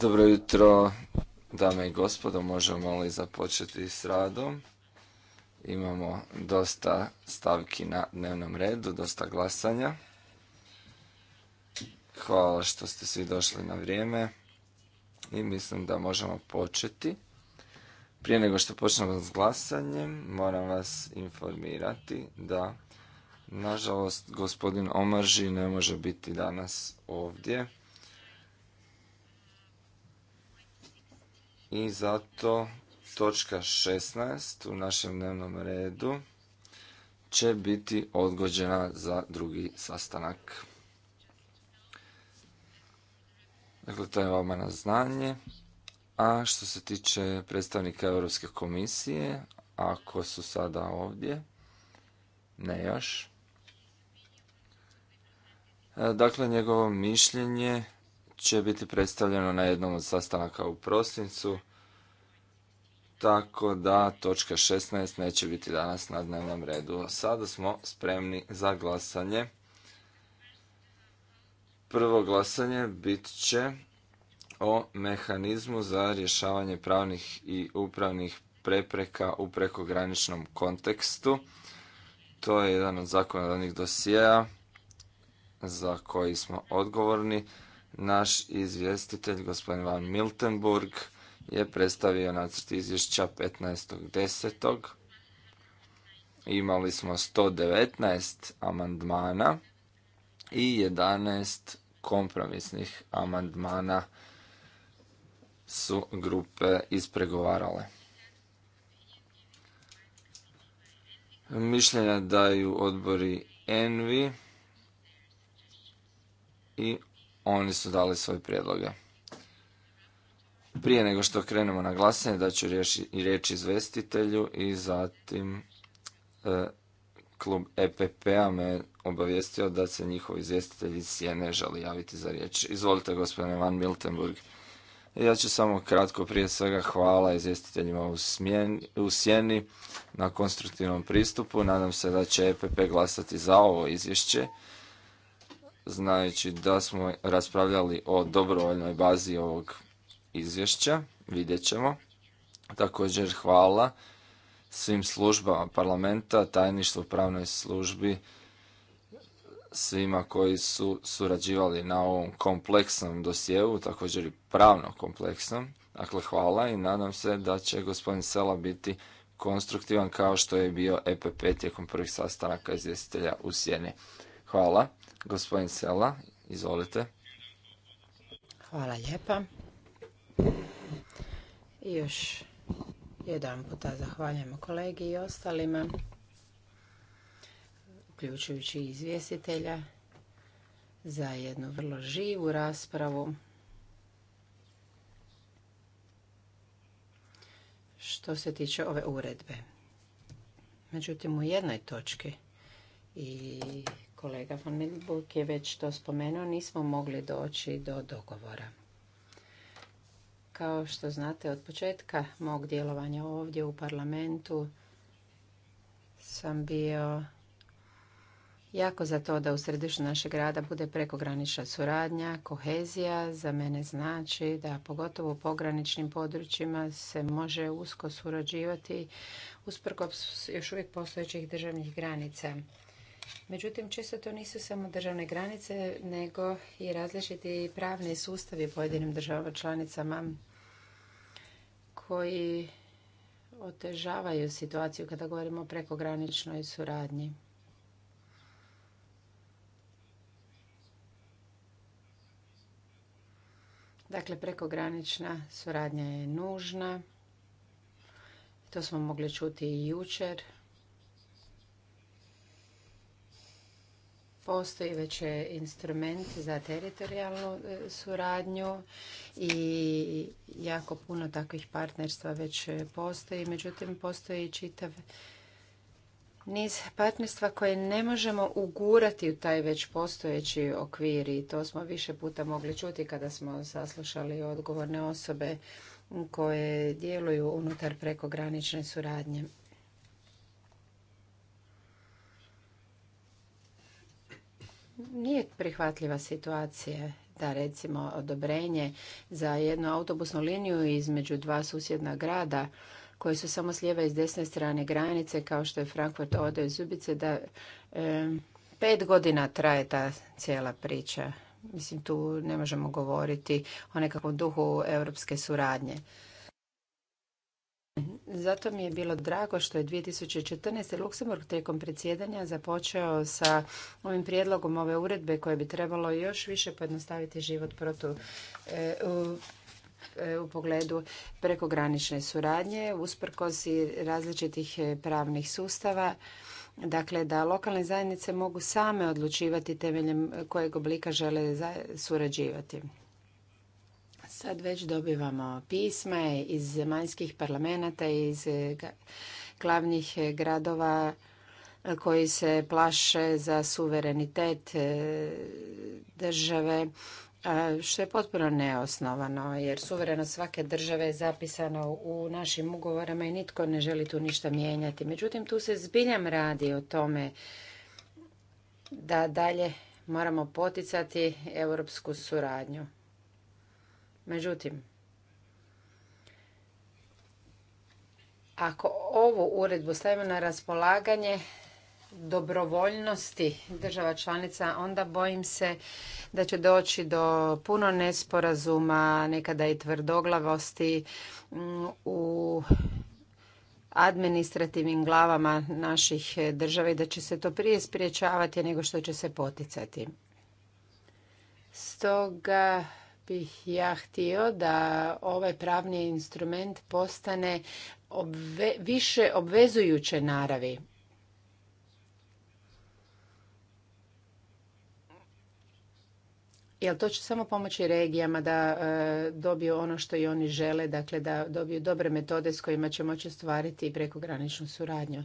Dobro jutro, dame i gospodo, možemo li započeti s radom? Imamo dosta stavki na dnevnom redu, dosta glasanja. Hvala što ste svi došli na vrijeme i mislim da možemo početi. Prije nego što počnemo s glasanjem, moram vas informirati da Nažalost, gospodin Omarži ne može biti danas ovdje. I zato točka 16 u našem dnevnom redu će biti odgođena za drugi sastanak. Dakle, to je vama na znanje. A što se tiče predstavnika Europske komisije, ako su sada ovdje, ne još. E, dakle, njegovo mišljenje će biti predstavljeno na jednom od sastanaka u prosincu, tako da točka 16 neće biti danas na dnevnom redu. Sada smo spremni za glasanje. Prvo glasanje bit će o mehanizmu za rješavanje pravnih i upravnih prepreka u prekograničnom kontekstu. To je jedan od zakonodavnih dosijeja za koji smo odgovorni. Naš izvjestitelj, gospodin Van Miltenburg, je predstavio nacrt izvješća 15.10. Imali smo 119 amandmana i 11 kompromisnih amandmana su grupe ispregovarale. Mišljenja daju odbori Envi i oni su dali svoje prijedloge. Prije nego što krenemo na glasanje, da ću i riječ izvestitelju i zatim e, klub EPP-a me obavijestio da se njihovi izvestitelji iz želi javiti za riječ. Izvolite, gospodine Van Miltenburg. Ja ću samo kratko prije svega hvala izvjestiteljima u, Sijeni u Sjeni na konstruktivnom pristupu. Nadam se da će EPP glasati za ovo izvješće znajući da smo raspravljali o dobrovoljnoj bazi ovog izvješća, vidjet ćemo. Također hvala svim službama parlamenta, tajništvu pravnoj službi, svima koji su surađivali na ovom kompleksnom dosjevu, također i pravno kompleksnom. Dakle, hvala i nadam se da će gospodin Sela biti konstruktivan kao što je bio EPP tijekom prvih sastanaka izvjestitelja u Sjeni. Hvala. Gospodin Sela, izvolite. Hvala lijepa. I još jedan puta zahvaljujemo kolegi i ostalima, uključujući izvjestitelja, za jednu vrlo živu raspravu. Što se tiče ove uredbe. Međutim, u jednoj točki i Kolega von Milburg je već to spomenuo, nismo mogli doći do dogovora. Kao što znate, od početka mog djelovanja ovdje u parlamentu sam bio jako za to da u središtu našeg rada bude prekogranična suradnja, kohezija. Za mene znači da pogotovo u pograničnim područjima se može usko surađivati usprkos još uvijek postojećih državnih granica. Međutim, često to nisu samo državne granice, nego i različiti pravni sustavi pojedinim državama članicama koji otežavaju situaciju kada govorimo o prekograničnoj suradnji. Dakle, prekogranična suradnja je nužna. To smo mogli čuti i jučer. Postoji već e, instrument za teritorijalnu e, suradnju i jako puno takvih partnerstva već e, postoji. Međutim, postoji i čitav niz partnerstva koje ne možemo ugurati u taj već postojeći okvir i to smo više puta mogli čuti kada smo saslušali odgovorne osobe koje djeluju unutar prekogranične suradnje. nije prihvatljiva situacija da recimo odobrenje za jednu autobusnu liniju između dva susjedna grada koji su samo s lijeve i s desne strane granice kao što je Frankfurt ode iz Zubice da pet godina traje ta cijela priča. Mislim tu ne možemo govoriti o nekakvom duhu europske suradnje. Zato mi je bilo drago što je 2014. Luksemburg tijekom predsjedanja započeo sa ovim prijedlogom ove uredbe koje bi trebalo još više pojednostaviti život protu e, u, e, u pogledu prekogranične suradnje usprkos i različitih e, pravnih sustava. Dakle, da lokalne zajednice mogu same odlučivati temeljem kojeg oblika žele surađivati. Sad već dobivamo pisma iz zemaljskih parlamenta, iz glavnih gradova e, koji se plaše za suverenitet e, države, e, što je potpuno neosnovano, jer suverenost svake države je zapisana u našim ugovorama i nitko ne želi tu ništa mijenjati. Međutim, tu se zbiljam radi o tome da dalje moramo poticati europsku suradnju. Međutim, ako ovu uredbu stavimo na raspolaganje dobrovoljnosti država članica, onda bojim se da će doći do puno nesporazuma, nekada i tvrdoglavosti mm, u administrativnim glavama naših država i da će se to prije spriječavati nego što će se poticati. Stoga bih ja htio da ovaj pravni instrument postane više obvezujuće naravi. Jer to će samo pomoći regijama da e, dobiju ono što i oni žele, dakle da dobiju dobre metode s kojima će moći ostvariti i prekograničnu suradnju.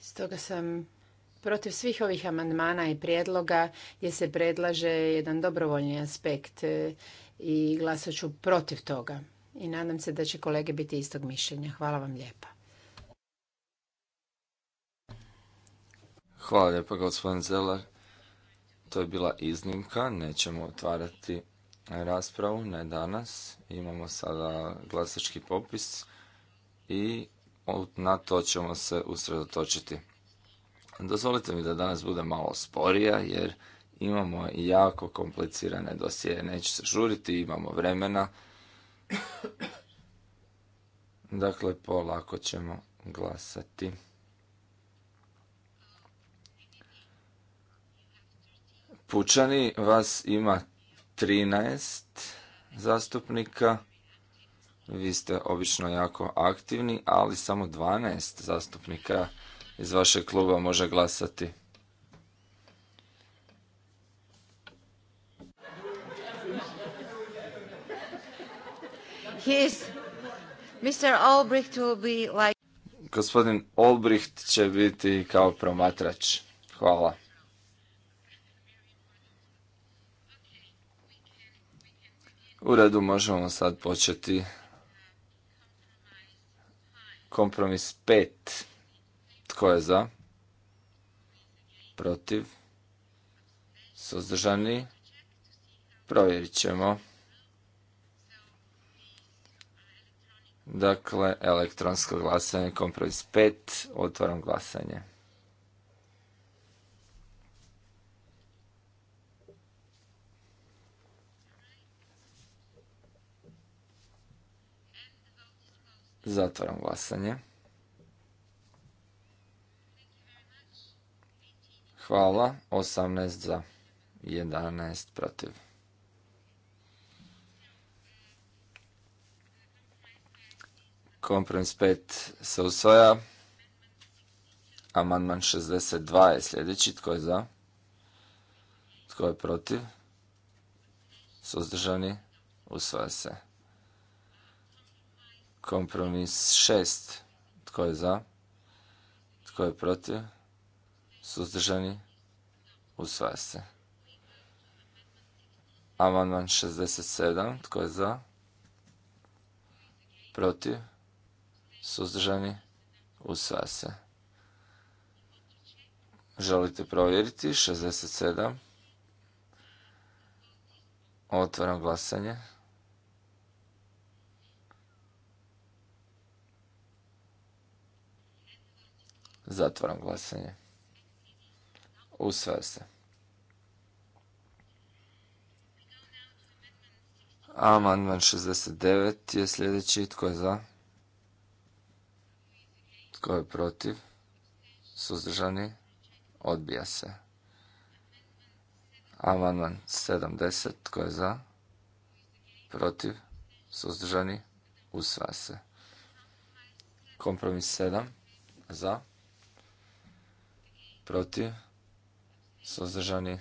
Stoga sam Protiv svih ovih amandmana i prijedloga je se predlaže jedan dobrovoljni aspekt e, i glasat ću protiv toga. I nadam se da će kolege biti istog mišljenja. Hvala vam lijepa. Hvala lijepa, gospodin Zeller. To je bila iznimka, nećemo otvarati raspravu, ne danas. Imamo sada glasački popis i na to ćemo se usredotočiti. Dozvolite mi da danas bude malo sporija jer imamo jako komplicirane dosije. Neću se žuriti, imamo vremena. Dakle, polako ćemo glasati. Pučani, vas ima 13 zastupnika. Vi ste obično jako aktivni, ali samo 12 zastupnika iz vašeg kluba može glasati. Mr. be like... Gospodin Olbricht će biti kao promatrač. Hvala. U redu možemo sad početi kompromis 5. Tko je za? Protiv? Suzdržani? Provjerit ćemo. Dakle, elektronsko glasanje, kompromis 5, otvaram glasanje. Zatvaram glasanje. Hvala. 18 za. 11 protiv. Kompromis 5 se usvaja. Amandman 62 je sljedeći. Tko je za? Tko je protiv? Suzdržani? Usvaja se. Kompromis 6. Tko je za? Tko je protiv? Suzdržani? Usvaja se. Amandman 67. Tko je za? Protiv? Suzdržani? Usvaja se. Želite provjeriti? 67. Otvaram glasanje. Zatvaram glasanje. Usvaja se. Amandman 69 je sljedeći. Tko je za? Tko je protiv? Suzdržani? Odbija se. Amandman 70. Tko je za? Protiv? Suzdržani? Usvaja se. Kompromis 7. Za? Protiv? suzdržani,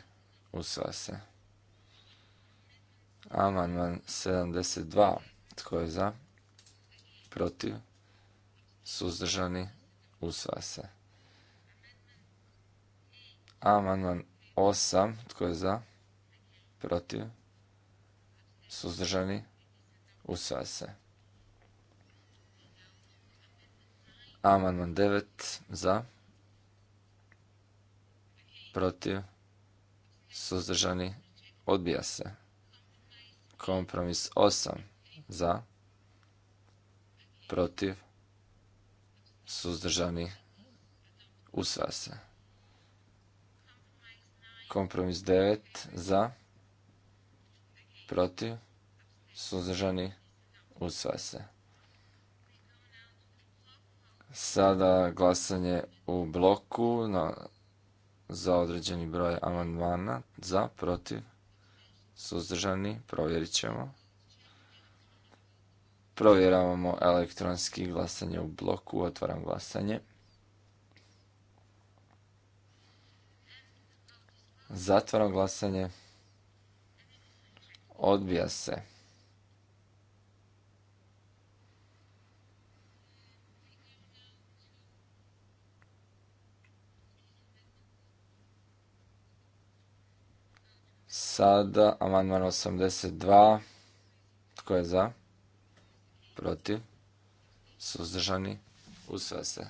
usva se. Amandman 72, tko je za, protiv, suzdržani, usvaja se. Amandman 8, tko je za, protiv, suzdržani, usvaja se. Amandman 9, za, protiv, suzdržani, odbija se. Kompromis 8 za, protiv, suzdržani, usva se. Kompromis 9 za, protiv, suzdržani, usva se. Sada glasanje u bloku na za određeni broj amandmana, za, protiv, suzdržani, provjerit ćemo. Provjeravamo elektronski glasanje u bloku, otvaram glasanje. Zatvaram glasanje. Odbija se. Sada amandman 82. Tko je za? Protiv? Suzdržani? usve se.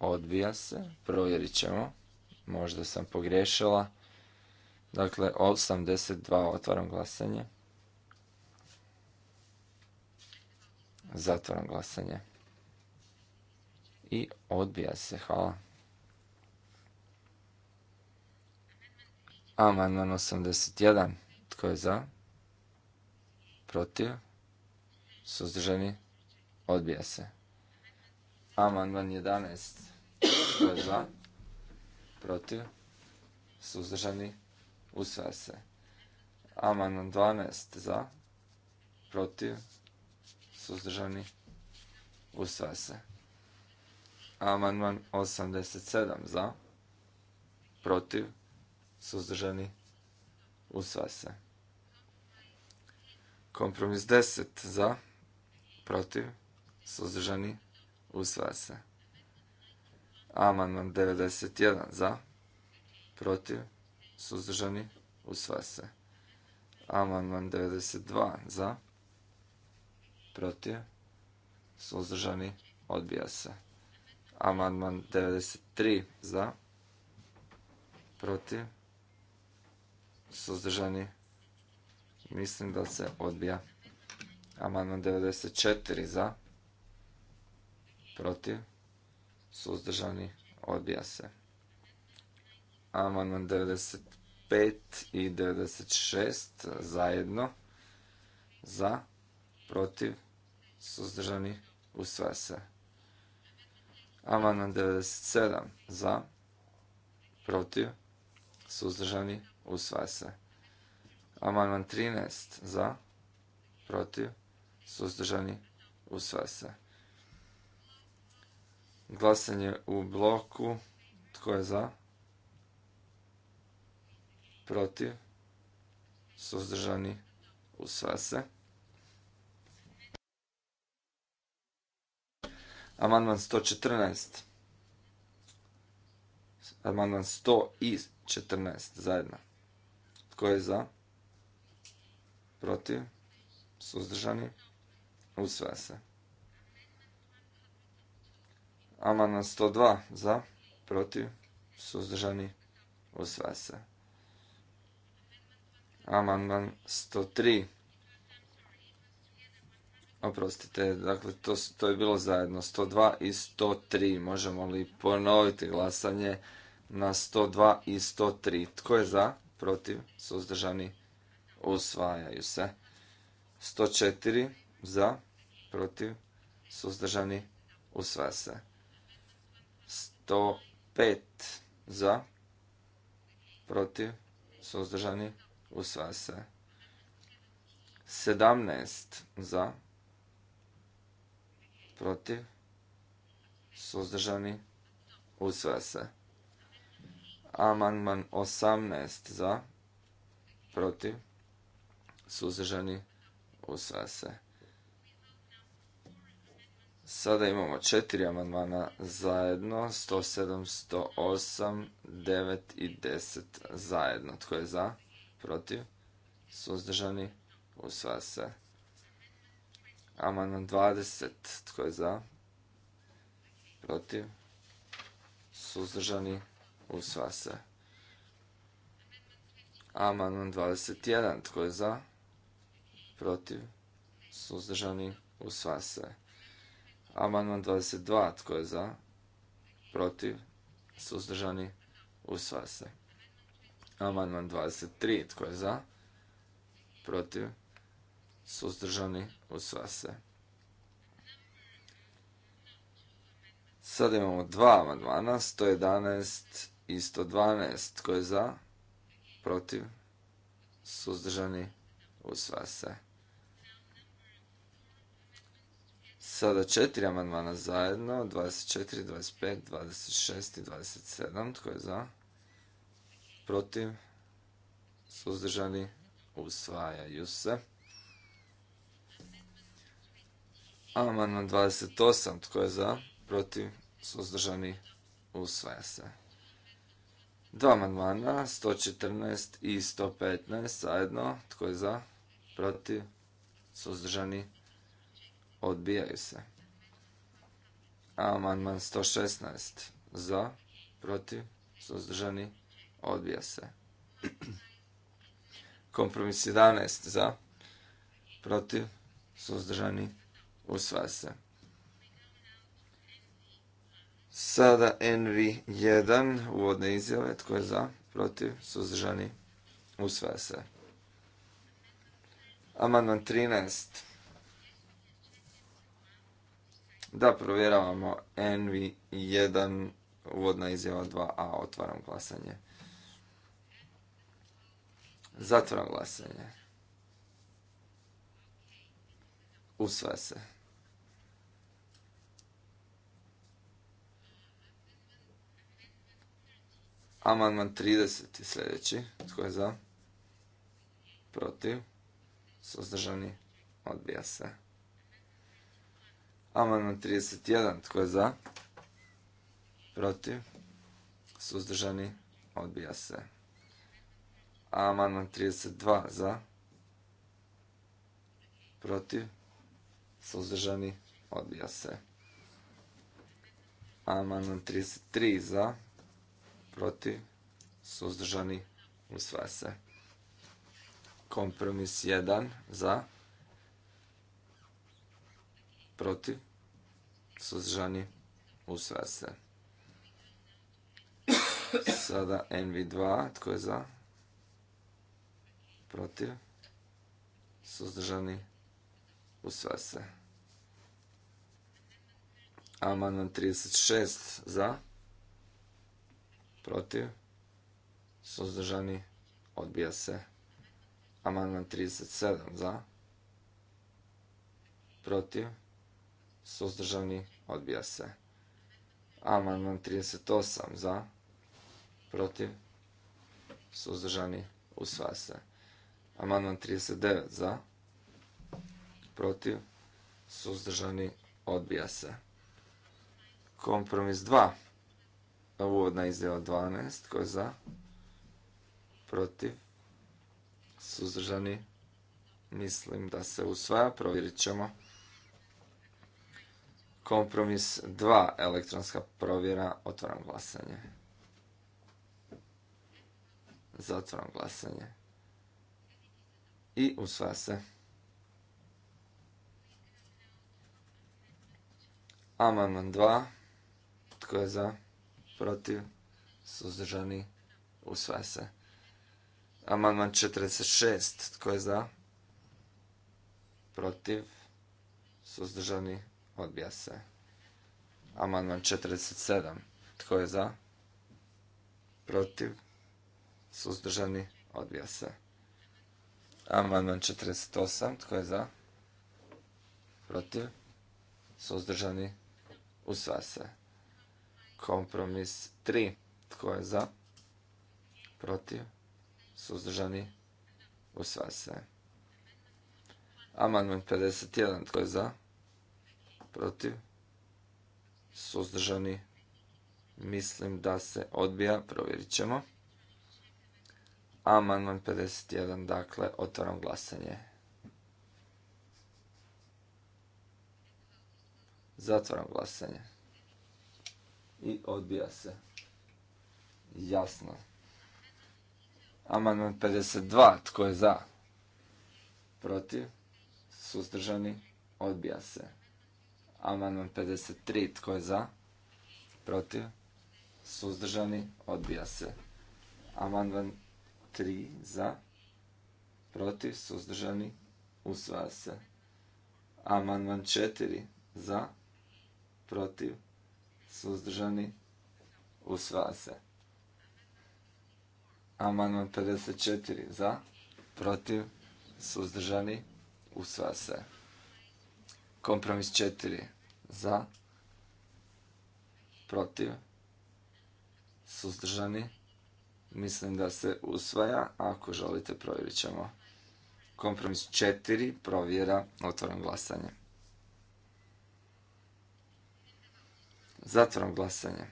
Odbija se. Provjerit ćemo. Možda sam pogrešila, Dakle, 82. Otvaram glasanje. Zatvaram glasanje. I odbija se. Hvala. Amandman 81. Tko je za? Protiv? Suzdržani? Odbija se. Amandman 11. Tko je za? Protiv? Suzdržani? Usvaja se. Amandman 12. Za? Protiv? Suzdržani? Usvaja se. Amandman 87. Za? Protiv? suzdržani, usvaja se. Kompromis 10 za, protiv, suzdržani, usvaja se. Amandman 91 za, protiv, suzdržani, usvaja se. Amandman 92 za, protiv, suzdržani, odbija se. Amandman 93 za, protiv, suzdržani, mislim da se odbija. Amandman 94 za, protiv, suzdržani, odbija se. Amandman 95 i 96 zajedno, za, protiv, suzdržani, usvaja se. Amandman 97 za, protiv, suzdržani, usvaja se. Amandman 13 za, protiv, suzdržani, usvaja se. Glasanje u bloku, tko je za, protiv, suzdržani, usvaja se. Amandman 114. Amandman 100 i zajedno. Tko je za? Protiv? Suzdržani? Usvaja se. Amandman 102 za, protiv, suzdržani, usvaja se. Amandman 103. Oprostite, dakle to, to je bilo zajedno 102 i 103. Možemo li ponoviti glasanje na 102 i 103? Tko je za? protiv, suzdržani, usvajaju se. 104 za, protiv, suzdržani, usvaja se. 105 za, protiv, suzdržani, usvaja se. 17 za, protiv, suzdržani, usvaja se. Amandman 18 za, protiv, suzdržani, usvaja se. Sada imamo četiri amandmana zajedno, 107, 108, 9 i 10 zajedno. Tko je za? Protiv? Suzdržani? Usvaja se. Amandman 20. Tko je za? Protiv? Suzdržani? Usva se. Amandman 21. Tko je za? Protiv? Suzdržani? Usva se. Amandman 22. Tko je za? Protiv? Suzdržani? Usva se. Amandman 23. Tko je za? Protiv? Suzdržani? Usva se. Sada imamo dva amandmana, 111 Isto 112. Tko je za? Protiv? Suzdržani? Usvaja se. Sada četiri amandmana zajedno, 24, 25, 26 i 27. Tko je za? Protiv? Suzdržani? Usvajaju se. Amandman 28. Tko je za? Protiv? Suzdržani? Usvaja se. Dva amandmana, 114 i 115 zajedno. Tko je za? Protiv? Suzdržani? Odbijaju se. Amandman 116 za? Protiv? Suzdržani? Odbija se. Kompromis 11 za? Protiv? Suzdržani? Usvaja se. Sada NV1, uvodne izjave, tko je za, protiv, suzdržani, usvaja se. Amandman 13. Da, provjeravamo NV1, uvodna izjava 2a, otvaram glasanje. Zatvaram glasanje. Usvaja se. Amandman 30 je sljedeći. Tko je za? Protiv. Suzdržani. Odbija se. Amandman 31. Tko je za? Protiv. Suzdržani. Odbija se. Amandman 32. Za? Protiv. Suzdržani. Odbija se. Amandman 33. Za? protiv, suzdržani, usvaja se. Kompromis 1 za, protiv, suzdržani, usvaja se. Sada NV2, tko je za, protiv, suzdržani, usvaja se. Amandman 36 za, protiv, suzdržani, odbija se. Amandman 37 za, protiv, suzdržani, odbija se. Amandman 38 za, protiv, suzdržani, usvaja se. Amandman 39 za, protiv, suzdržani, odbija se. Kompromis 2 Uvodna izdjela 12. Tko je za? Protiv? Suzdržani? Mislim da se usvaja. Provjerit ćemo. Kompromis 2. Elektronska provjera. Otvaram glasanje. Zatvaram glasanje. I usvaja se. Amandman 2. Tko je za? protiv, suzdržani, usvaja se. Amandman 46, tko je za, protiv, suzdržani, odbija se. Amandman 47, tko je za, protiv, suzdržani, odbija se. Amandman 48, tko je za, protiv, suzdržani, usvaja se. Kompromis 3. Tko je za? Protiv? Suzdržani? Usva se. Amandman 51. Tko je za? Protiv? Suzdržani? Mislim da se odbija. Provjerit ćemo. Amandman 51. Dakle, otvaram glasanje. Zatvaram glasanje i odbija se. Jasno. Amandman 52. Tko je za? Protiv? Suzdržani? Odbija se. Amandman 53. Tko je za? Protiv? Suzdržani? Odbija se. Amandman 3. Za? Protiv? Suzdržani? Usvaja se. Amandman 4. Za? Protiv? suzdržani, usvaja se. Amandman 54 za, protiv, suzdržani, usvaja se. Kompromis 4 za, protiv, suzdržani, mislim da se usvaja, ako želite provjerit ćemo. Kompromis 4, provjera, otvoram glasanje. Zatvorom glasanje.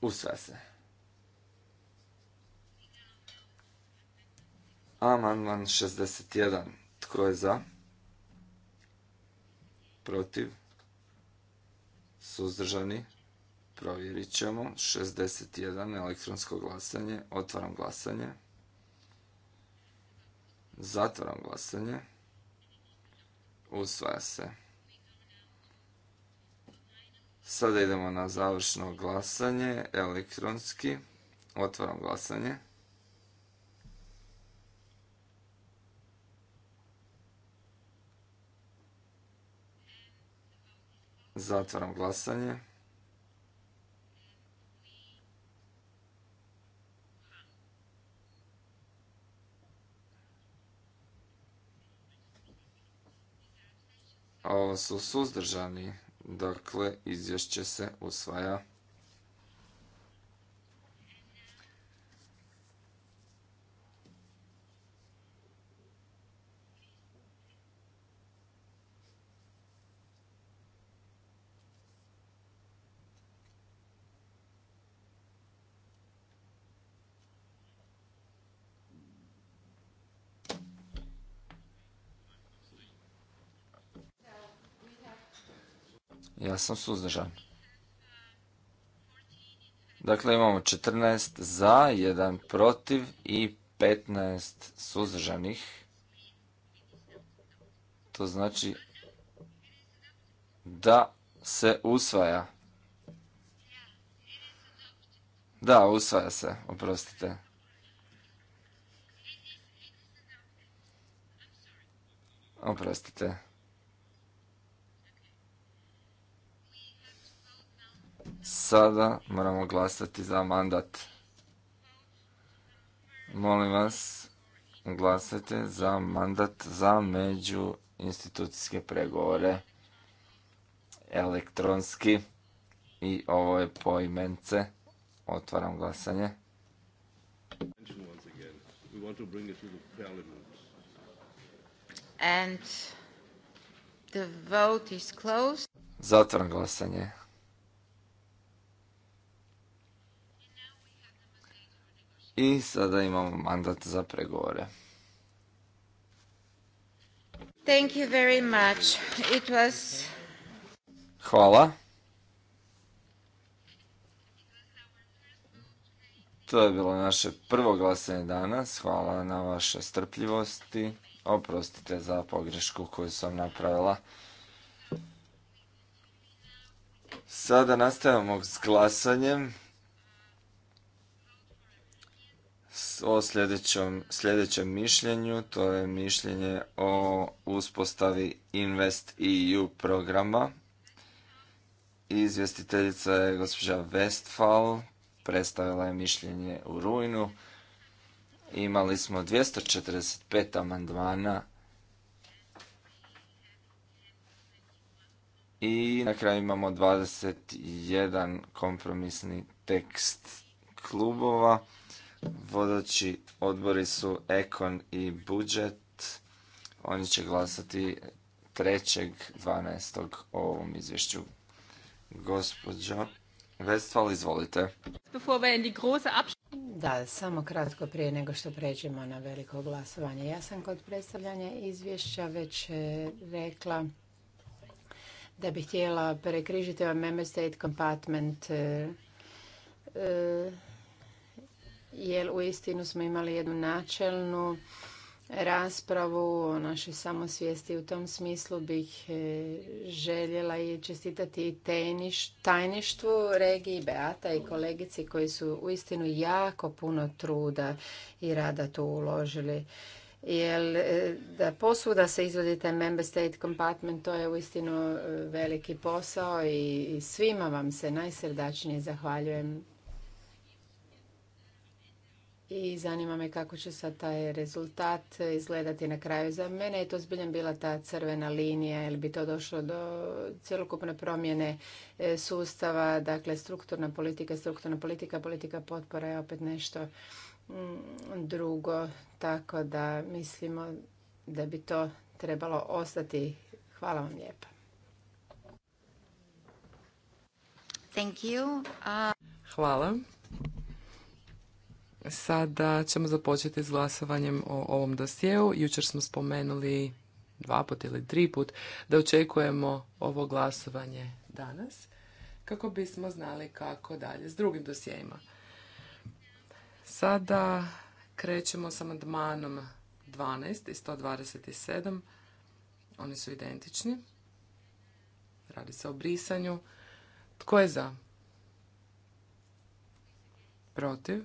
Usvaja se. Amandman 61. Tko je za? Protiv? Suzdržani? Provjerit ćemo. 61. Elektronsko glasanje. Otvaram glasanje. Zatvaram glasanje. Usvaja se. Sada idemo na završno glasanje elektronski. Otvaram glasanje. Zatvaram glasanje. Ovo su suzdržani Dakle, izvješće se usvaja sam suzdržan. Dakle, imamo 14 za, 1 protiv i 15 suzdržanih. To znači da se usvaja. Da, usvaja se, oprostite. Oprostite. Sada moramo glasati za mandat. Molim vas, glasajte za mandat za među institucijske pregovore elektronski i ovo je poimence. Otvaram glasanje. And Zatvaram glasanje. I sada imamo mandat za pregovore. Hvala. To je bilo naše prvo glasanje danas. Hvala na vašoj strpljivosti. Oprostite za pogrešku koju sam napravila. Sada nastavljamo s glasanjem. o sljedećem, sljedećem mišljenju, to je mišljenje o uspostavi Invest EU programa. Izvjestiteljica je gospođa Westfall, predstavila je mišljenje u rujnu. Imali smo 245 amandmana i na kraju imamo 21 kompromisni tekst klubova. Vodoći odbori su Ekon i Budžet. Oni će glasati 3.12. o ovom izvješću. Gospođo Vestval, izvolite. Da, samo kratko prije nego što pređemo na veliko glasovanje. Ja sam kod predstavljanja izvješća već e, rekla da bi htjela prekrižiti ovaj Member State Compartment e, e, jer u istinu smo imali jednu načelnu raspravu o našoj samosvijesti. U tom smislu bih e, željela i čestitati tajništvu regiji Beata i kolegici koji su uistinu jako puno truda i rada tu uložili. Jer e, da posuda se izvodi member state compartment, to je uistinu e, veliki posao i svima vam se najsrdačnije zahvaljujem i zanima me kako će sad taj rezultat izgledati na kraju. Za mene je to zbiljan bila ta crvena linija, ili bi to došlo do cjelokupne promjene e, sustava, dakle strukturna politika, strukturna politika, politika potpora je opet nešto mm, drugo, tako da mislimo da bi to trebalo ostati. Hvala vam lijepa. Thank you. Uh, Hvala. Sada ćemo započeti s glasovanjem o ovom dosjeu. Jučer smo spomenuli dva put ili tri put da očekujemo ovo glasovanje danas kako bismo znali kako dalje s drugim dosjeima. Sada krećemo s amandmanom 12 i 127. Oni su identični. Radi se o brisanju. Tko je za? Protiv?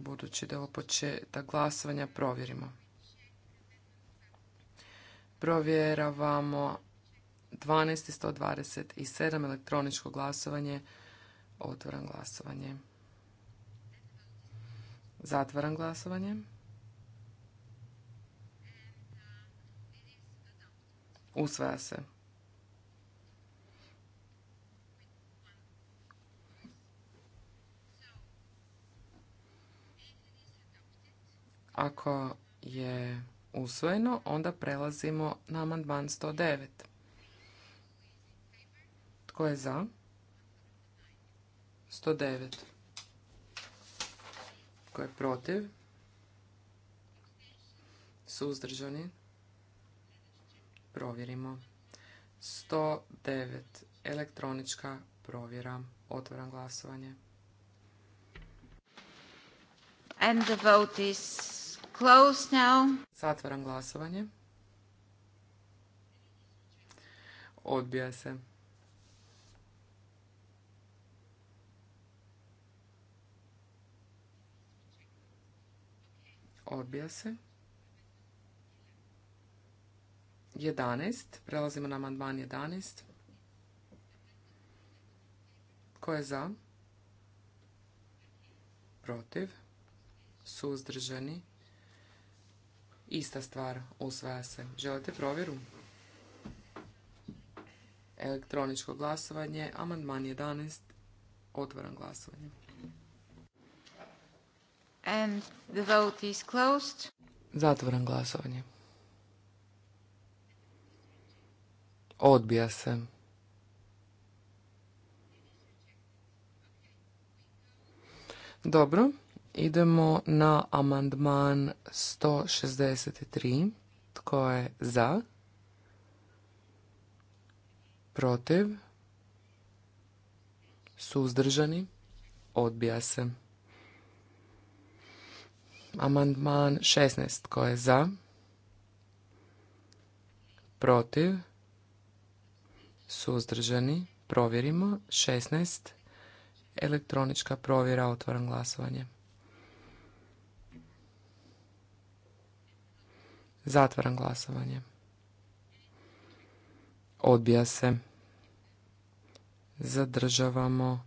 budući da je ovo početak glasovanja, provjerimo. Provjeravamo 12 i 127 elektroničko glasovanje. Otvaram glasovanje. Zatvaram glasovanje. Usvaja se. Ako je usvojeno, onda prelazimo na amandman 109. Tko je za? 109. Tko je protiv? Suzdržani? Provjerimo. 109. Elektronička provjera. Otvaram glasovanje. And the vote is close now. Zatvaram glasovanje. Odbija se. Odbija se. 11. Prelazimo na amandman 11. Ko je za? Protiv? Suzdržani? Ista stvar, usvaja se. Želite provjeru? Elektroničko glasovanje, amandman 11, otvaram glasovanje. And the vote is closed. glasovanje. Odbija se. Dobro. Idemo na amandman 163. Tko je za? Protiv? Suzdržani? Odbija se. Amandman 16. Tko je za? Protiv? Suzdržani? Provjerimo. 16. Elektronička provjera. Otvaram glasovanje. Zatvaram glasovanje. Odbija se. Zadržavamo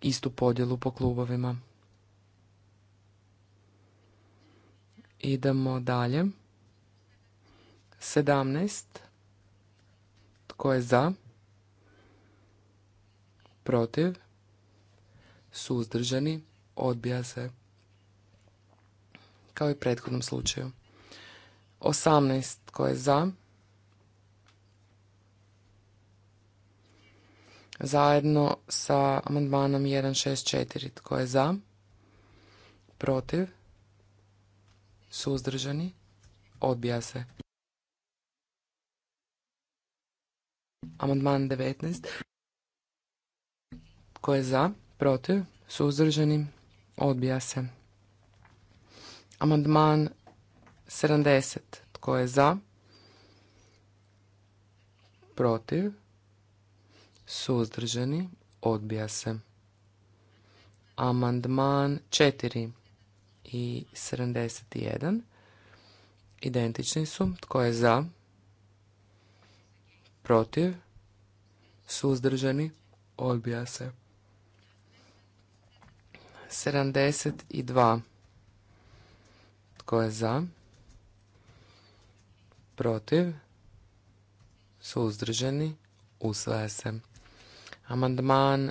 istu podjelu po klubovima. Idemo dalje. 17. Tko je za? Protiv? Suzdržani? Odbija se kao i u prethodnom slučaju. 18 tko je za? Zajedno sa amandmanom 164 tko je za? Protiv? Suzdržani? Odbija se. Amandman 19. Tko je za? Protiv? Suzdržani? Odbija se. Amandman 70. Tko je za? Protiv? Suzdržani? Odbija se. Amandman 4 i 71. Identični su. Tko je za? Protiv? Suzdržani? Odbija se. 72. Tko je za? Protiv? Suzdržani? Usvaja se. Amandman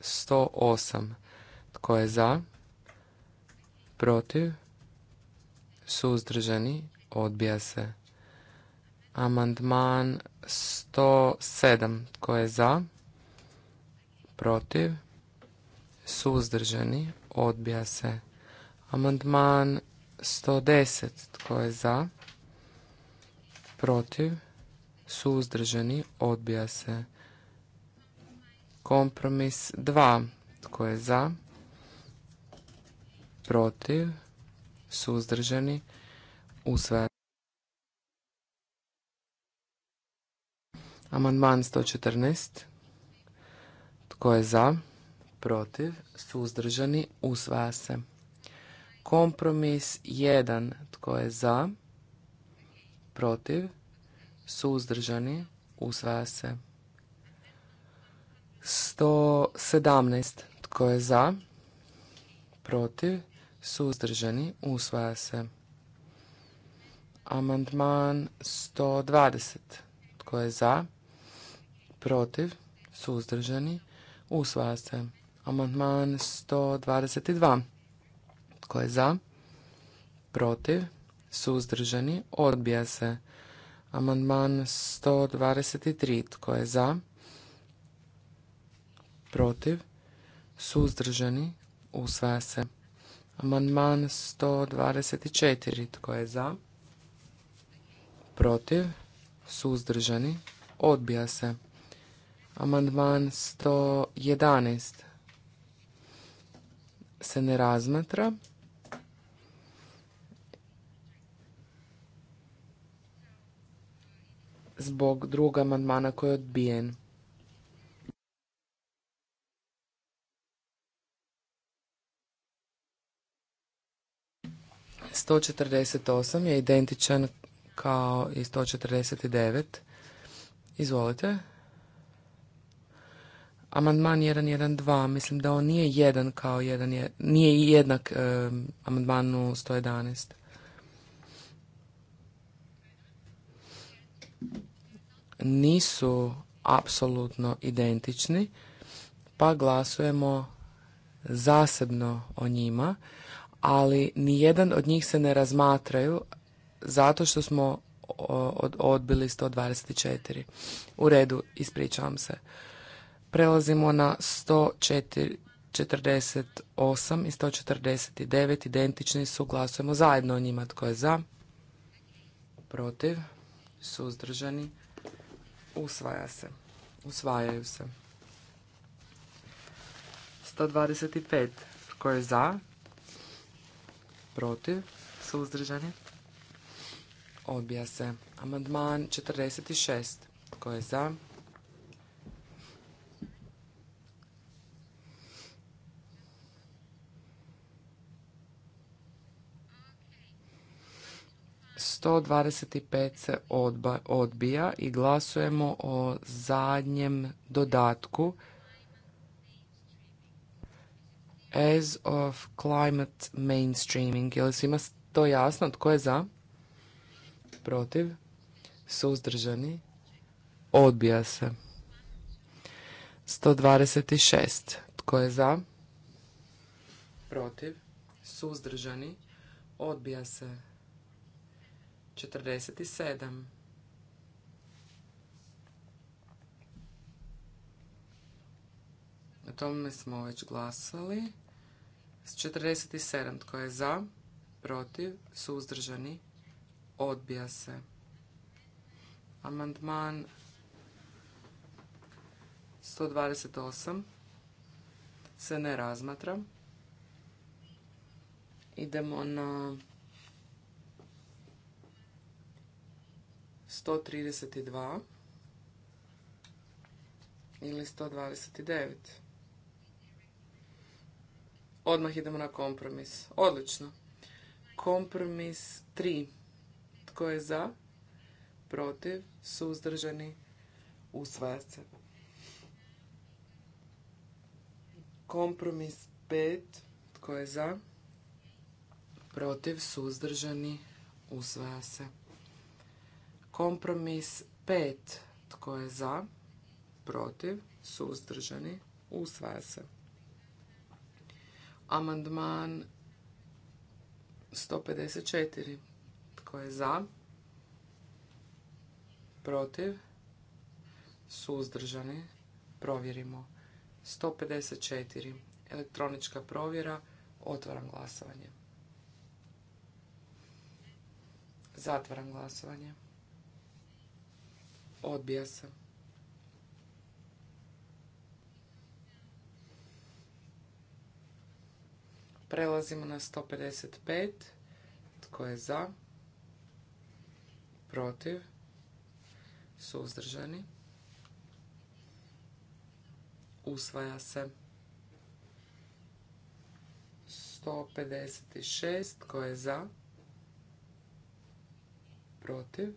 108. Tko je za? Protiv? Suzdržani? Odbija se. Amandman 107. Tko je za? Protiv? Suzdržani? Odbija se. Amandman 110. Tko je za? Protiv? Suzdržani? Odbija se. Kompromis 2. Tko je za? Protiv? Suzdržani? Usvaja. Amandman 114. Tko je za? Protiv? Suzdržani? Usvaja se. Kompromis 1. Tko je za? Protiv? Suzdržani? Usvaja se. 117. Tko je za? Protiv? Suzdržani? Usvaja se. Amandman 120. Tko je za? Protiv? Suzdržani? Usvaja se. Amandman 122. Tko je za? Protiv? Suzdržani? Odbija se. Amandman 123. Tko je za? Protiv? Suzdržani? Usvaja se. Amandman 124. Tko je za? Protiv? Suzdržani? Odbija se. Amandman 111 se ne razmatra. zbog drugog amandmana koji je odbijen. Sto četrdeset osam je identičan kao i sto četrdeset devet izvolite amandman 112, mislim da on nije jedan kao jedan, je, nije jednak amandmanu 111 nisu apsolutno identični, pa glasujemo zasebno o njima, ali nijedan od njih se ne razmatraju zato što smo odbili 124. U redu, ispričavam se. Prelazimo na 148 i 149. Identični su, glasujemo zajedno o njima. Tko je za? Protiv? Suzdržani? usvaja se. Usvajaju se. 125. Tko je za? Protiv? Suzdržani? Odbija se. Amandman 46. Tko je za? 125 se odba, odbija i glasujemo o zadnjem dodatku as of climate mainstreaming. Je li svima to jasno? Tko je za? Protiv? Suzdržani? Odbija se. 126. Tko je za? Protiv? Suzdržani? Odbija se. 47. O tome smo već glasali. 47. Tko je za? Protiv? Suzdržani? Odbija se. Amandman 128 se ne razmatra. Idemo na 132 ili 129. Odmah idemo na kompromis. Odlično. Kompromis 3. Tko je za? Protiv? Suzdržani? Usvaja se. Kompromis 5. Tko je za? Protiv? Suzdržani? Usvaja se. Kompromis 5. Tko je za? Protiv? Suzdržani? Usvaja se. Amandman 154. Tko je za? Protiv? Suzdržani? Provjerimo. 154. Elektronička provjera. Otvaram glasovanje. Zatvaram glasovanje. Odbija se. Prelazimo na 155. Tko je za? Protiv? Suzdržani? Usvaja se. 156. Tko je za? Protiv?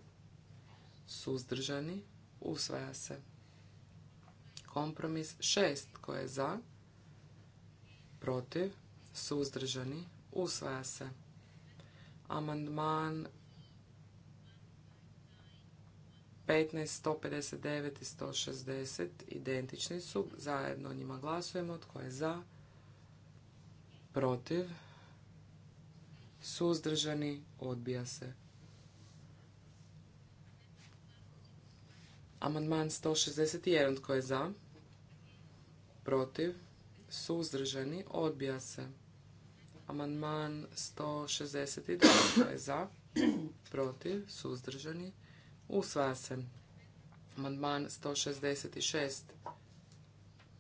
suzdržani, usvaja se. Kompromis 6 koje je za, protiv, suzdržani, usvaja se. Amandman 15, 159 i 160 identični su. Zajedno njima glasujemo. Tko je za? Protiv? Suzdržani? Odbija se. Amandman 161. Tko je za? Protiv? Suzdržani? Odbija se. Amandman 162. Tko je za? Protiv? Suzdržani? Usvaja se. Amandman 166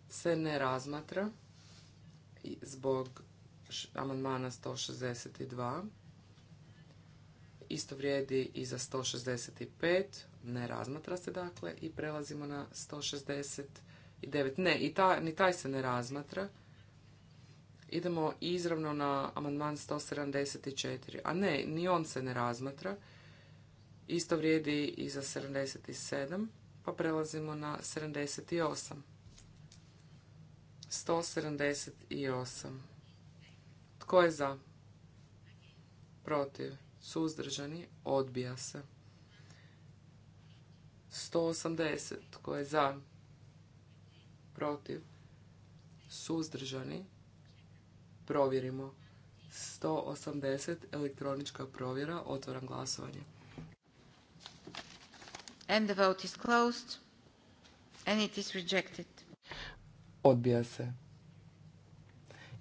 se ne razmatra zbog amandmana 162. Isto vrijedi i za 165. Ne razmatra se dakle i prelazimo na 169. Ne, i ni taj se ne razmatra. Idemo izravno na amandman 174. A ne, ni on se ne razmatra. Isto vrijedi i za 77, pa prelazimo na 78. 178. Tko je za? Protiv. Suzdržani. Odbija se. 180. Tko je za? Protiv? Suzdržani? Provjerimo. 180. Elektronička provjera. Otvoram glasovanje. And the vote is closed. And it is rejected. Odbija se.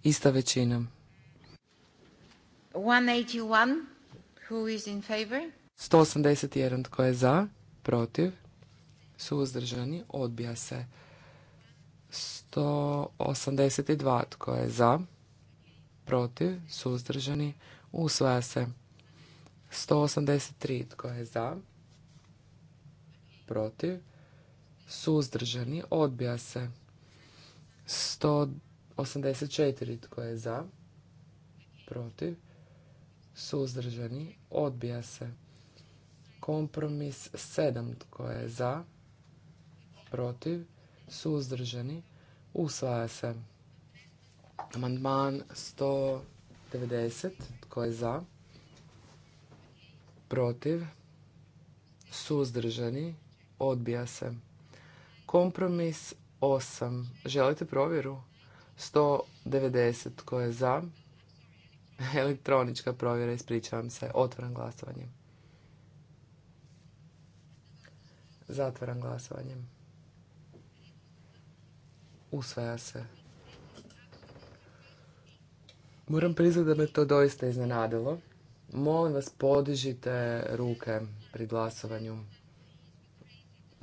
Ista većina. 181. Who is in favor? 181. Tko je za? protiv, suzdržani, odbija se. 182 tko je za, protiv, suzdržani, usvaja se. 183 tko je za, protiv, suzdržani, odbija se. 184 tko je za, protiv, suzdržani, odbija se. Kompromis 7 tko je za, protiv, suzdržani, usvaja se. Amandman 190 tko je za, protiv, suzdržani, odbija se. Kompromis 8. Želite provjeru? 190 tko je za, elektronička provjera, ispričavam se, otvoram glasovanje. Zatvaram glasovanjem. Usvaja se. Moram priznati da me to doista iznenadilo. Molim vas, podižite ruke pri glasovanju.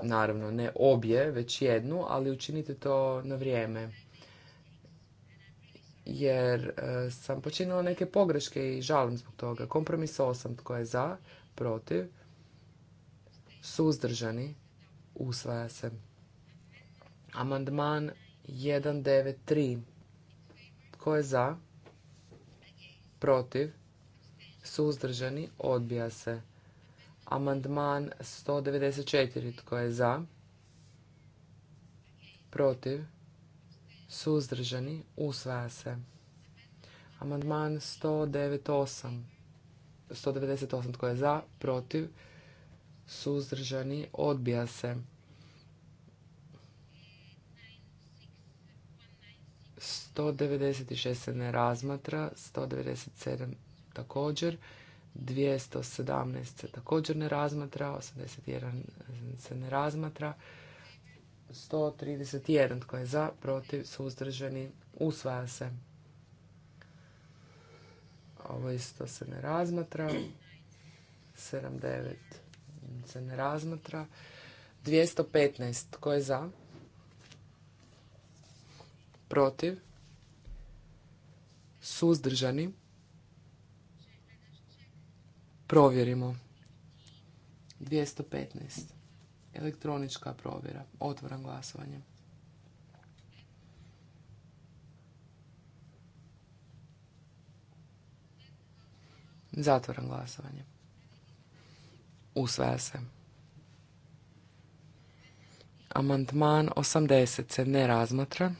Naravno, ne obje, već jednu, ali učinite to na vrijeme. Jer e, sam počinila neke pogreške i žalim zbog toga. Kompromis 8, tko je za, protiv, suzdržani, usvaja se. Amandman 193. Tko je za? Protiv? Suzdržani? Odbija se. Amandman 194. Tko je za? Protiv? Suzdržani? Usvaja se. Amandman 198. 198. Tko je za? Protiv? suzdržani, odbija se. 196 se ne razmatra, 197 također, 217 se također ne razmatra, 81 se ne razmatra, 131 tko je za, protiv, suzdržani, usvaja se. Ovo isto se ne razmatra, 79 se ne razmatra. 215. Tko je za? Protiv? Suzdržani? Provjerimo. 215. Elektronička provjera. Otvoram glasovanje. Zatvoram glasovanje. Usvaja se. Amandman 80 se ne razmatra.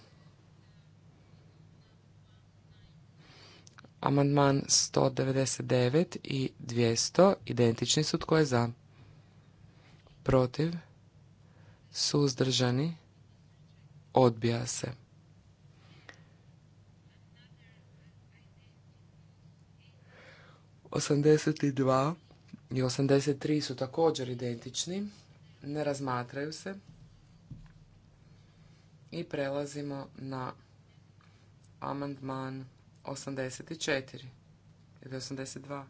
Amandman 199 i 200 identični su tko je za. Protiv. Suzdržani. Odbija se. Osamdeset dva i 83 su također identični, ne razmatraju se i prelazimo na amandman 84 ili 82.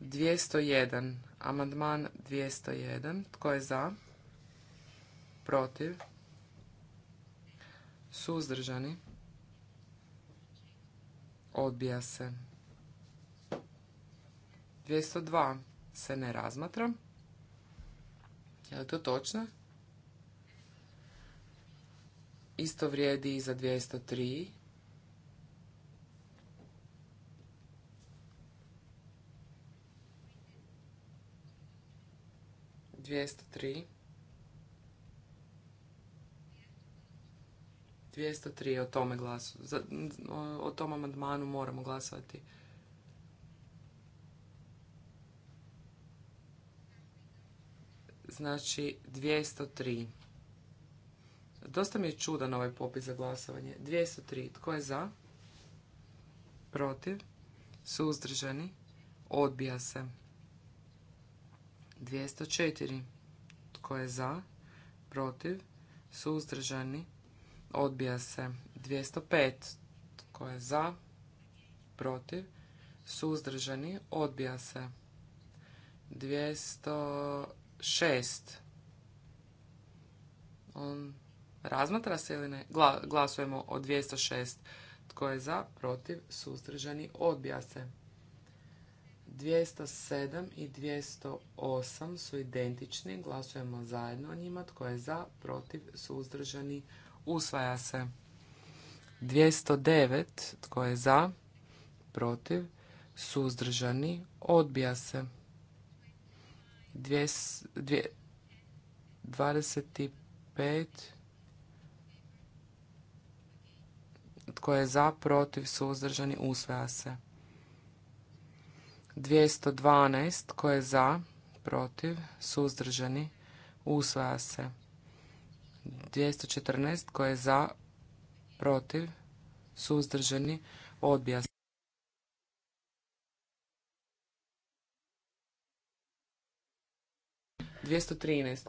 201. Amandman 201. Tko je za? Protiv? suzdržani, odbija se. 202 se ne razmatra. Je li to točno? Isto vrijedi i za 203. 203 203 o tome glasu. o tom amandmanu moramo glasovati. Znači 203. Dosta mi je čudan ovaj popis za glasovanje. 203. Tko je za? Protiv? Suzdržani? Odbija se. 204. Tko je za? Protiv? Suzdržani? Odbija se. 205. Tko je za? Protiv? Suzdržani? Odbija se. 206. On razmatra se ili ne? glasujemo o 206. Tko je za? Protiv? Suzdržani? Odbija se. 207 i 208 su identični. Glasujemo zajedno o njima. Tko je za? Protiv? Suzdržani? Odbija se usvaja se. 209 tko je za, protiv, suzdržani, odbija se. 25 tko je za, protiv, suzdržani, usvaja se. 212 tko je za, protiv, suzdržani, usvaja se. 214 koje je za, protiv, suzdržani, odbija se. Dvjesto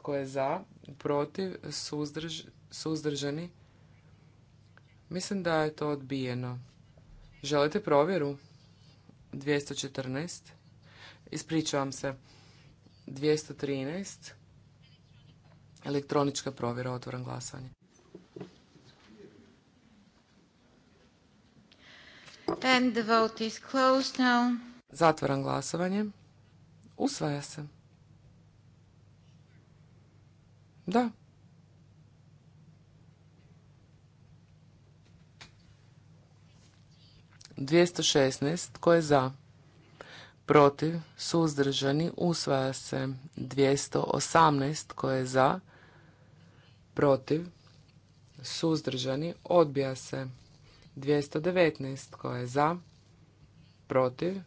koje je za, protiv, suzdrž, suzdržani. Mislim da je to odbijeno. Želite provjeru? 214. Ispričavam se. 213. Elektronička provjera, otvoran glasanje. And the is closed now. Zatvoran glasovanje. Usvaja se. Da. Dvijesto šesnaest. Tko je za? Protiv? Suzdržani? Usvaja se. Dvijesto osamnaest. Tko je za? protiv, suzdržani, odbija se. 219 tko je za, protiv,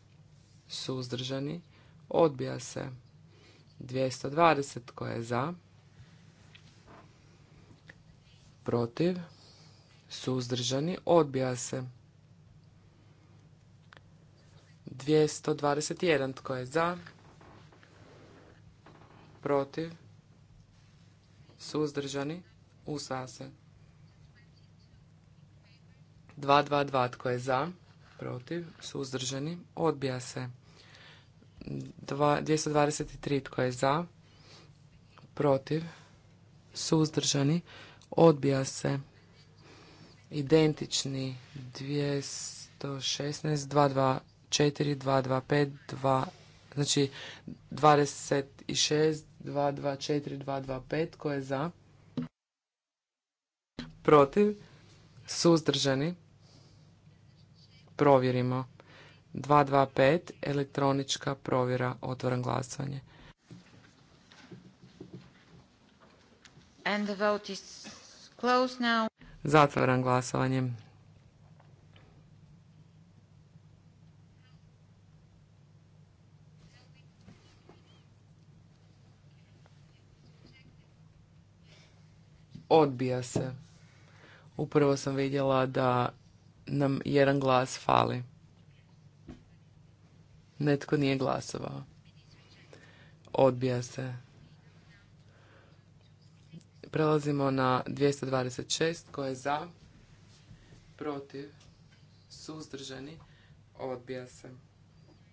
suzdržani, odbija se. 220 tko je za, protiv, suzdržani, odbija se. 221 tko je za, protiv, suzdržani, usvaja se. 222 tko je za, protiv, suzdržani, odbija se. 223 tko je za, protiv, suzdržani, odbija se. Identični 216, 224, 225, 2, znači 26, 224, 225. Ko je za? Protiv? Suzdržani? Provjerimo. 225. Elektronička provjera. otvoran glasovanje. And the vote is closed now. Zatvaram glasovanje. Odbija se. Upravo sam vidjela da nam jedan glas fali. Netko nije glasovao. Odbija se. Prelazimo na 226 koje je za, protiv, suzdržani, odbija se.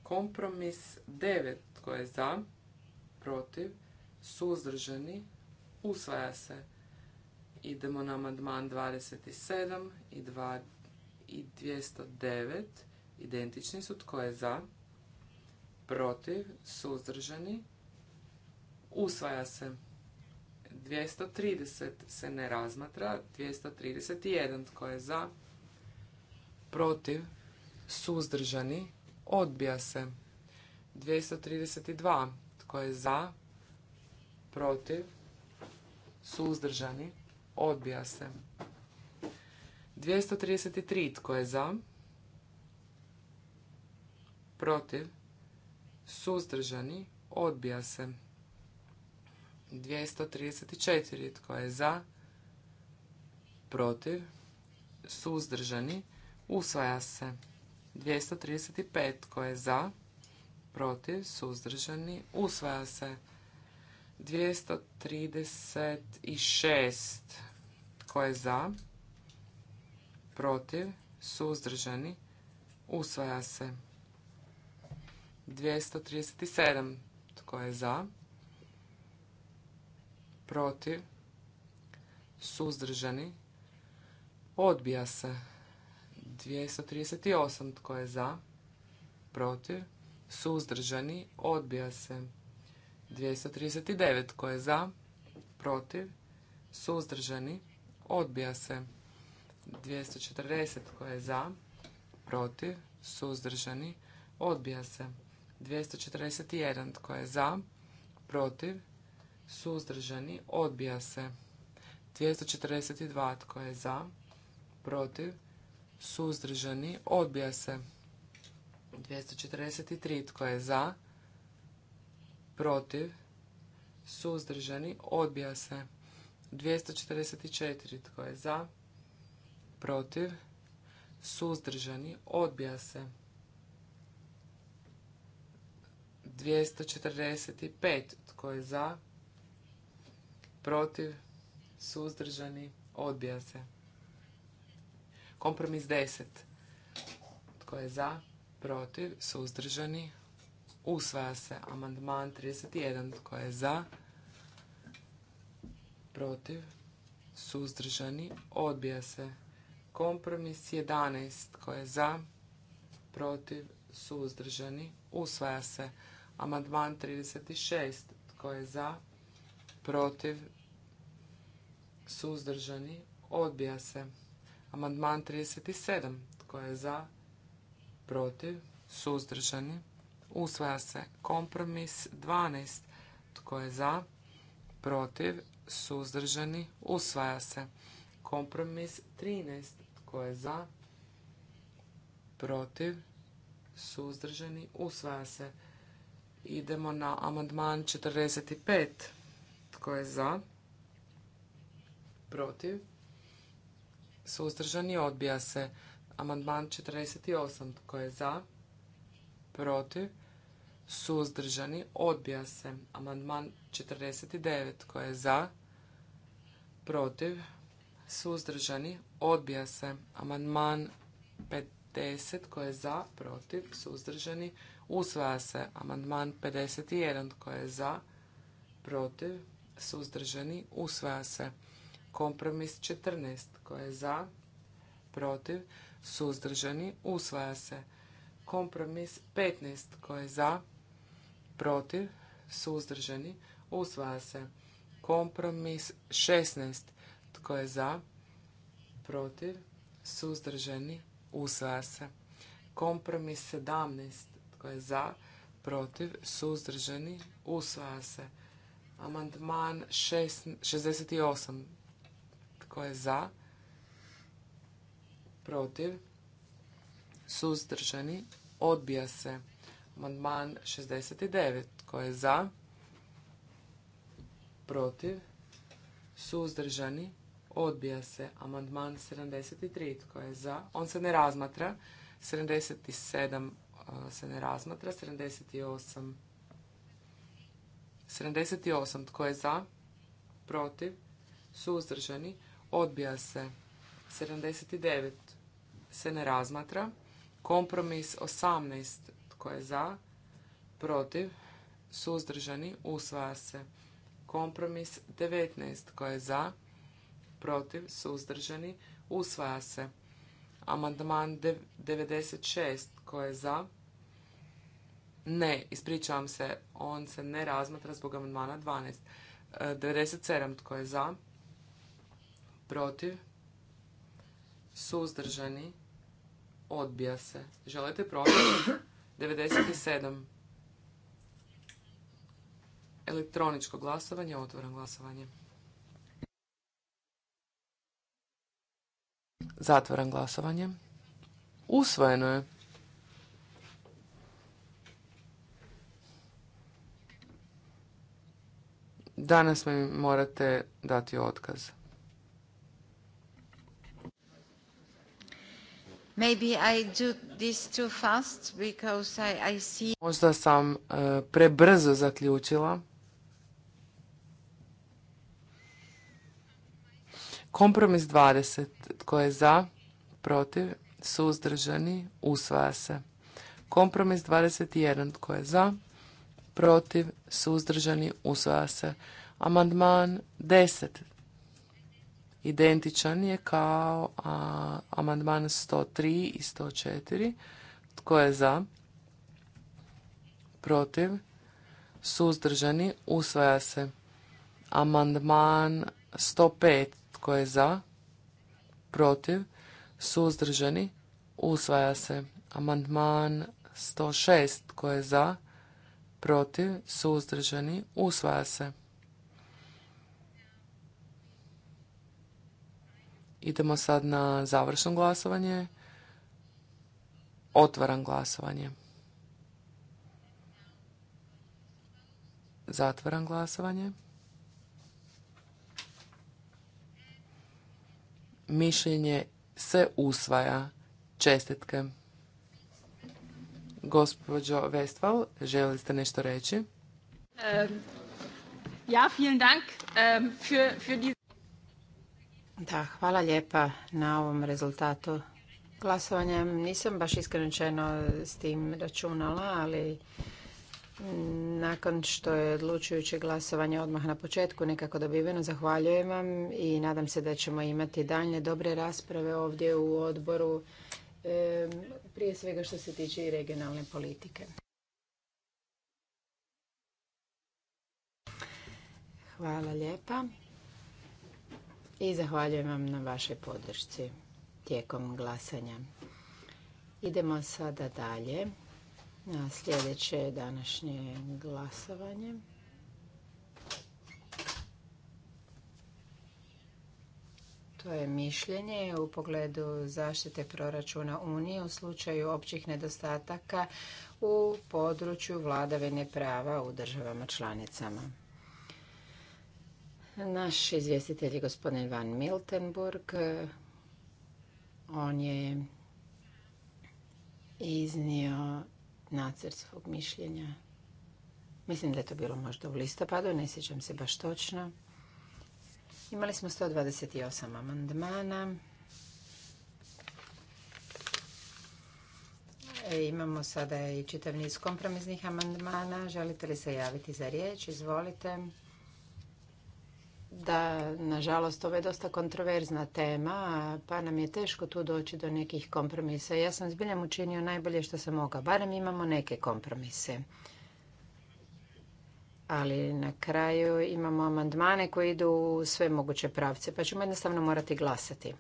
Kompromis 9 koje je za, protiv, suzdržani, usvaja se. Idemo na amandman 27 i, 2, i 209. Identični su. Tko je za? Protiv? Suzdržani? Usvaja se. 230 se ne razmatra. 231. Tko je za? Protiv? Suzdržani? Odbija se. 232. Tko je za? Protiv? Suzdržani? Odbija se. 233. Tko je za? Protiv? Suzdržani? Odbija se. 234. Tko je za? Protiv? Suzdržani? Usvaja se. 235. Tko je za? Protiv? Suzdržani? Usvaja se. 236. Tko je za? Protiv? Suzdržani? Usvaja se. 237. Tko je za? Protiv? Suzdržani? Odbija se. 238. Tko je za? Protiv? Suzdržani? Odbija se. 239 koje za, protiv, suzdržani, odbija se. 240 koje za, protiv, suzdržani, odbija se. 241 koje za, protiv, suzdržani, odbija se. 242 koje za, protiv, suzdržani, odbija se. 243 tko je za, protiv, suzdržani, odbija se. 244 tko je za, protiv, suzdržani, odbija se. 245 tko je za, protiv, suzdržani, odbija se. Kompromis 10. Tko je za, protiv, suzdržani, Usvaja se amandman 31. Tko je za? Protiv? Suzdržani? Odbija se. Kompromis 11. Tko je za? Protiv? Suzdržani? Usvaja se. Amandman 36. Tko je za? Protiv? Suzdržani? Odbija se. Amandman 37. Tko je za? Protiv? Suzdržani? usvaja se. Kompromis 12. Tko je za? Protiv? Suzdržani? Usvaja se. Kompromis 13. Tko je za? Protiv? Suzdržani? Usvaja se. Idemo na amandman 45. Tko je za? Protiv? Suzdržani? Odbija se. Amandman 48. Tko je za? Protiv? suzdržani, odbija se. Amandman 49 koji je za, protiv, suzdržani, odbija se. Amandman 50 koji je za, protiv, suzdržani, usvaja se. Amandman 51 koji je za, protiv, suzdržani, usvaja se. Kompromis 14 Koje je za, protiv, suzdržani, usvaja se. Kompromis 15 koji je za, protiv, suzdržani, usvaja se. Kompromis 16. Tko je za, protiv, suzdržani, usvaja se. Kompromis 17. Tko je za, protiv, suzdržani, usvaja se. Amandman 68. Tko je za, protiv, suzdržani, odbija se. Amandman 69. Tko je za? Protiv? Suzdržani? Odbija se. Amandman 73. Tko je za? On se ne razmatra. 77 se ne razmatra. 78. 78. Tko je za? Protiv? Suzdržani? Odbija se. 79. Se ne razmatra. Kompromis 18 tko je za? Protiv? Suzdržani? Usvaja se. Kompromis 19. Tko je za? Protiv? Suzdržani? Usvaja se. Amandman 96. Tko je za? Ne, ispričavam se, on se ne razmatra zbog amandmana 12. 97. E, Tko je za? Protiv? Suzdržani? Odbija se. Želite provjeriti? 97. Elektroničko glasovanje, otvoram glasovanje. zatvaram glasovanje. Usvojeno je. Danas mi morate dati otkaz. Možda sam e, prebrzo zaključila. Kompromis 20. Tko je za, protiv, suzdržani, usvaja se. Kompromis 21. Tko je za, protiv, suzdržani, usvaja se. Amandman 10 identičan je kao a, amandman 103 i 104. Tko je za? Protiv? Suzdržani? Usvaja se. Amandman 105. Tko je za? Protiv? Suzdržani? Usvaja se. Amandman 106. Tko je za? Protiv? Suzdržani? Usvaja se. Idemo sad na završno glasovanje. Otvaram glasovanje. Zatvaram glasovanje. Mišljenje se usvaja. Čestitke. Gospođo Vestval, želi ste nešto reći? Ehm, ja, vielen Dank ehm, für, da, hvala lijepa na ovom rezultatu glasovanja. Nisam baš iskrenčeno s tim računala, ali nakon što je odlučujuće glasovanje odmah na početku nekako dobiveno, zahvaljujem vam i nadam se da ćemo imati dalje dobre rasprave ovdje u odboru, prije svega što se tiče i regionalne politike. Hvala lijepa i zahvaljujem vam na vašoj podršci tijekom glasanja. Idemo sada dalje na sljedeće današnje glasovanje. To je mišljenje u pogledu zaštite proračuna Unije u slučaju općih nedostataka u području vladavine prava u državama članicama. Naš izvjestitelj je gospodin Van Miltenburg. On je iznio nacrt svog mišljenja. Mislim da je to bilo možda u listopadu, ne sjećam se baš točno. Imali smo 128 amandmana. E, imamo sada i čitav niz kompromisnih amandmana. Želite li se javiti za riječ? Izvolite da, nažalost, ovo je dosta kontroverzna tema, pa nam je teško tu doći do nekih kompromisa. Ja sam zbiljem učinio najbolje što sam mogao, barem imamo neke kompromise. Ali na kraju imamo amandmane koji idu u sve moguće pravce, pa ćemo jednostavno morati glasati.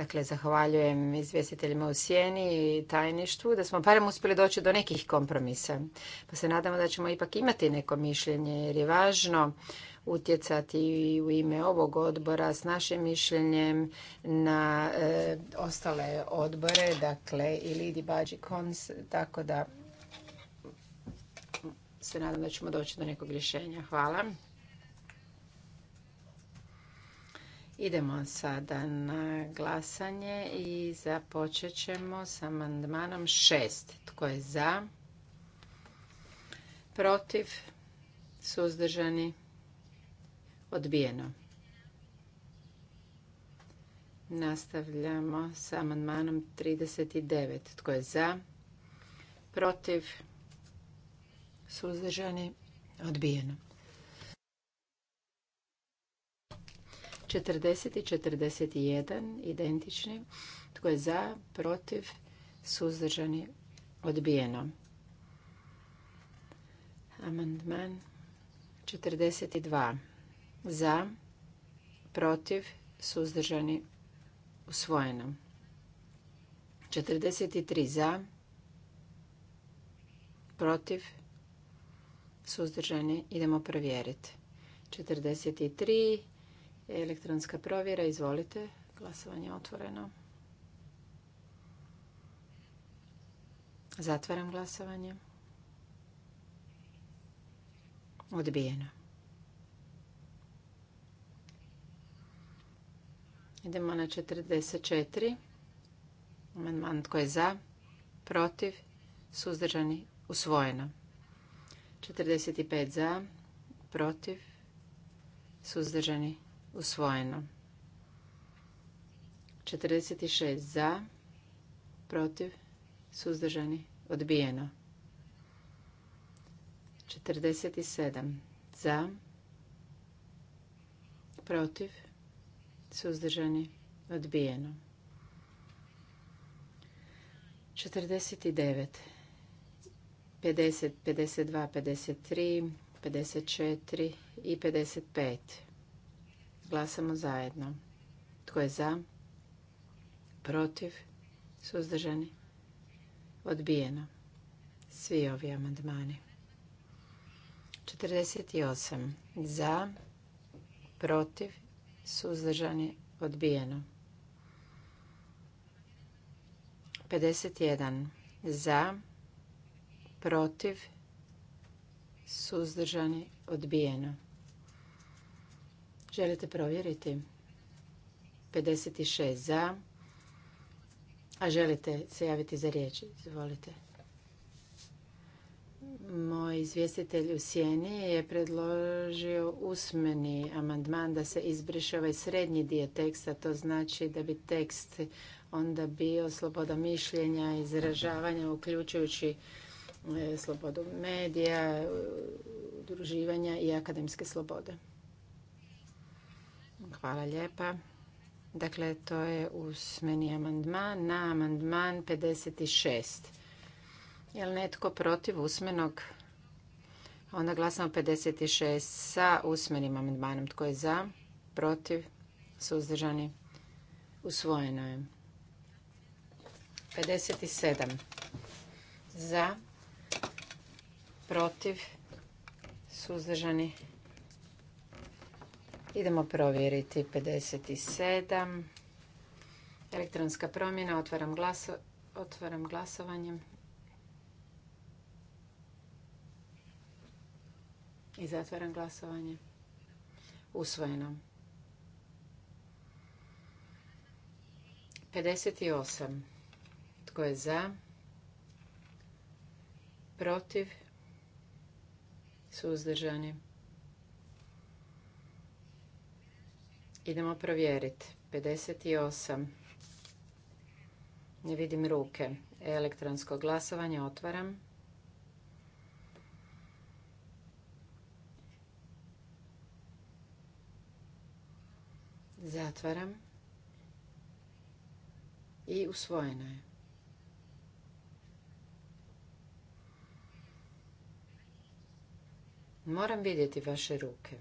Dakle, zahvaljujem izvjestiteljima u Sjeni i tajništvu da smo barem uspjeli doći do nekih kompromisa. Pa se nadamo da ćemo ipak imati neko mišljenje jer je važno utjecati i u ime ovog odbora s našim mišljenjem na e, ostale odbore, dakle i Lidi Bađi Kons, tako da se nadam da ćemo doći do nekog rješenja. Hvala. Idemo sada na glasanje i započet ćemo s amandmanom 6. Tko je za? Protiv? Suzdržani? Odbijeno. Nastavljamo s amandmanom 39. Tko je za? Protiv? Suzdržani? Odbijeno. 40 i 41 identični. Tko je za, protiv, suzdržani, odbijeno. Amandman 42. Za, protiv, suzdržani, usvojeno. 43 za, protiv, suzdržani, idemo provjeriti. 43 Elektronska provjera, izvolite. Glasovanje je otvoreno. Zatvaram glasovanje. Odbijeno. Idemo na 44. Amandman tko je za, protiv, suzdržani, usvojeno. 45 za, protiv, suzdržani, Usvojeno. 46 za, protiv, suzdržani, odbijeno. 47 za, protiv, suzdržani, odbijeno. 49 50, 52, 53, 54 i 55. Glasamo zajedno. Tko je za? Protiv? Suzdržani? Odbijeno. Svi ovi amandmani. 48. Za? Protiv? Suzdržani? Odbijeno. 51. Za? Protiv? Suzdržani? Odbijeno. Želite provjeriti? 56 za. A želite se javiti za riječ? Izvolite. Moj izvjestitelj u Sjeni je predložio usmeni amandman da se izbriše ovaj srednji dio teksta. To znači da bi tekst onda bio sloboda mišljenja, izražavanja, uključujući e, slobodu medija, udruživanja i akademske slobode. Hvala lijepa. Dakle, to je usmeni amandman na amandman 56. Je li netko protiv usmenog? Onda glasamo 56 sa usmenim amandmanom. Tko je za? Protiv? Suzdržani? Usvojeno je. 57. Za? Protiv? Suzdržani? Idemo provjeriti 57. Elektronska promjena, otvaram, otvaram glasovanje. I zatvaram glasovanje. Usvojeno. 58. Tko je za? Protiv? Suzdržani? Idemo provjeriti. 58. Ne vidim ruke. Elektronsko glasovanje otvaram. Zatvaram. I usvojeno je. Moram vidjeti vaše ruke.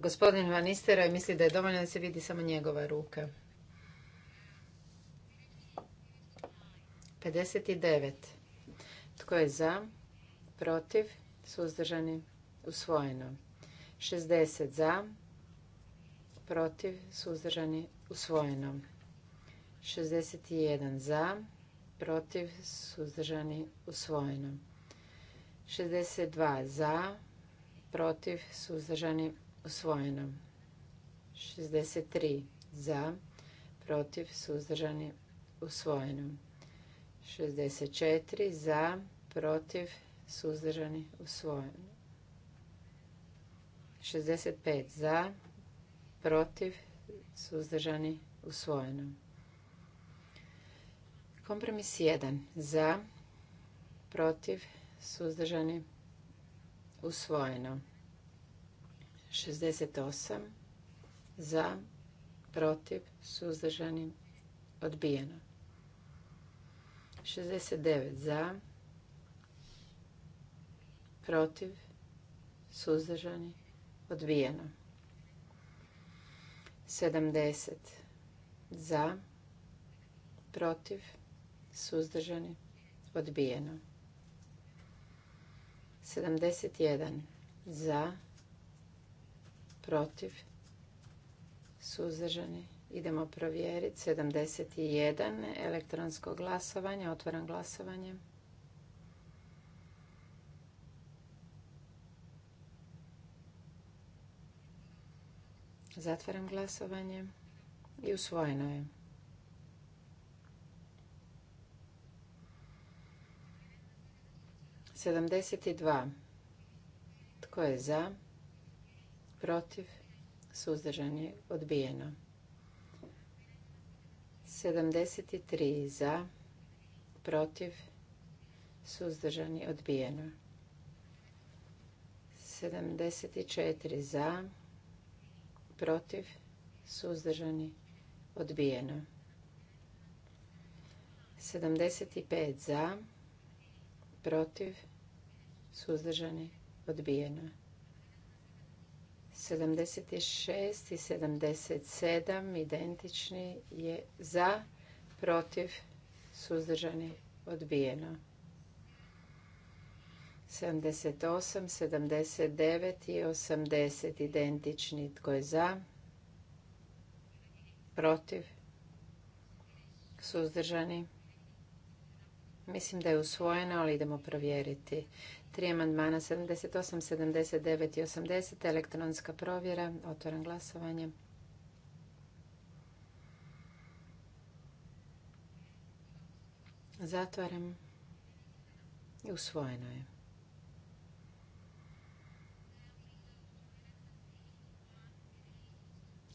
Gospodin Van Isteraj misli da je dovoljno da se vidi samo njegova ruka. 59. Tko je za? Protiv? Suzdržani? Usvojeno. 60 za. Protiv? Suzdržani? Usvojeno. 61 za. Protiv? Suzdržani? Usvojeno. 62 za protiv, suzdržani, usvojeno. 63 za, protiv, suzdržani, usvojeno. 64 za, protiv, suzdržani, usvojeno. 65 za, protiv, suzdržani, usvojeno. Kompromis 1 za, protiv, suzdržani, usvojeno. 68 za, protiv, suzdržani, odbijeno. 69 za, protiv, suzdržani, odbijeno. 70 za, protiv, suzdržani, odbijeno. 71 za, protiv, suzdržani. Idemo provjeriti. 71 elektronsko glasovanje. Otvaram glasovanje. Zatvaram glasovanje i usvojeno je. 72. Tko je za? Protiv? Suzdržani? Odbijeno. 73. Za? Protiv? Suzdržani? Odbijeno. 74. Za? Protiv? Suzdržani? Odbijeno. 75. Za? Protiv? suzdržani, odbijeno. 76 i 77 identični je za, protiv, suzdržani, odbijeno. 78, 79 i 80 identični tko je za, protiv, suzdržani. Mislim da je usvojeno, ali idemo provjeriti. Tri amandmana 78, 79 i 80. Elektronska provjera. otvaram glasovanje. Zatvaram. I usvojeno je.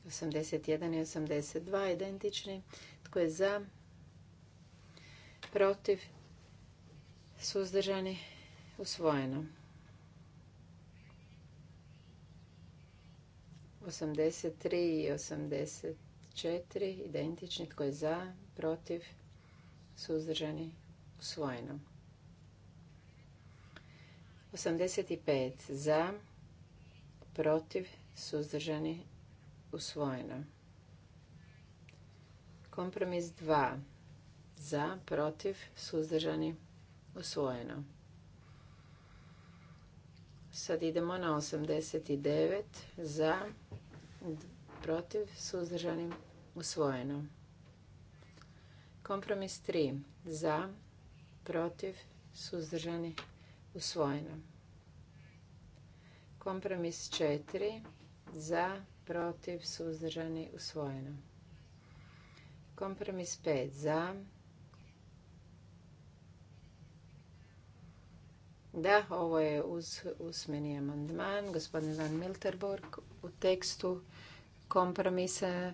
Osamdeset jedan i osamdeset dva identični. Tko je za? Protiv? Suzdržani? Usvojeno. 83 i 84 identični. Tko je za, protiv, suzdržani, usvojeno. 85 za, protiv, suzdržani, usvojeno. Kompromis 2 za, protiv, suzdržani, usvojeno. Sad idemo na 89 za, protiv, suzdržanim, usvojeno. Kompromis 3 za, protiv, suzdržani, usvojeno. Kompromis 4 za, protiv, suzdržani, usvojeno. Kompromis 5 za, Da, ovo je uz usmeni amandman. Gospodin Van Milterburg, u tekstu kompromisa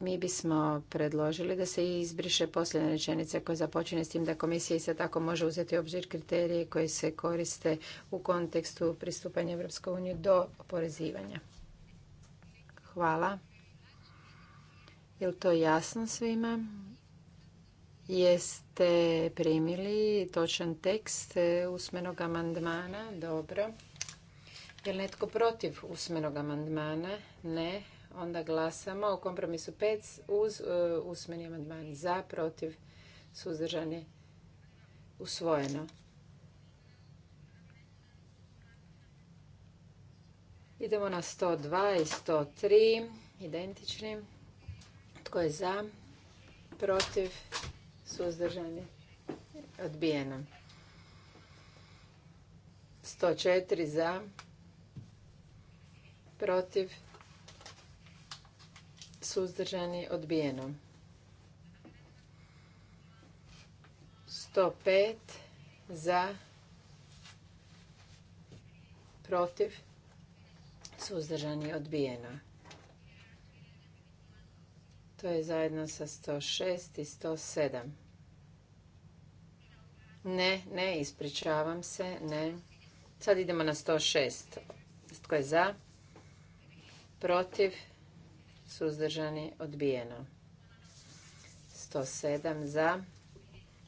mi bismo predložili da se izbriše posljedna rečenica koja započinje s tim da komisija isto tako može uzeti u obzir kriterije koji se koriste u kontekstu pristupanja uniji do oporezivanja. Hvala. Je li to jasno svima? Jeste primili točan tekst usmenog amandmana? Dobro. Je li netko protiv usmenog amandmana? Ne. Onda glasamo o kompromisu 5 uz e, usmeni amandman. Za, protiv, suzdržani, usvojeno. Idemo na 102 i 103, identični. Tko je za, protiv, suzdržani, odbijeno. 104 za, protiv, suzdržani, odbijeno. 105 za, protiv, suzdržani, odbijeno. To je dakle, zajedno sa 106 i 107. Ne, ne, ispričavam se, ne. Sad idemo na 106. Tko je za? Protiv? Suzdržani? Odbijeno. 107 za?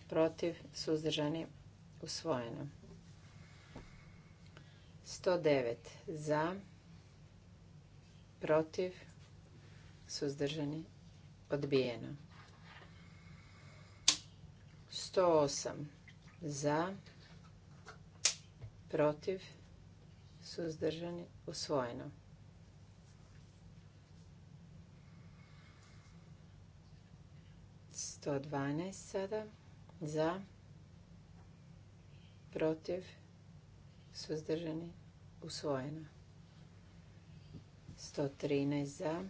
Protiv? Suzdržani? Usvojeno. 109 za? Protiv? Suzdržani? Odbijeno. 108 za, protiv, suzdržani, usvojeno. Sto dvanaest sada za, protiv, suzdržani, usvojeno. Sto trinaest za,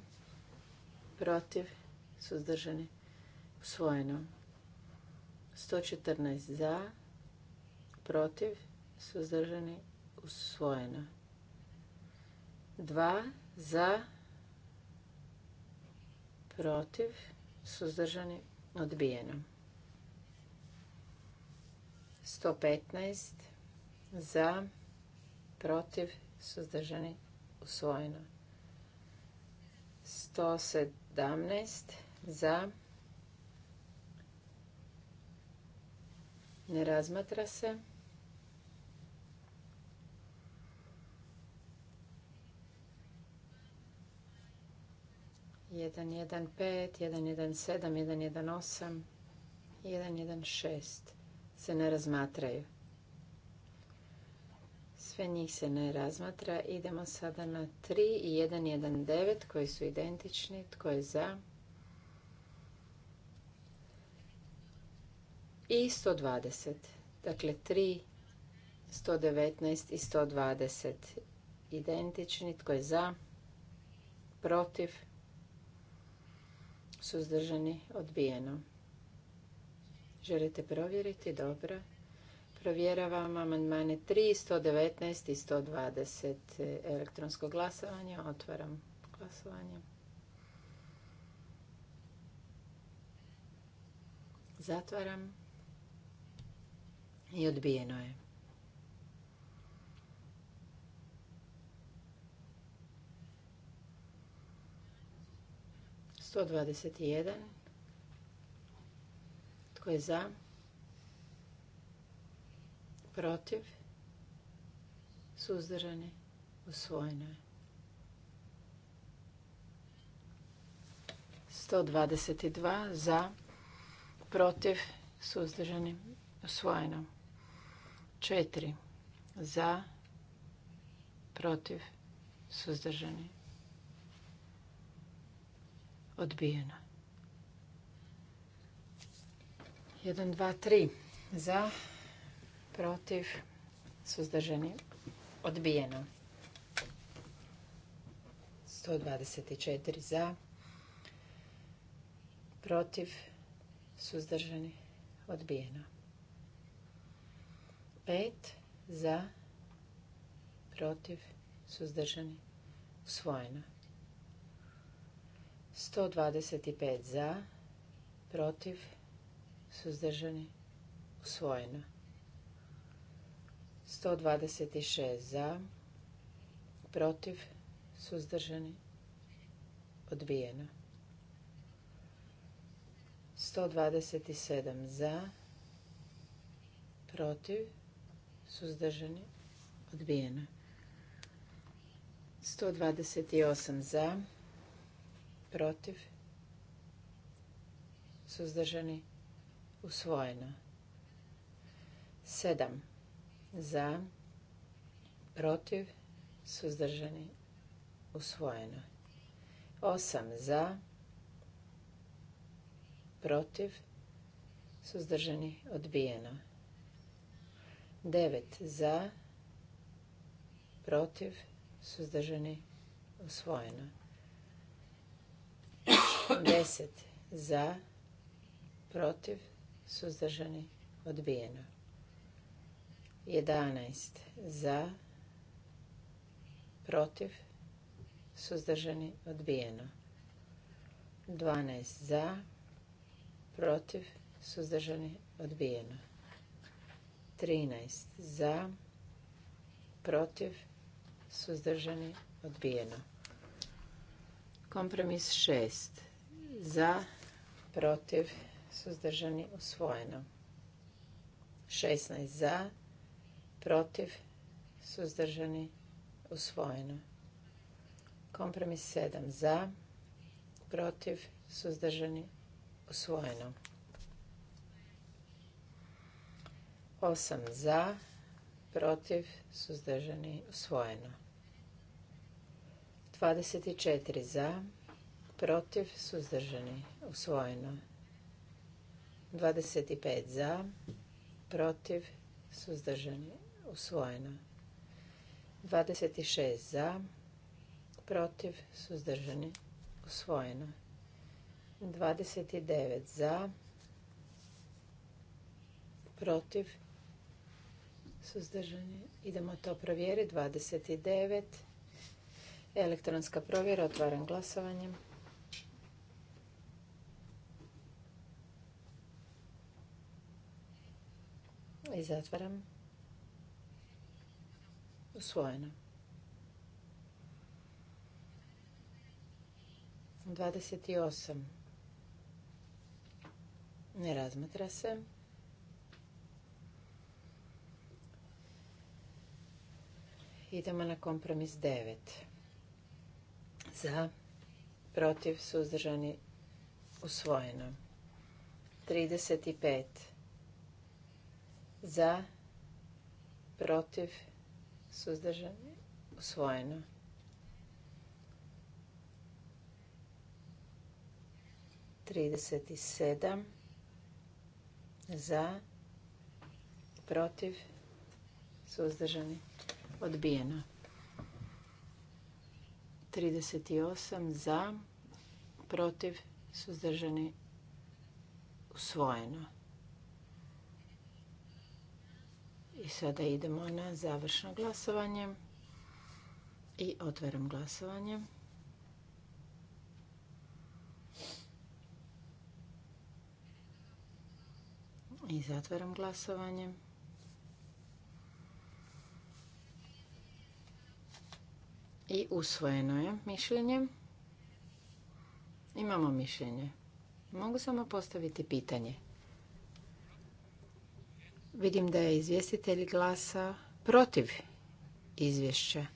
protiv, suzdržani, usvojeno. 114 za, protiv, suzdržani, usvojeno. 2 za, protiv, suzdržani, odbijeno. 115 za, protiv, suzdržani, usvojeno. 117 za ne razmatra se jedan jedan pet jedan jedan sedam jedan jedan osam jedan jedan šest se ne razmatraju sve njih se ne razmatra idemo sada na 3 i jedan, jedan 9 koji su identični tko je za i 120. Dakle, 3, 119 i 120 identični. Tko je za? Protiv? Suzdržani? Odbijeno. Želite provjeriti? Dobro. Provjeravam amandmane 3, 119 i 120 elektronsko glasovanje. Otvaram glasovanje. Zatvaram i odbijeno je. Sto dvadeset jedan. Tko je za? Protiv? Suzdržani? Usvojeno je. dvadeset dva za, protiv, suzdržani, usvojeno. 4 za, protiv, suzdržani, odbijeno. 1, 2, 3 za, protiv, suzdržani, odbijeno. 124 za, protiv, suzdržani, odbijeno. 5 za, protiv, suzdržani, usvojeno. 125 za, protiv, suzdržani, usvojeno. 126 za, protiv, suzdržani, odbijeno. 127 za, protiv, suzdržani, odbijena. 128 za, protiv, suzdržani, usvojena. 7 za, protiv, suzdržani, usvojeno. 8 za, protiv, suzdržani, odbijena. 9 za, protiv, suzdržani, usvojeno. 10 za, protiv, suzdržani, odbijeno. 11 za, protiv, suzdržani, odbijeno. 12 za, protiv, suzdržani, odbijeno. 13 za, protiv, suzdržani, odbijeno. Kompromis 6 za, protiv, suzdržani, usvojeno. 16 za, protiv, suzdržani, usvojeno. Kompromis 7 za, protiv, suzdržani, usvojeno. 8 za, protiv, suzdržani, usvojeno. 24 za, protiv, suzdržani, usvojeno. 25 za, protiv, suzdržani, usvojeno. 26 za, protiv, suzdržani, usvojeno. 29 za, protiv, Suzdržani. Idemo to provjeriti. 29. Elektronska provjera. Otvaram glasovanje. I zatvaram. Usvojeno. 28. Ne razmatra se. Idemo na kompromis 9. Za, protiv, suzdržani, usvojeno. 35. Za, protiv, suzdržani, usvojeno. Trideset za protiv suzdržani Odbijeno. 38 za, protiv, suzdržani, usvojeno. I sada idemo na završno glasovanje i otvaram glasovanje. I zatvaram glasovanje. I usvojeno je mišljenje. Imamo mišljenje. Mogu samo postaviti pitanje. Vidim da je izvjestitelj glasa protiv izvješća.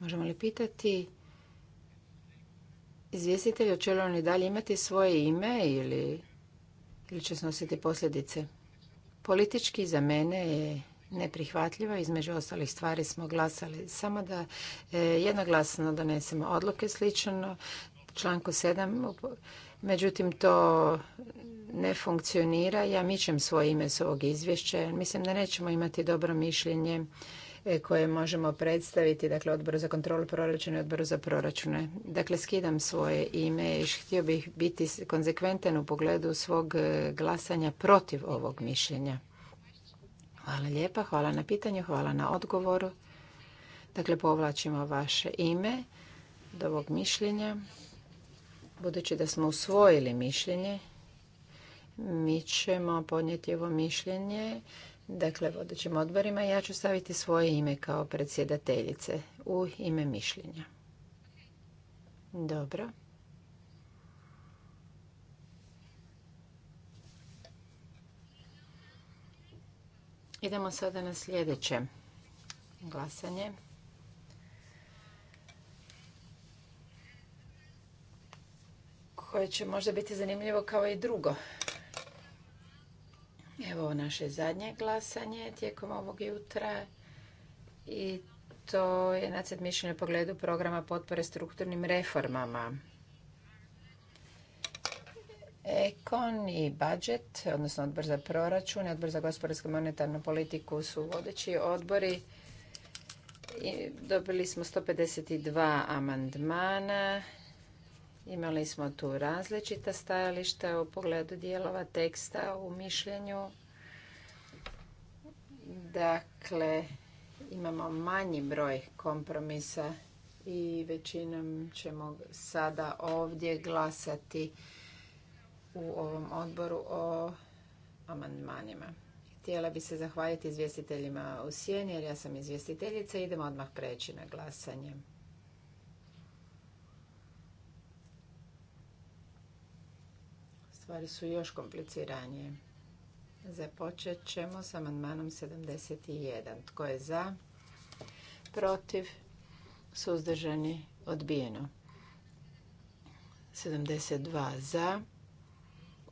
Možemo li pitati izvjestitelj će li on i dalje imati svoje ime ili, ili će snositi posljedice? Politički za mene je neprihvatljiva. Između ostalih stvari smo glasali samo da e, jednoglasno donesemo odluke slično članku 7. Međutim, to ne funkcionira. Ja mičem svoje ime s ovog izvješća mislim da nećemo imati dobro mišljenje e, koje možemo predstaviti, dakle odboru za kontrolu proračuna i odboru za proračune. Dakle, skidam svoje ime i htio bih biti konzekventan u pogledu svog e, glasanja protiv ovog mišljenja. Hvala lijepa, hvala na pitanju, hvala na odgovoru. Dakle, povlačimo vaše ime do ovog mišljenja. Budući da smo usvojili mišljenje, mi ćemo podnijeti ovo mišljenje dakle, vodećim odborima ja ću staviti svoje ime kao predsjedateljice u ime mišljenja. Dobro. Idemo sada na sljedeće glasanje. Koje će možda biti zanimljivo kao i drugo. Evo naše zadnje glasanje tijekom ovog jutra i to je nacrt mišljenja u pogledu programa potpore strukturnim reformama. Ekon i budžet, odnosno odbor za proračun i odbor za gospodarsku monetarnu politiku su vodeći odbori. Dobili smo 152 amandmana. Imali smo tu različita stajališta u pogledu dijelova teksta u mišljenju. Dakle, imamo manji broj kompromisa i većinom ćemo sada ovdje glasati u ovom odboru o amandmanima. Htjela bi se zahvaliti izvjestiteljima u sjeni jer ja sam izvjestiteljica i idemo odmah preći na glasanje. Stvari su još kompliciranije. Započet ćemo s amandmanom 71. Tko je za? Protiv? Suzdržani? Odbijeno. 72 za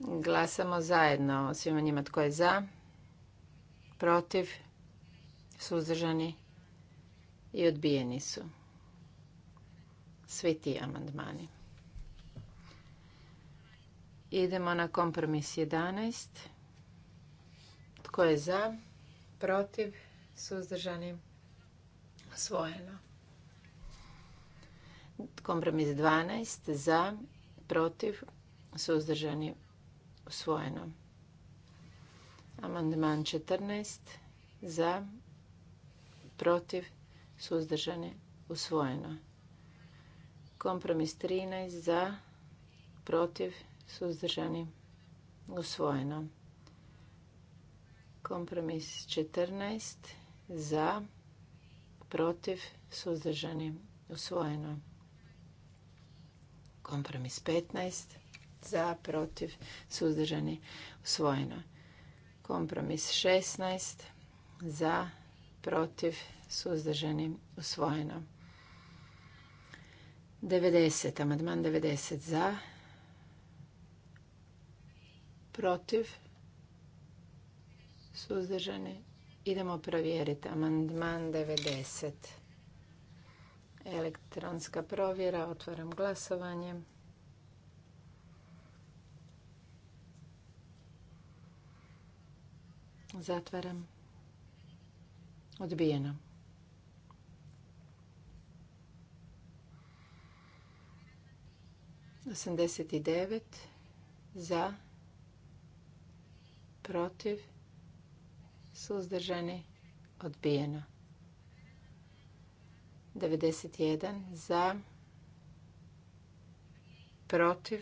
Glasamo zajedno o svima njima tko je za, protiv, suzdržani i odbijeni su svi ti amandmani. Idemo na kompromis 11. Tko je za, protiv, suzdržani, osvojeno. Kompromis 12. Za, protiv, suzdržani, Usvojeno. Amandman 14 za, protiv, suzdržani, usvojeno. Kompromis 13 za, protiv, suzdržani, usvojeno. Kompromis 14 za, protiv, suzdržani, usvojeno. Kompromis 15 za, protiv, suzdržani, usvojeno. Kompromis 16 za, protiv, suzdržani, usvojeno. 90, amandman 90 za, protiv, suzdržani. Idemo provjeriti amandman 90. Elektronska provjera, otvaram glasovanje. Zatvaram. Odbijeno. Osamdeset devet za protiv suzdržani odbijeno. 91 za protiv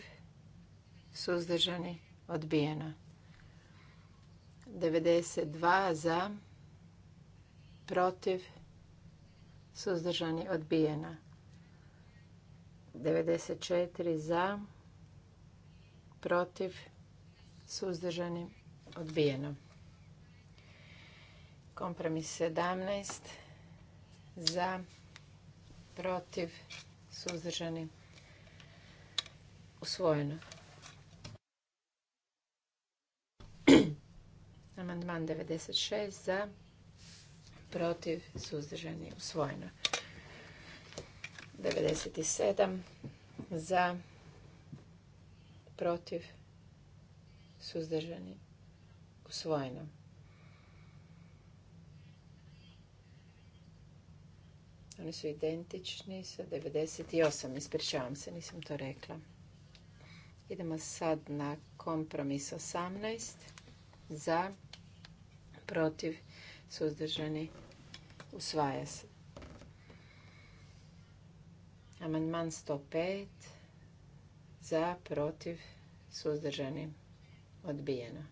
suzdržani odbijeno. 92 za, protiv, suzdržani, odbijena. 94 za, protiv, suzdržani, odbijeno. Kompromis 17 za, protiv, suzdržani, usvojeno. Amandman 96 za, protiv, suzdržani, usvojeno. 97 za, protiv, suzdržani, usvojeno. Oni su identični sa 98, ispričavam se, nisam to rekla. Idemo sad na kompromis 18 za, protiv, suzdržani, usvaja se. Amandman 105, za, protiv, suzdržani, odbijeno.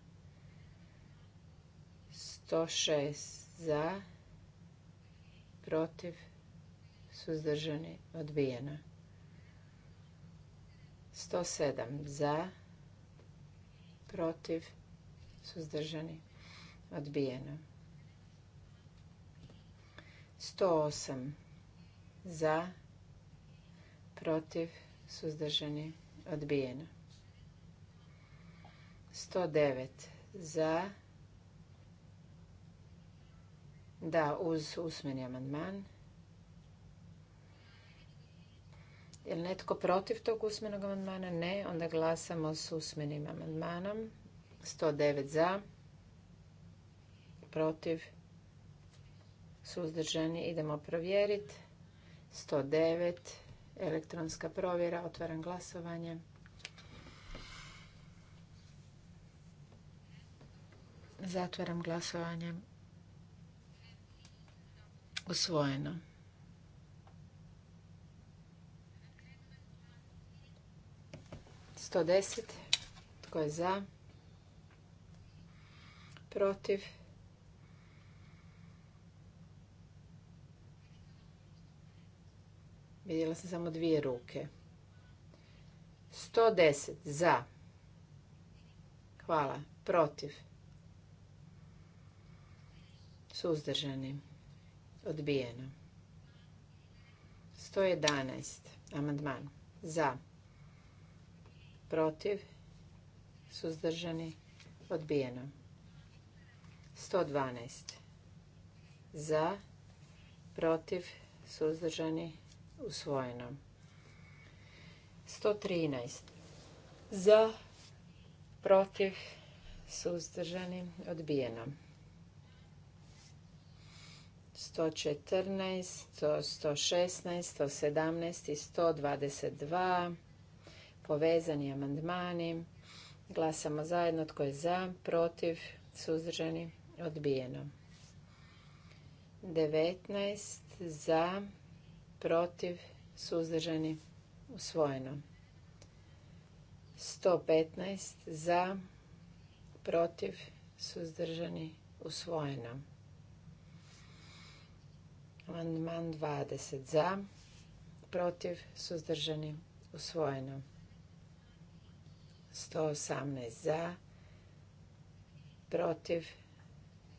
106, za, protiv, suzdržani, odbijeno. 107 za, protiv, suzdržani, Odbijeno. 108 za, protiv, suzdržani, odbijeno. 109 za, da, uz usmeni amandman. Je li netko protiv tog usmenog amandmana? Ne. Onda glasamo s usmenim amandmanom. 109 za, protiv, suzdržani. Idemo provjeriti. 109. Elektronska provjera. Otvaram glasovanje. Zatvaram glasovanje. Usvojeno. Sto deset. Tko je za? Protiv? Vidjela sam samo dvije ruke. 110 za. Hvala. Protiv. Suzdržani. Odbijeno. 111. Amandman. Za. Protiv. Suzdržani. Odbijeno. 112. Za. Protiv. Suzdržani usvojeno. 113 za, protiv, suzdržani, odbijeno. 114, 116, 117 i 122 povezani amandmani. Glasamo zajedno tko je za, protiv, suzdržani, odbijeno. 19 za, protiv, suzdržani, usvojeno. 115 za, protiv, suzdržani, usvojeno. Amandman 20 za, protiv, suzdržani, usvojeno. 118 za, protiv,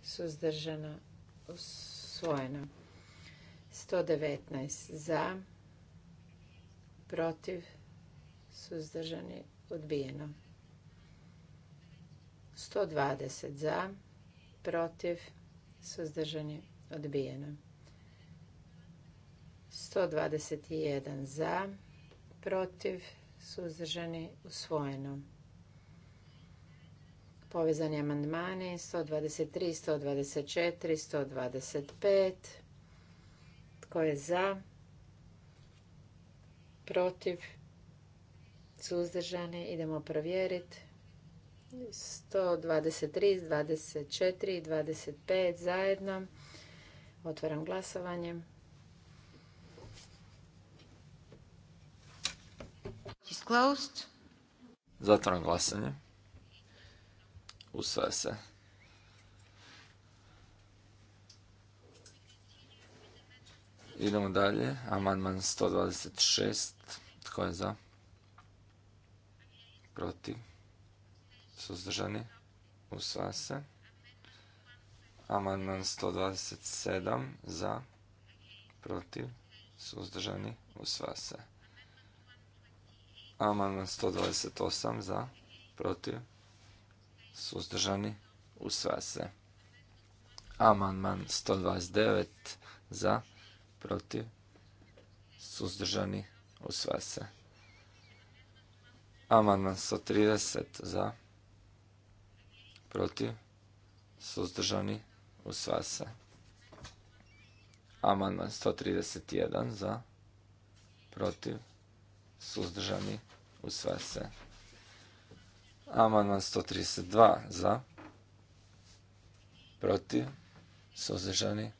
suzdržano, usvojeno. 119 za, protiv, suzdržani, odbijeno. 120 za, protiv, suzdržani, odbijeno. 121 za, protiv, suzdržani, usvojeno. Povezani amandmani 123, 124, 125 tko je za? Protiv? Suzdržani? Idemo provjeriti. 123, 24 25 zajedno. Otvaram glasovanje. Zatvaram glasanje. Usvaja se. Idemo dalje. Amandman 126. Tko je za? Protiv? Suzdržani? Usva se. Amandman 127. Za? Protiv? Suzdržani? Usva se. Amandman 128. Za? Protiv? Suzdržani? Usva se. Amandman 129. Za? protiv, suzdržani, u se. Amandman 130 za, protiv, suzdržani, u se. Amandman 131 za, protiv, suzdržani, u se. Amandman 132 za, protiv, suzdržani,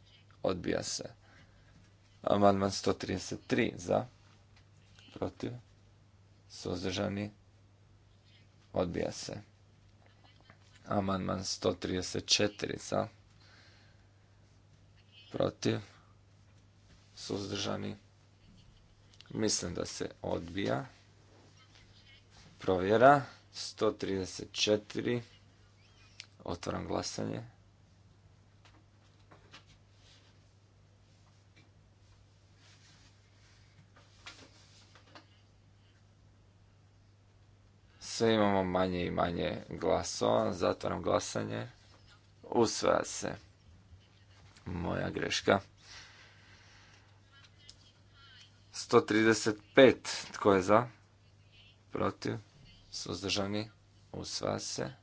odbija se. Amandman 133 za, protiv, suzdržani, odbija se. Amandman 134 za, protiv, suzdržani, mislim da se odbija. Provjera 134, otvoram glasanje. Sve imamo manje i manje glasova. Zatvaram glasanje. Usvaja se. Moja greška. 135. Tko je za? Protiv? Suzdržani? Usvaja se.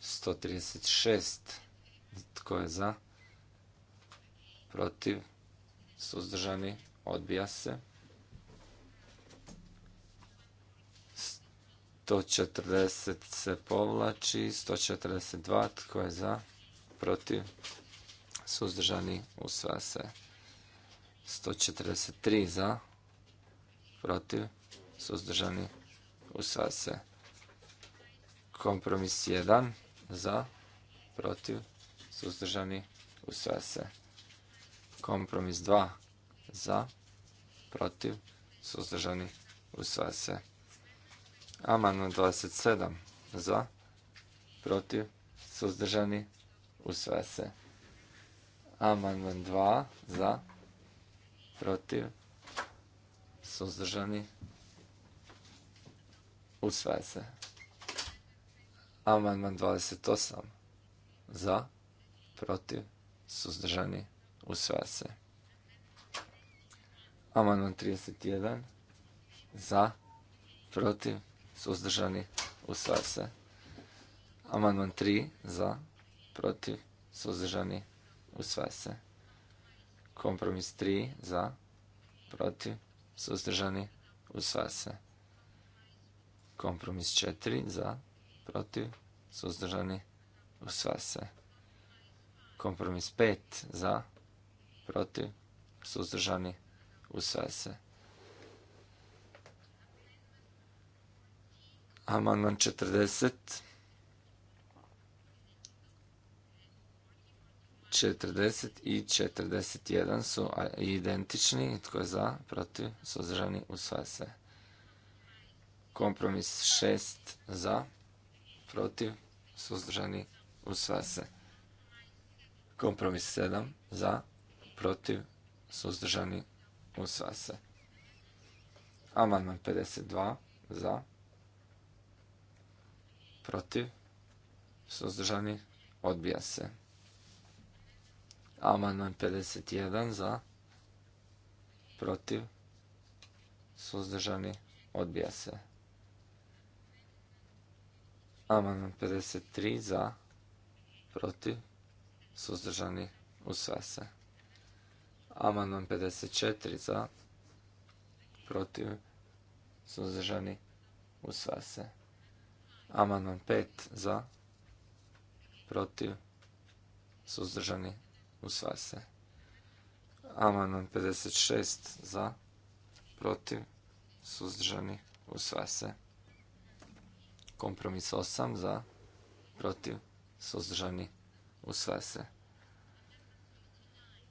136. Tko je za? Protiv? Suzdržani? Odbija se. 140 se povlači, 142 tko je za, protiv, suzdržani, usvaja se. 143 za, protiv, suzdržani, usvaja se. Kompromis 1 za, protiv, suzdržani, usvaja se. Kompromis 2 za, protiv, suzdržani, usvaja se. Amandman 27 za, protiv, suzdržani, usvaja se. Amandman 2 za, protiv, suzdržani, usvaja se. Amandman 28 za, protiv, suzdržani, usvaja se. Amandman 31 za, protiv, suzdržani, usvaja se. Amandman 3 za, protiv, suzdržani, usvaja se. Kompromis 3 za, protiv, suzdržani, usvaja se. Kompromis 4 za, protiv, suzdržani, usvaja se. Kompromis 5 za, protiv, suzdržani, usvaja se. Amandman 40. 40 i 41 su identični. Tko je za, protiv, suzdržani, usvaja se. Kompromis 6 za, protiv, suzdržani, usvaja se. Kompromis 7 za, protiv, suzdržani, usvaja se. Amandman 52 za, protiv, suzdržani, odbija se. Amandman 51 za, protiv, suzdržani, odbija se. Amandman 53 za, protiv, suzdržani, usvaja se. Amandman 54 za, protiv, suzdržani, usvaja se. Amandman 5 za, protiv, suzdržani, usvaja se. Amandman 56 za, protiv, suzdržani, usvaja se. Kompromis 8 za, protiv, suzdržani, usvaja se.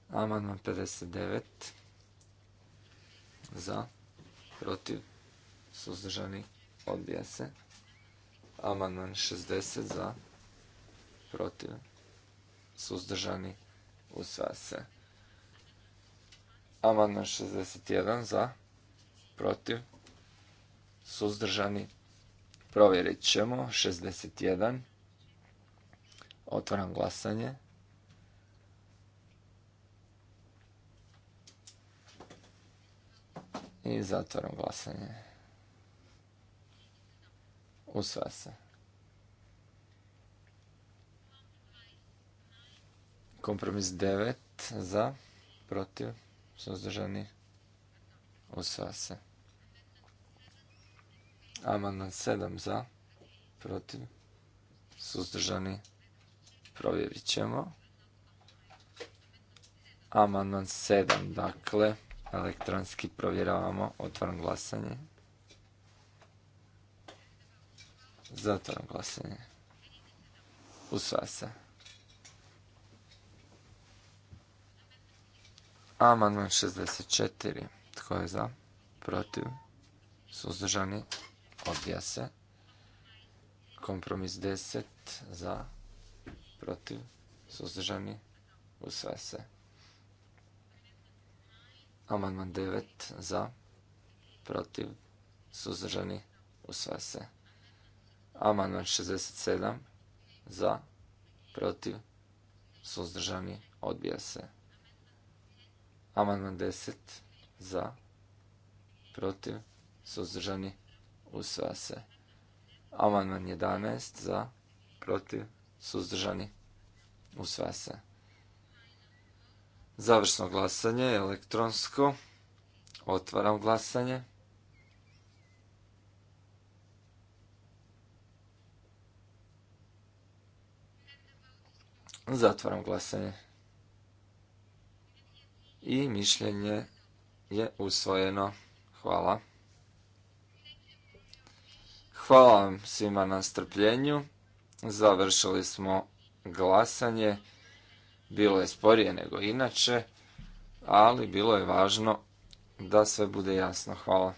Amandman 59 za, protiv, suzdržani, odbija se. Amandman 60 za, protiv, suzdržani, usvaja se. Amandman 61 za, protiv, suzdržani, provjerit ćemo. 61, otvaram glasanje. I zatvaram glasanje. Usva se. Kompromis 9 za, protiv, suzdržani, usva se. Amandman 7 za, protiv, suzdržani, provjerit ćemo. Amandman 7, dakle, elektronski provjeravamo, otvaram glasanje. Zatvaram glasanje. Usvaja se. Amandman 64. Tko je za? Protiv? Suzdržani? Odbija se. Kompromis 10. Za? Protiv? Suzdržani? Usvaja se. Amandman 9. Za? Protiv? Suzdržani? Usvaja se. Amandman 67 za, protiv, suzdržani, odbija se. Amandman 10 za, protiv, suzdržani, usvaja se. Amandman 11 za, protiv, suzdržani, usvaja se. Završno glasanje elektronsko. Otvaram glasanje. Zatvaram glasanje. I mišljenje je usvojeno. Hvala. Hvala vam svima na strpljenju. Završili smo glasanje. Bilo je sporije nego inače, ali bilo je važno da sve bude jasno. Hvala.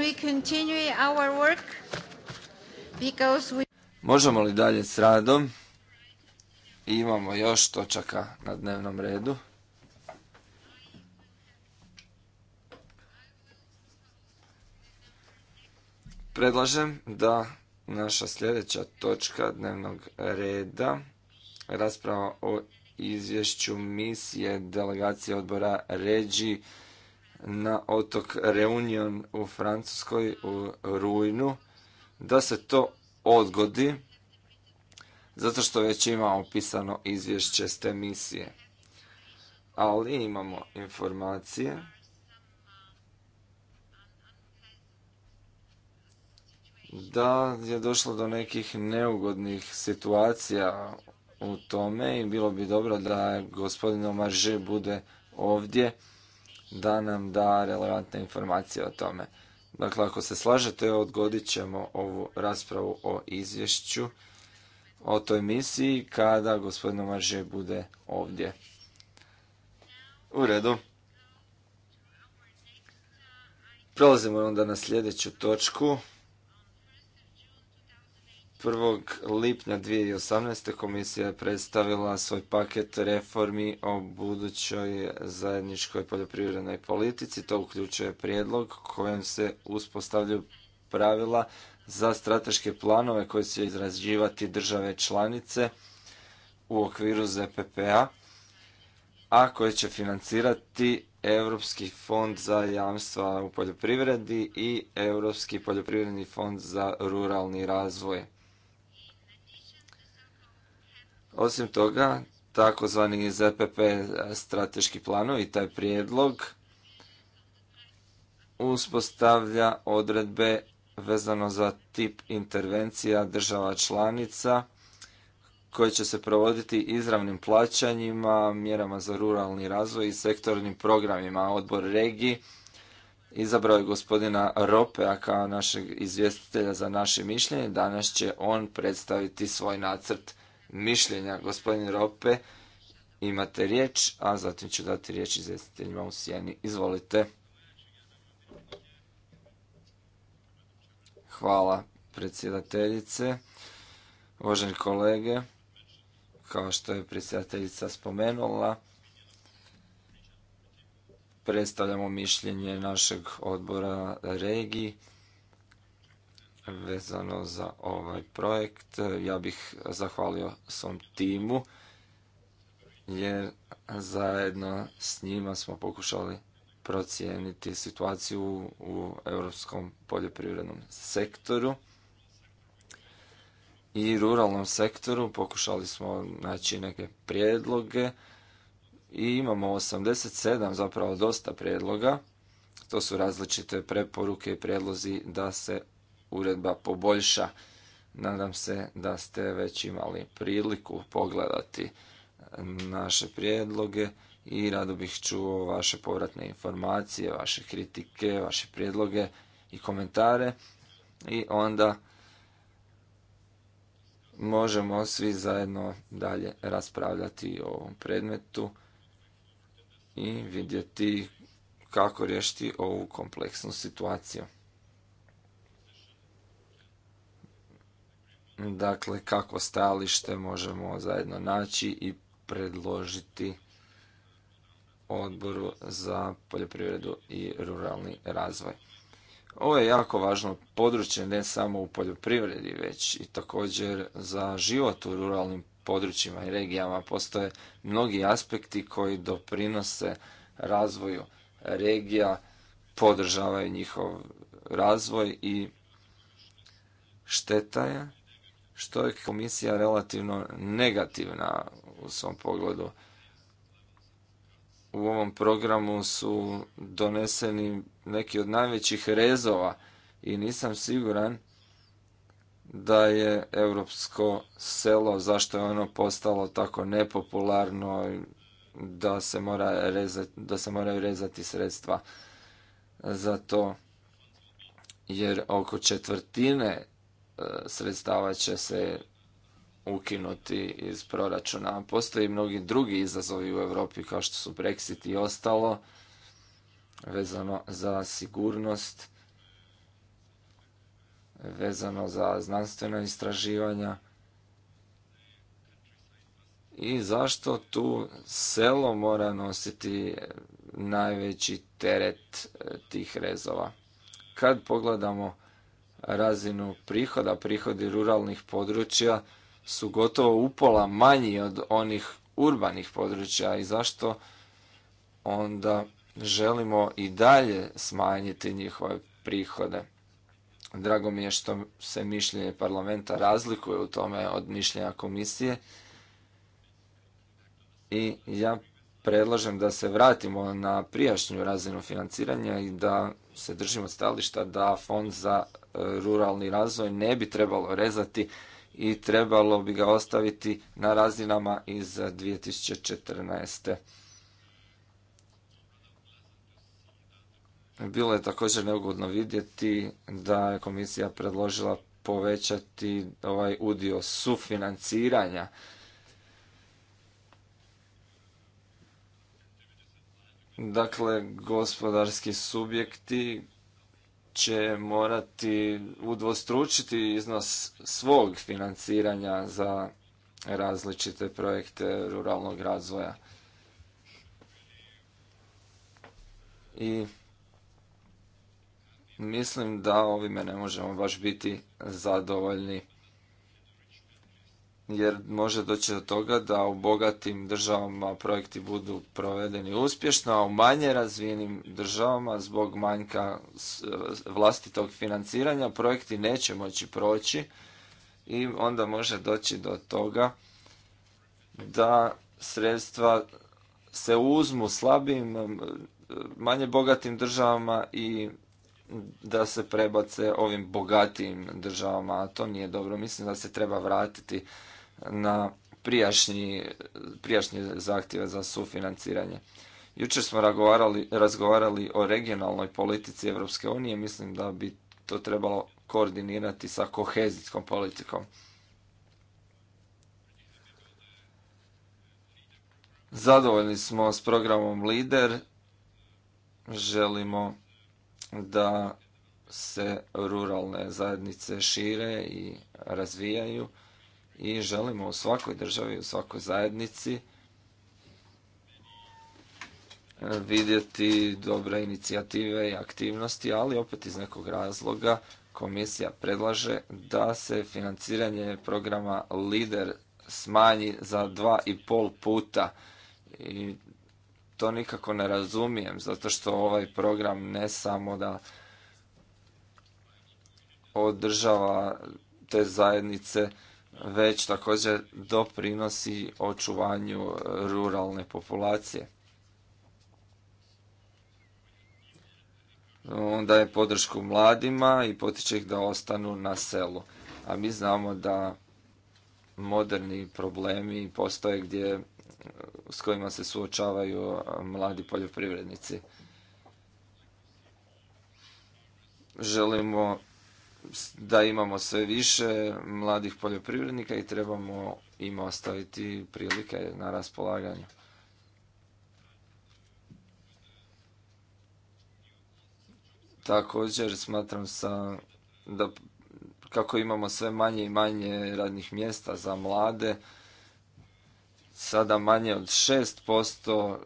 we Možemo li dalje s radom? imamo još točaka na dnevnom redu. Predlažem da naša sljedeća točka dnevnog reda rasprava o izvješću misije delegacije odbora Ređi na otok Reunion u Francuskoj u rujnu, da se to odgodi zato što već imamo pisano izvješće s te misije. Ali imamo informacije da je došlo do nekih neugodnih situacija u tome i bilo bi dobro da gospodin Omarže bude ovdje da nam da relevantne informacije o tome. Dakle, ako se slažete, odgodit ćemo ovu raspravu o izvješću o toj misiji kada gospodin Marže bude ovdje. U redu. Prelazimo onda na sljedeću točku. 1. lipnja 2018. komisija je predstavila svoj paket reformi o budućoj zajedničkoj poljoprivrednoj politici. To uključuje prijedlog kojem se uspostavljaju pravila za strateške planove koje će izrađivati države članice u okviru ZPPA, a koje će financirati Europski fond za jamstva u poljoprivredi i Europski poljoprivredni fond za ruralni razvoj. Osim toga, takozvani ZPP strateški planovi i taj prijedlog uspostavlja odredbe vezano za tip intervencija država članica koje će se provoditi izravnim plaćanjima, mjerama za ruralni razvoj i sektornim programima. Odbor regiji izabrao je gospodina Ropea kao našeg izvjestitelja za naše mišljenje. Danas će on predstaviti svoj nacrt mišljenja. Gospodin Rope, imate riječ, a zatim ću dati riječ izvjestiteljima u sjeni. Izvolite. Hvala predsjedateljice, uvaženi kolege, kao što je predsjedateljica spomenula, predstavljamo mišljenje našeg odbora regiji vezano za ovaj projekt. Ja bih zahvalio svom timu jer zajedno s njima smo pokušali procijeniti situaciju u europskom poljoprivrednom sektoru i ruralnom sektoru. Pokušali smo naći neke prijedloge i imamo 87 zapravo dosta prijedloga. To su različite preporuke i prijedlozi da se uredba poboljša. Nadam se da ste već imali priliku pogledati e, naše prijedloge i rado bih čuo vaše povratne informacije, vaše kritike, vaše prijedloge i komentare i onda možemo svi zajedno dalje raspravljati o ovom predmetu i vidjeti kako riješiti ovu kompleksnu situaciju. dakle kako stajalište možemo zajedno naći i predložiti odboru za poljoprivredu i ruralni razvoj. Ovo je jako važno područje ne samo u poljoprivredi, već i također za život u ruralnim područjima i regijama. Postoje mnogi aspekti koji doprinose razvoju regija, podržavaju njihov razvoj i šteta je što je komisija relativno negativna u svom pogledu. U ovom programu su doneseni neki od najvećih rezova i nisam siguran da je europsko selo, zašto je ono postalo tako nepopularno, da se, da se moraju rezati sredstva za to jer oko četvrtine sredstava će se ukinuti iz proračuna. Postoji mnogi drugi izazovi u Europi kao što su Brexit i ostalo vezano za sigurnost, vezano za znanstvena istraživanja. I zašto tu selo mora nositi najveći teret eh, tih rezova? Kad pogledamo razinu prihoda, prihodi ruralnih područja su gotovo upola manji od onih urbanih područja i zašto onda želimo i dalje smanjiti njihove prihode. Drago mi je što se mišljenje parlamenta razlikuje u tome od mišljenja komisije i ja predlažem da se vratimo na prijašnju razinu financiranja i da se držimo stališta da fond za ruralni razvoj ne bi trebalo rezati i trebalo bi ga ostaviti na razinama iz 2014. Bilo je također neugodno vidjeti da je komisija predložila povećati ovaj udio sufinanciranja Dakle, gospodarski subjekti će morati udvostručiti iznos svog financiranja za različite projekte ruralnog razvoja. I mislim da ovime ne možemo baš biti zadovoljni jer može doći do toga da u bogatim državama projekti budu provedeni uspješno, a u manje razvijenim državama zbog manjka e, vlastitog financiranja projekti neće moći proći i onda može doći do toga da sredstva se uzmu slabim, e, manje bogatim državama i da se prebace ovim bogatijim državama, a to nije dobro. Mislim da se treba vratiti na prijašnji, prijašnje zahtjeve za sufinanciranje. Jučer smo razgovarali o regionalnoj politici Europske unije, mislim da bi to trebalo koordinirati sa kohezijskom politikom. Zadovoljni smo s programom LIDER. Želimo da se ruralne zajednice šire i razvijaju i želimo u svakoj državi, u svakoj zajednici e, vidjeti dobre inicijative i aktivnosti, ali opet iz nekog razloga komisija predlaže da se financiranje programa LIDER smanji za dva i pol puta. I to nikako ne razumijem, zato što ovaj program ne samo da održava te zajednice već također doprinosi očuvanju ruralne populacije. On daje podršku mladima i potiče ih da ostanu na selu. A mi znamo da moderni problemi postoje gdje s kojima se suočavaju mladi poljoprivrednici. Želimo da imamo sve više mladih poljoprivrednika i trebamo im ostaviti prilike na raspolaganju. Također smatram sa, da kako imamo sve manje i manje radnih mjesta za mlade, sada manje od 6%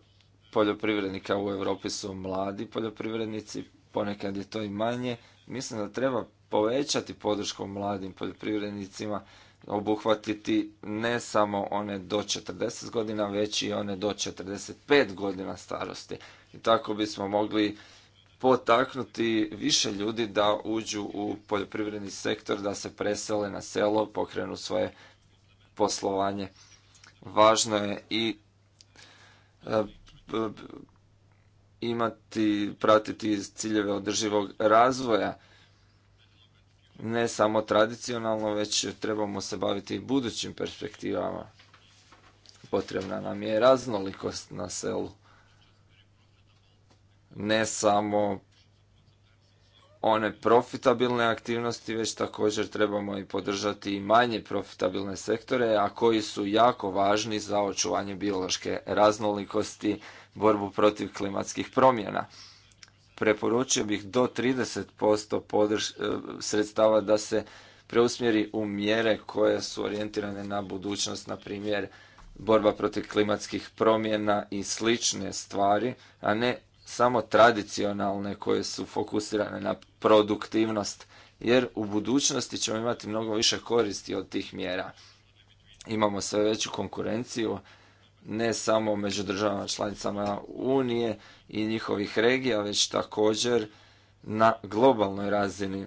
poljoprivrednika u Europi su mladi poljoprivrednici, ponekad je to i manje. Mislim da treba povećati podršku mladim poljoprivrednicima, obuhvatiti ne samo one do 40 godina, već i one do 45 godina starosti. I tako bismo mogli potaknuti više ljudi da uđu u poljoprivredni sektor, da se presele na selo, pokrenu svoje poslovanje. Važno je i e, imati, pratiti ciljeve održivog razvoja ne samo tradicionalno, već trebamo se baviti i budućim perspektivama. Potrebna nam je raznolikost na selu. Ne samo one profitabilne aktivnosti, već također trebamo i podržati i manje profitabilne sektore, a koji su jako važni za očuvanje biološke raznolikosti, borbu protiv klimatskih promjena preporučio bih do 30% e, sredstava da se preusmjeri u mjere koje su orijentirane na budućnost, na primjer borba protiv klimatskih promjena i slične stvari, a ne samo tradicionalne koje su fokusirane na produktivnost, jer u budućnosti ćemo imati mnogo više koristi od tih mjera. Imamo sve veću konkurenciju, ne samo među državama članicama Unije i njihovih regija, već također na globalnoj razini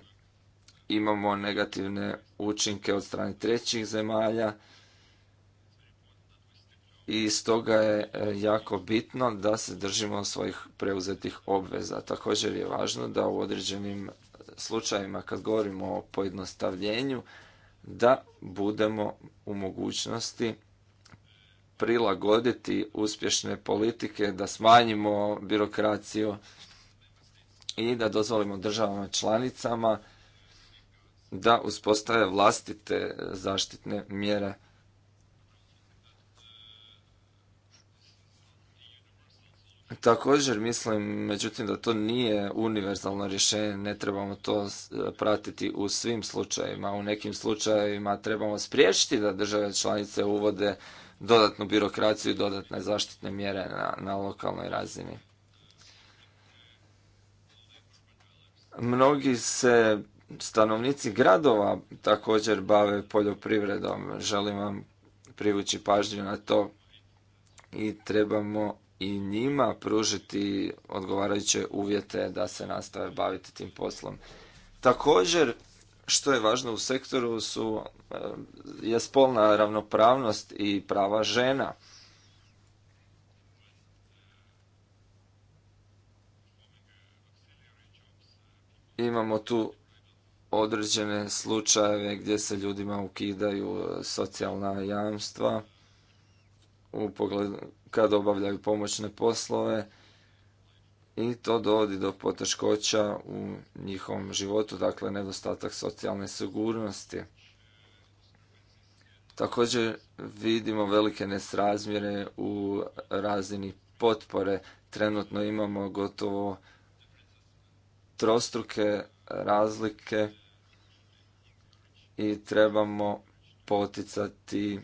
imamo negativne učinke od strane trećih zemalja i stoga je e, jako bitno da se držimo svojih preuzetih obveza. Također je važno da u određenim slučajevima kad govorimo o pojednostavljenju da budemo u mogućnosti prilagoditi uspješne politike, da smanjimo birokraciju i da dozvolimo državama članicama da uspostave vlastite zaštitne mjere. Također mislim, međutim, da to nije univerzalno rješenje, ne trebamo to pratiti u svim slučajevima. U nekim slučajevima trebamo spriječiti da države članice uvode dodatnu birokraciju i dodatne zaštitne mjere na, na lokalnoj razini. Mnogi se stanovnici gradova također bave poljoprivredom. Želim vam privući pažnju na to i trebamo i njima pružiti odgovarajuće uvjete da se nastave baviti tim poslom. Također što je važno u sektoru su, eh, je spolna ravnopravnost i prava žena. Imamo tu određene slučajeve gdje se ljudima ukidaju eh, socijalna jamstva u pogledu kad obavljaju pomoćne poslove i to dovodi do poteškoća u njihovom životu, dakle nedostatak socijalne sigurnosti. Također vidimo velike nesrazmjere u razini potpore. Trenutno imamo gotovo trostruke razlike i trebamo poticati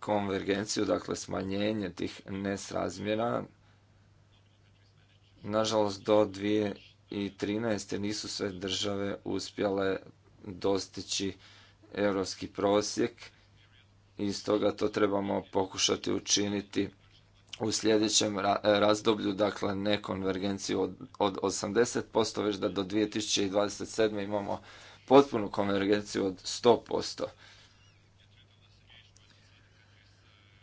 konvergenciju, dakle smanjenje tih nesrazmjera Nažalost, do 2013. nisu sve države uspjele dostići europski prosjek i stoga to trebamo pokušati učiniti u sljedećem razdoblju, dakle ne konvergenciju od, od 80%, već da do 2027. imamo potpunu konvergenciju od 100%.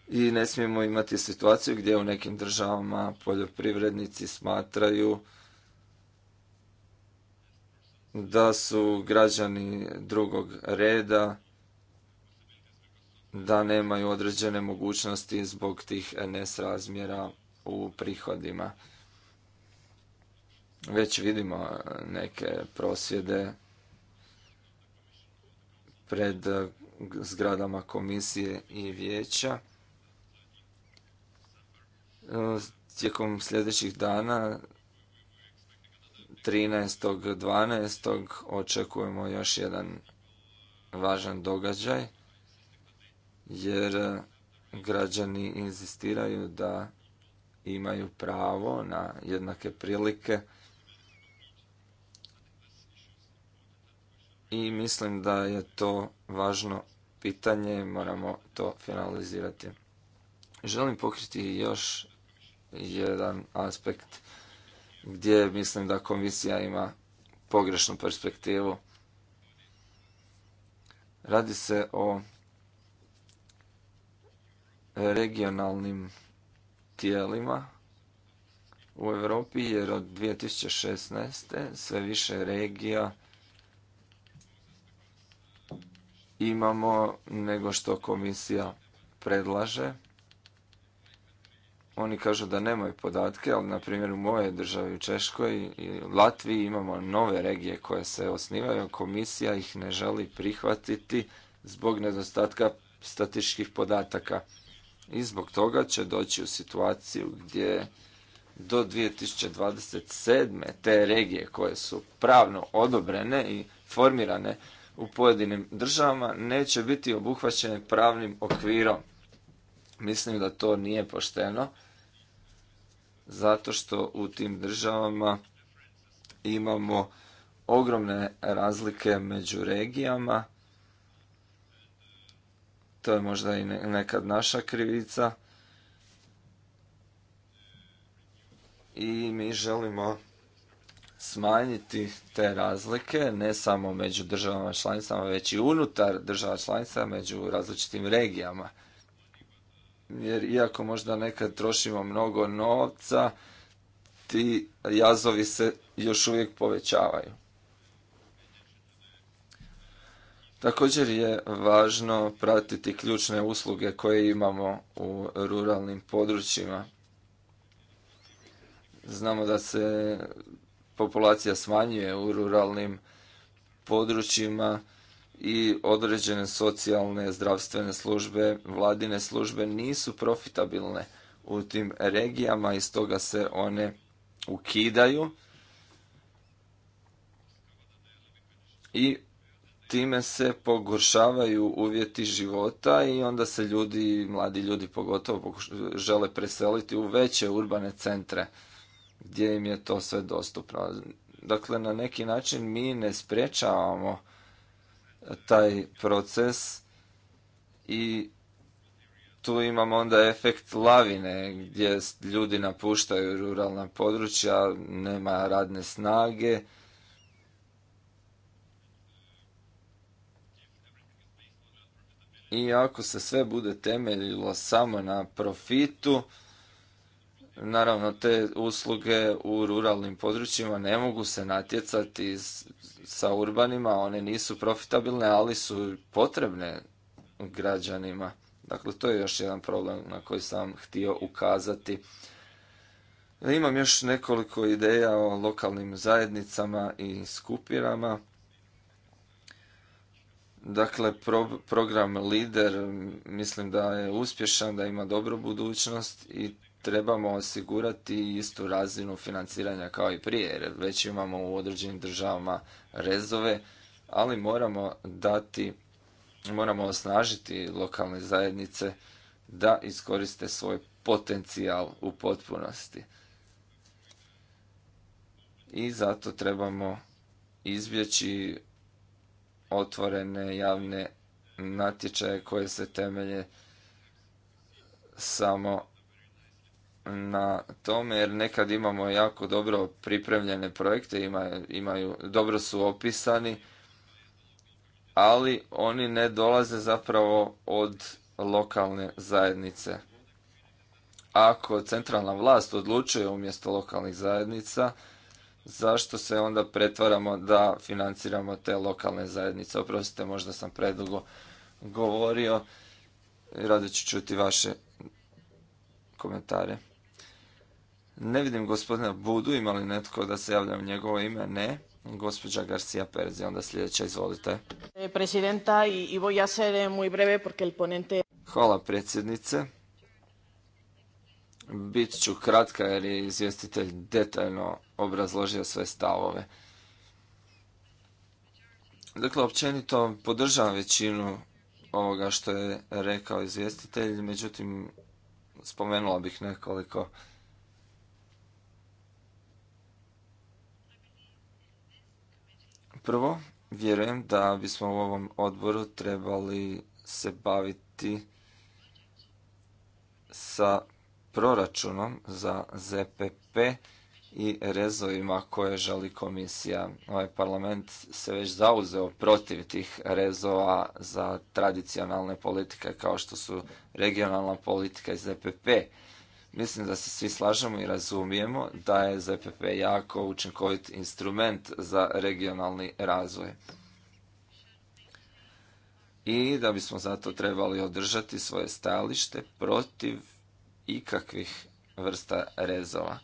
i ne smijemo imati situaciju gdje u nekim državama poljoprivrednici smatraju da su građani drugog reda, da nemaju određene mogućnosti zbog tih nesrazmjera u prihodima. Već vidimo neke prosvjede pred zgradama komisije i vijeća. E, tijekom sljedećih dana 13. očekujemo još jedan važan događaj jer e, građani inzistiraju da imaju pravo na jednake prilike i mislim da je to važno pitanje, moramo to finalizirati. Želim pokriti još jedan aspekt gdje mislim da komisija ima pogrešnu perspektivu. Radi se o regionalnim tijelima u Europi jer od 2016. sve više regija imamo nego što komisija predlaže oni kažu da nemaju podatke, ali na primjer u mojoj državi u Češkoj i Latviji imamo nove regije koje se osnivaju, komisija ih ne želi prihvatiti zbog nedostatka statističkih podataka. I zbog toga će doći u situaciju gdje do 2027. te regije koje su pravno odobrene i formirane u pojedinim državama neće biti obuhvaćene pravnim okvirom. Mislim da to nije pošteno zato što u tim državama imamo ogromne razlike među regijama. To je možda i nekad naša krivica. I mi želimo smanjiti te razlike, ne samo među državama članicama, već i unutar država članica, među različitim regijama jer iako možda nekad trošimo mnogo novca, ti jazovi se još uvijek povećavaju. Također je važno pratiti ključne usluge koje imamo u ruralnim područjima. Znamo da se populacija smanjuje u ruralnim područjima, i određene socijalne zdravstvene službe, vladine službe nisu profitabilne u tim regijama i stoga se one ukidaju i time se pogoršavaju uvjeti života i onda se ljudi, mladi ljudi pogotovo, žele preseliti u veće urbane centre gdje im je to sve dostupno. Dakle, na neki način mi ne sprečavamo taj proces i tu imamo onda efekt lavine gdje ljudi napuštaju ruralna područja, nema radne snage. I ako se sve bude temeljilo samo na profitu, naravno te usluge u ruralnim područjima ne mogu se natjecati sa urbanima, one nisu profitabilne, ali su potrebne građanima. Dakle, to je još jedan problem na koji sam htio ukazati. E, imam još nekoliko ideja o lokalnim zajednicama i skupirama. Dakle, program LIDER mislim da je uspješan, da ima dobru budućnost i trebamo osigurati istu razinu financiranja kao i prije, jer već imamo u određenim državama rezove, ali moramo dati, moramo osnažiti lokalne zajednice da iskoriste svoj potencijal u potpunosti. I zato trebamo izbjeći otvorene javne natječaje koje se temelje samo na tome jer nekad imamo jako dobro pripremljene projekte, imaju, imaju dobro su opisani, ali oni ne dolaze zapravo od lokalne zajednice. Ako centralna vlast odlučuje umjesto lokalnih zajednica, zašto se onda pretvaramo da financiramo te lokalne zajednice? Oprostite, možda sam predugo govorio. Rado ću čuti vaše komentare. Ne vidim gospodina Budu, ima li netko da se javlja u njegovo ime? Ne. Gospođa Garcia Perzi, onda sljedeća, izvolite. Presidenta, i eh, breve ponente... Hvala predsjednice. Bit ću kratka jer je izvjestitelj detaljno obrazložio sve stavove. Dakle, općenito podržavam većinu ovoga što je rekao izvjestitelj, međutim, spomenula bih nekoliko Prvo, vjerujem da bismo u ovom odboru trebali se baviti sa proračunom za ZPP i rezovima koje želi komisija. Ovaj parlament se već zauzeo protiv tih rezova za tradicionalne politike kao što su regionalna politika i ZPP. Mislim da se svi slažemo i razumijemo da je ZPP jako učinkovit instrument za regionalni razvoj. I da bismo zato trebali održati svoje stajalište protiv ikakvih vrsta rezova.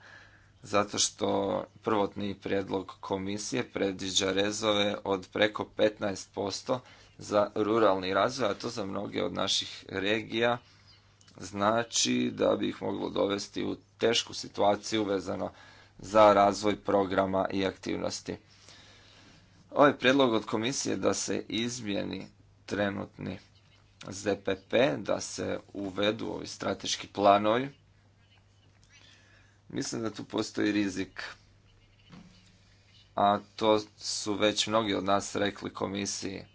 Zato što prvotni prijedlog komisije predviđa rezove od preko 15% za ruralni razvoj, a to za mnoge od naših regija znači da bi ih moglo dovesti u tešku situaciju vezano za razvoj programa i aktivnosti. Ovaj prijedlog od komisije da se izmijeni trenutni ZPP, da se uvedu ovi strateški planovi, mislim da tu postoji rizik. A to su već mnogi od nas rekli komisiji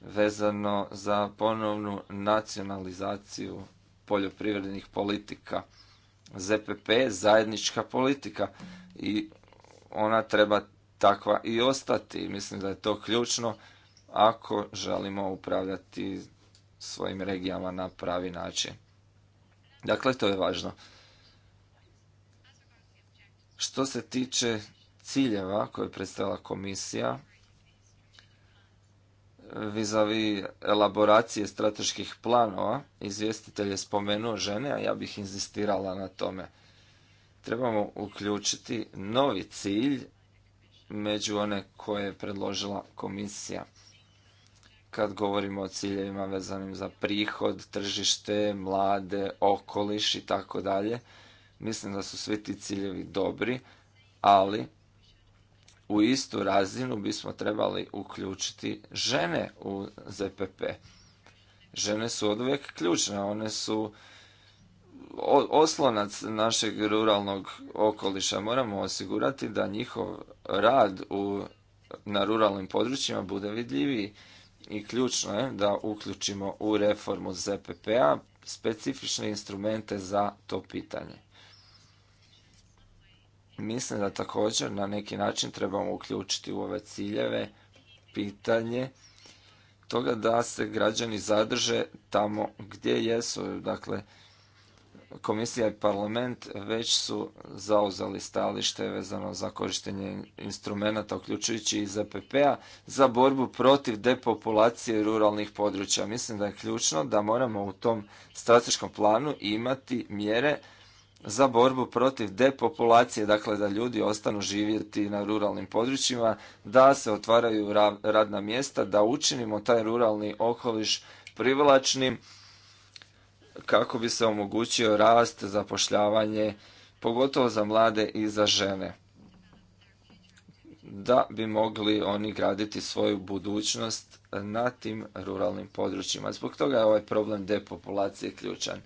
vezano za ponovnu nacionalizaciju poljoprivrednih politika. ZPP je zajednička politika i ona treba takva i ostati. Mislim da je to ključno ako želimo upravljati svojim regijama na pravi način. Dakle, to je važno. Što se tiče ciljeva koje je predstavila komisija, vizavi elaboracije strateških planova, izvjestitelj je spomenuo žene, a ja bih inzistirala na tome. Trebamo uključiti novi cilj među one koje je predložila komisija. Kad govorimo o ciljevima vezanim za prihod, tržište, mlade, okoliš i tako dalje, mislim da su svi ti ciljevi dobri, ali u istu razinu bismo trebali uključiti žene u ZPP. Žene su od uvijek ključne, one su oslonac našeg ruralnog okoliša. Moramo osigurati da njihov rad u, na ruralnim područjima bude vidljiviji i ključno je da uključimo u reformu ZPP-a specifične instrumente za to pitanje. Mislim da također na neki način trebamo uključiti u ove ciljeve pitanje toga da se građani zadrže tamo gdje jesu. Dakle, komisija i parlament već su zauzeli stajalište vezano za korištenje instrumenata, uključujući i ZPP-a, za borbu protiv depopulacije ruralnih područja. Mislim da je ključno da moramo u tom strateškom planu imati mjere za borbu protiv depopulacije, dakle da ljudi ostanu živjeti na ruralnim područjima, da se otvaraju radna mjesta, da učinimo taj ruralni okoliš privlačnim kako bi se omogućio rast, zapošljavanje, pogotovo za mlade i za žene. Da bi mogli oni graditi svoju budućnost na tim ruralnim područjima. Zbog toga je ovaj problem depopulacije ključan.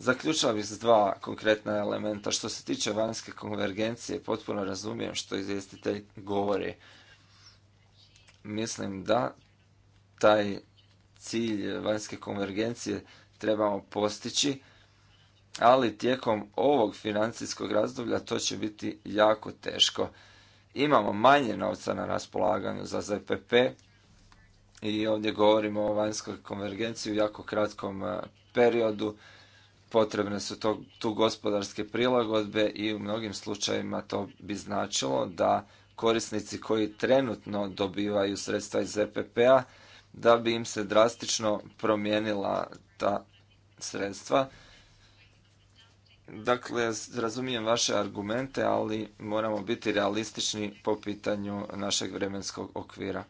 Zaključila bih s dva konkretna elementa. Što se tiče vanjske konvergencije, potpuno razumijem što izvjestitelj govori. Mislim da taj cilj vanjske konvergencije trebamo postići, ali tijekom ovog financijskog razdoblja to će biti jako teško. Imamo manje novca na raspolaganju za ZPP i ovdje govorimo o vanjskoj konvergenciji u jako kratkom eh, periodu potrebne su to, tu gospodarske prilagodbe i u mnogim slučajevima to bi značilo da korisnici koji trenutno dobivaju sredstva iz EPP-a, da bi im se drastično promijenila ta sredstva. Dakle, razumijem vaše argumente, ali moramo biti realistični po pitanju našeg vremenskog okvira.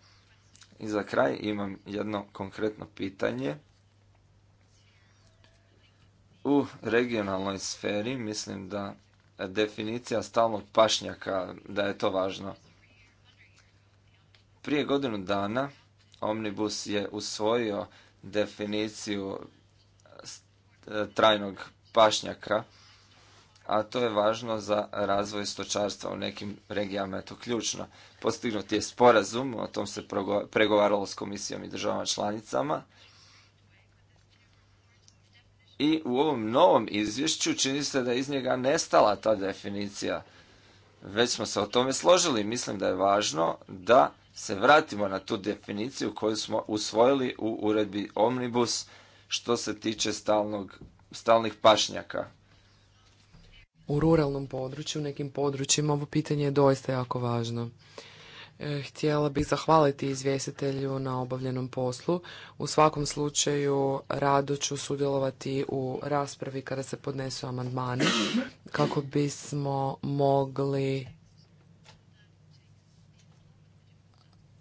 I za kraj imam jedno konkretno pitanje u regionalnoj sferi mislim da definicija stalnog pašnjaka, da je to važno. Prije godinu dana Omnibus je usvojio definiciju trajnog pašnjaka, a to je važno za razvoj stočarstva u nekim regijama, je to ključno. Postignuti je sporazum, o tom se pregovaralo s komisijom i državama članicama, i u ovom novom izvješću čini se da je iz njega nestala ta definicija. Već smo se o tome složili. Mislim da je važno da se vratimo na tu definiciju koju smo usvojili u uredbi Omnibus što se tiče stalnog, stalnih pašnjaka. U ruralnom području, u nekim područjima, ovo pitanje je doista jako važno. E, htjela bih zahvaliti izvjestitelju na obavljenom poslu. U svakom slučaju rado ću sudjelovati u raspravi kada se podnesu amandmani kako bismo mogli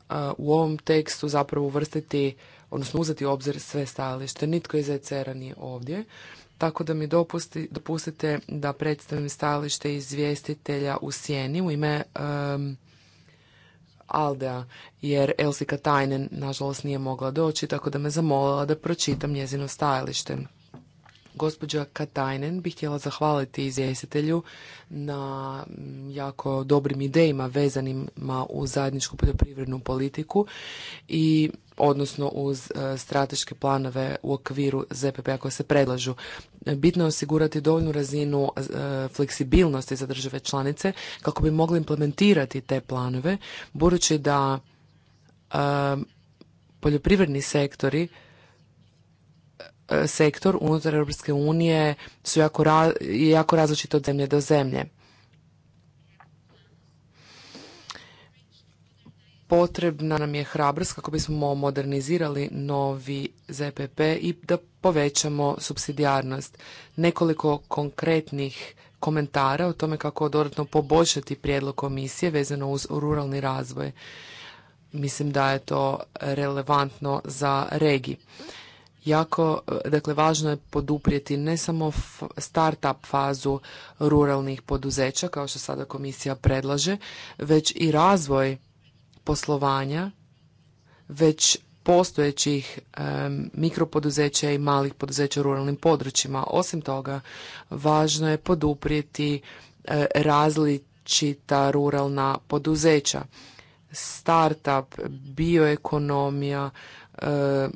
e, u ovom tekstu zapravo uvrstiti, odnosno uzeti u obzir sve stajalište. Nitko iz ecr nije ovdje, tako da mi dopustite da predstavim stajalište izvjestitelja u sjeni u ime Aldea, jer Elsika Tajnen, nažalost, nije mogla doći, tako da me zamolila da pročitam njezino stajalište. Gospođa Katajnen bih htjela zahvaliti izvjestitelju na mm, jako dobrim idejima vezanima u zajedničku poljoprivrednu politiku i odnosno uz e, strateške planove u okviru ZPP-a koje se predlažu. Bitno je osigurati dovoljnu razinu e, fleksibilnosti za države članice kako bi mogli implementirati te planove, budući da e, poljoprivredni sektori sektor unutar Europske unije su jako, jako različiti od zemlje do zemlje. potrebna nam je hrabrost kako bismo modernizirali novi ZPP i da povećamo subsidijarnost. Nekoliko konkretnih komentara o tome kako dodatno poboljšati prijedlog komisije vezano uz ruralni razvoj. Mislim da je to relevantno za regiji. Jako, dakle, važno je poduprijeti ne samo start-up fazu ruralnih poduzeća, kao što sada komisija predlaže, već i razvoj poslovanja već postojećih e, mikropoduzeća i malih poduzeća u ruralnim područjima. Osim toga, važno je poduprijeti e, različita ruralna poduzeća. Startup, bioekonomija, e,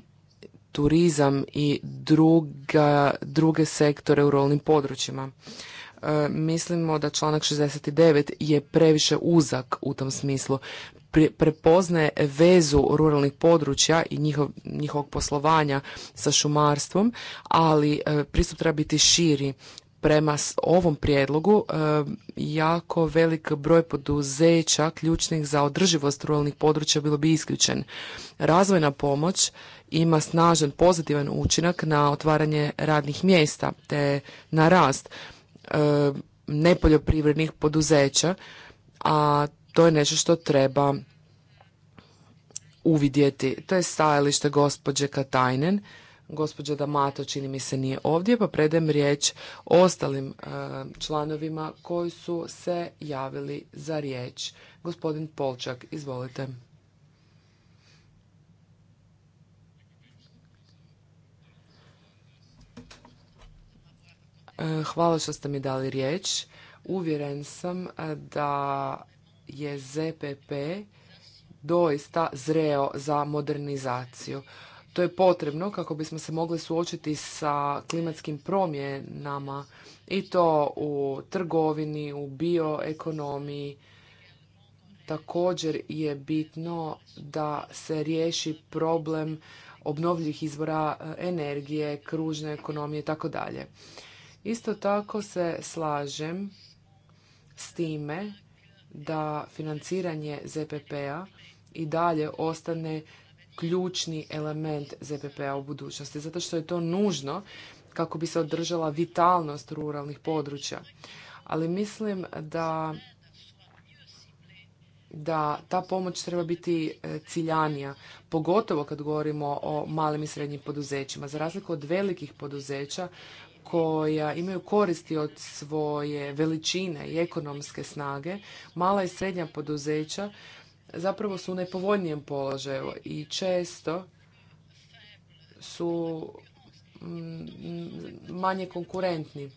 turizam i druga, druge sektore u ruralnim područjima. Mislimo da članak 69 je previše uzak u tom smislu prepoznaje vezu ruralnih područja i njihov, njihovog poslovanja sa šumarstvom, ali e, pristup treba biti širi. Prema ovom prijedlogu e, jako velik broj poduzeća ključnih za održivost ruralnih područja bilo bi isključen. Razvojna pomoć ima snažan pozitivan učinak na otvaranje radnih mjesta te na rast e, nepoljoprivrednih poduzeća, a to je nešto što treba uvidjeti. To je stajalište gospođe Katajnen. Gospođa Damato čini mi se nije ovdje, pa predem riječ ostalim e, članovima koji su se javili za riječ. Gospodin Polčak, izvolite. E, hvala što ste mi dali riječ. Uvjeren sam e, da je ZPP doista zreo za modernizaciju. To je potrebno kako bismo se mogli suočiti sa klimatskim promjenama i to u trgovini, u bioekonomiji. Također je bitno da se riješi problem obnovljivih izvora eh, energije, kružne ekonomije i tako dalje. Isto tako se slažem s time da financiranje ZPP-a i dalje ostane ključni element ZPP-a u budućnosti, zato što je to nužno kako bi se održala vitalnost ruralnih područja. Ali mislim da da ta pomoć treba biti e, ciljanija, pogotovo kad govorimo o malim i srednjim poduzećima. Za razliku od velikih poduzeća, koja imaju koristi od svoje veličine i ekonomske snage, mala i srednja poduzeća zapravo su u nepovoljnijem položaju i često su mm, manje konkurentni.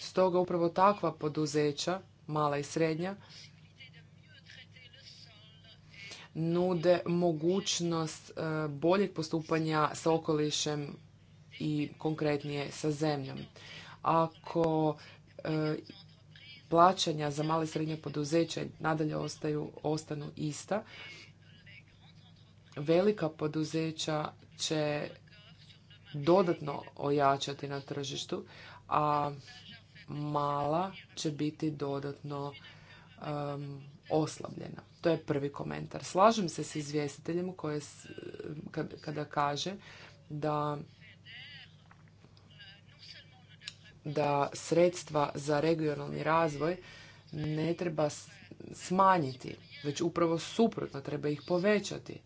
Stoga upravo takva poduzeća, mala i srednja, nude mogućnost e, boljeg postupanja sa okolišem i konkretnije sa zemljom. Ako e, plaćanja za male i srednje poduzeće nadalje ostaju, ostanu ista, velika poduzeća će dodatno ojačati na tržištu, a mala će biti dodatno oslabljena. To je prvi komentar. Slažem se s izvjestiteljem koje kada kaže da da sredstva za regionalni razvoj ne treba smanjiti, već upravo suprotno, treba ih povećati.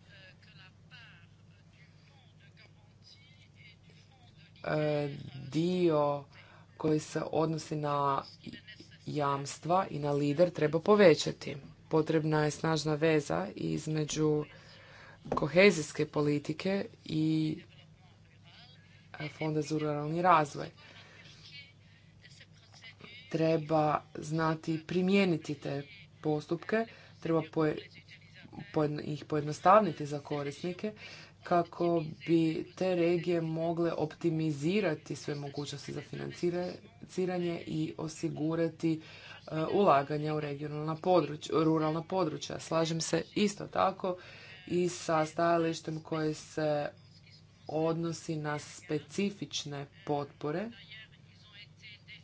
E, dio koji se odnosi na jamstva i na lider treba povećati. Potrebna je snažna veza između kohezijske politike i Fonda za ruralni razvoj treba znati primijeniti te postupke, treba ih pojednostavniti za korisnike kako bi te regije mogle optimizirati sve mogućnosti za financiranje i osigurati e, ulaganja u regionalna ruralna područja. Slažem se isto tako i sa stajalištem koje se odnosi na specifične potpore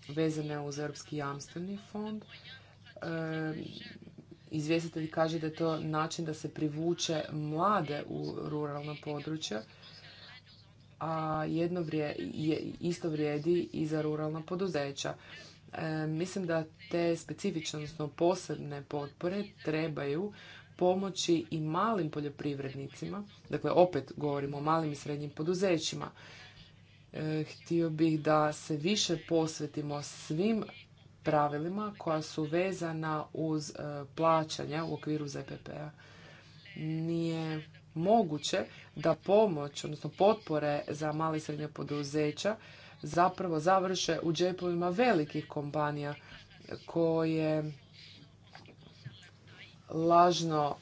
vezane uz Europski jamstveni fond. Izvjestitelj kaže da je to način da se privuče mlade u ruralna područja, a jedno vrije, isto vrijedi i za ruralna poduzeća. mislim da te specifične, odnosno posebne potpore trebaju pomoći i malim poljoprivrednicima, dakle opet govorimo o malim i srednjim poduzećima, E, htio bih da se više posvetimo svim pravilima koja su vezana uz e, plaćanja u okviru ZPP-a. Nije moguće da pomoć, odnosno potpore za mali i srednje poduzeća zapravo završe u džepovima velikih kompanija koje lažno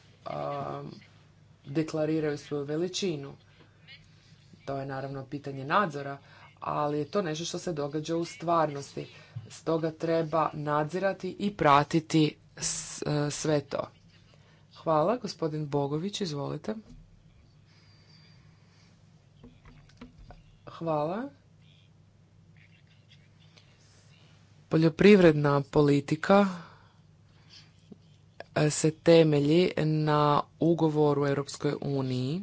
deklariraju svoju veličinu. To je naravno pitanje nadzora, ali je to nešto što se događa u stvarnosti. Stoga treba nadzirati i pratiti e, sve to. Hvala, gospodin Bogović, izvolite. Hvala. Poljoprivredna politika e, se temelji na ugovoru Europskoj uniji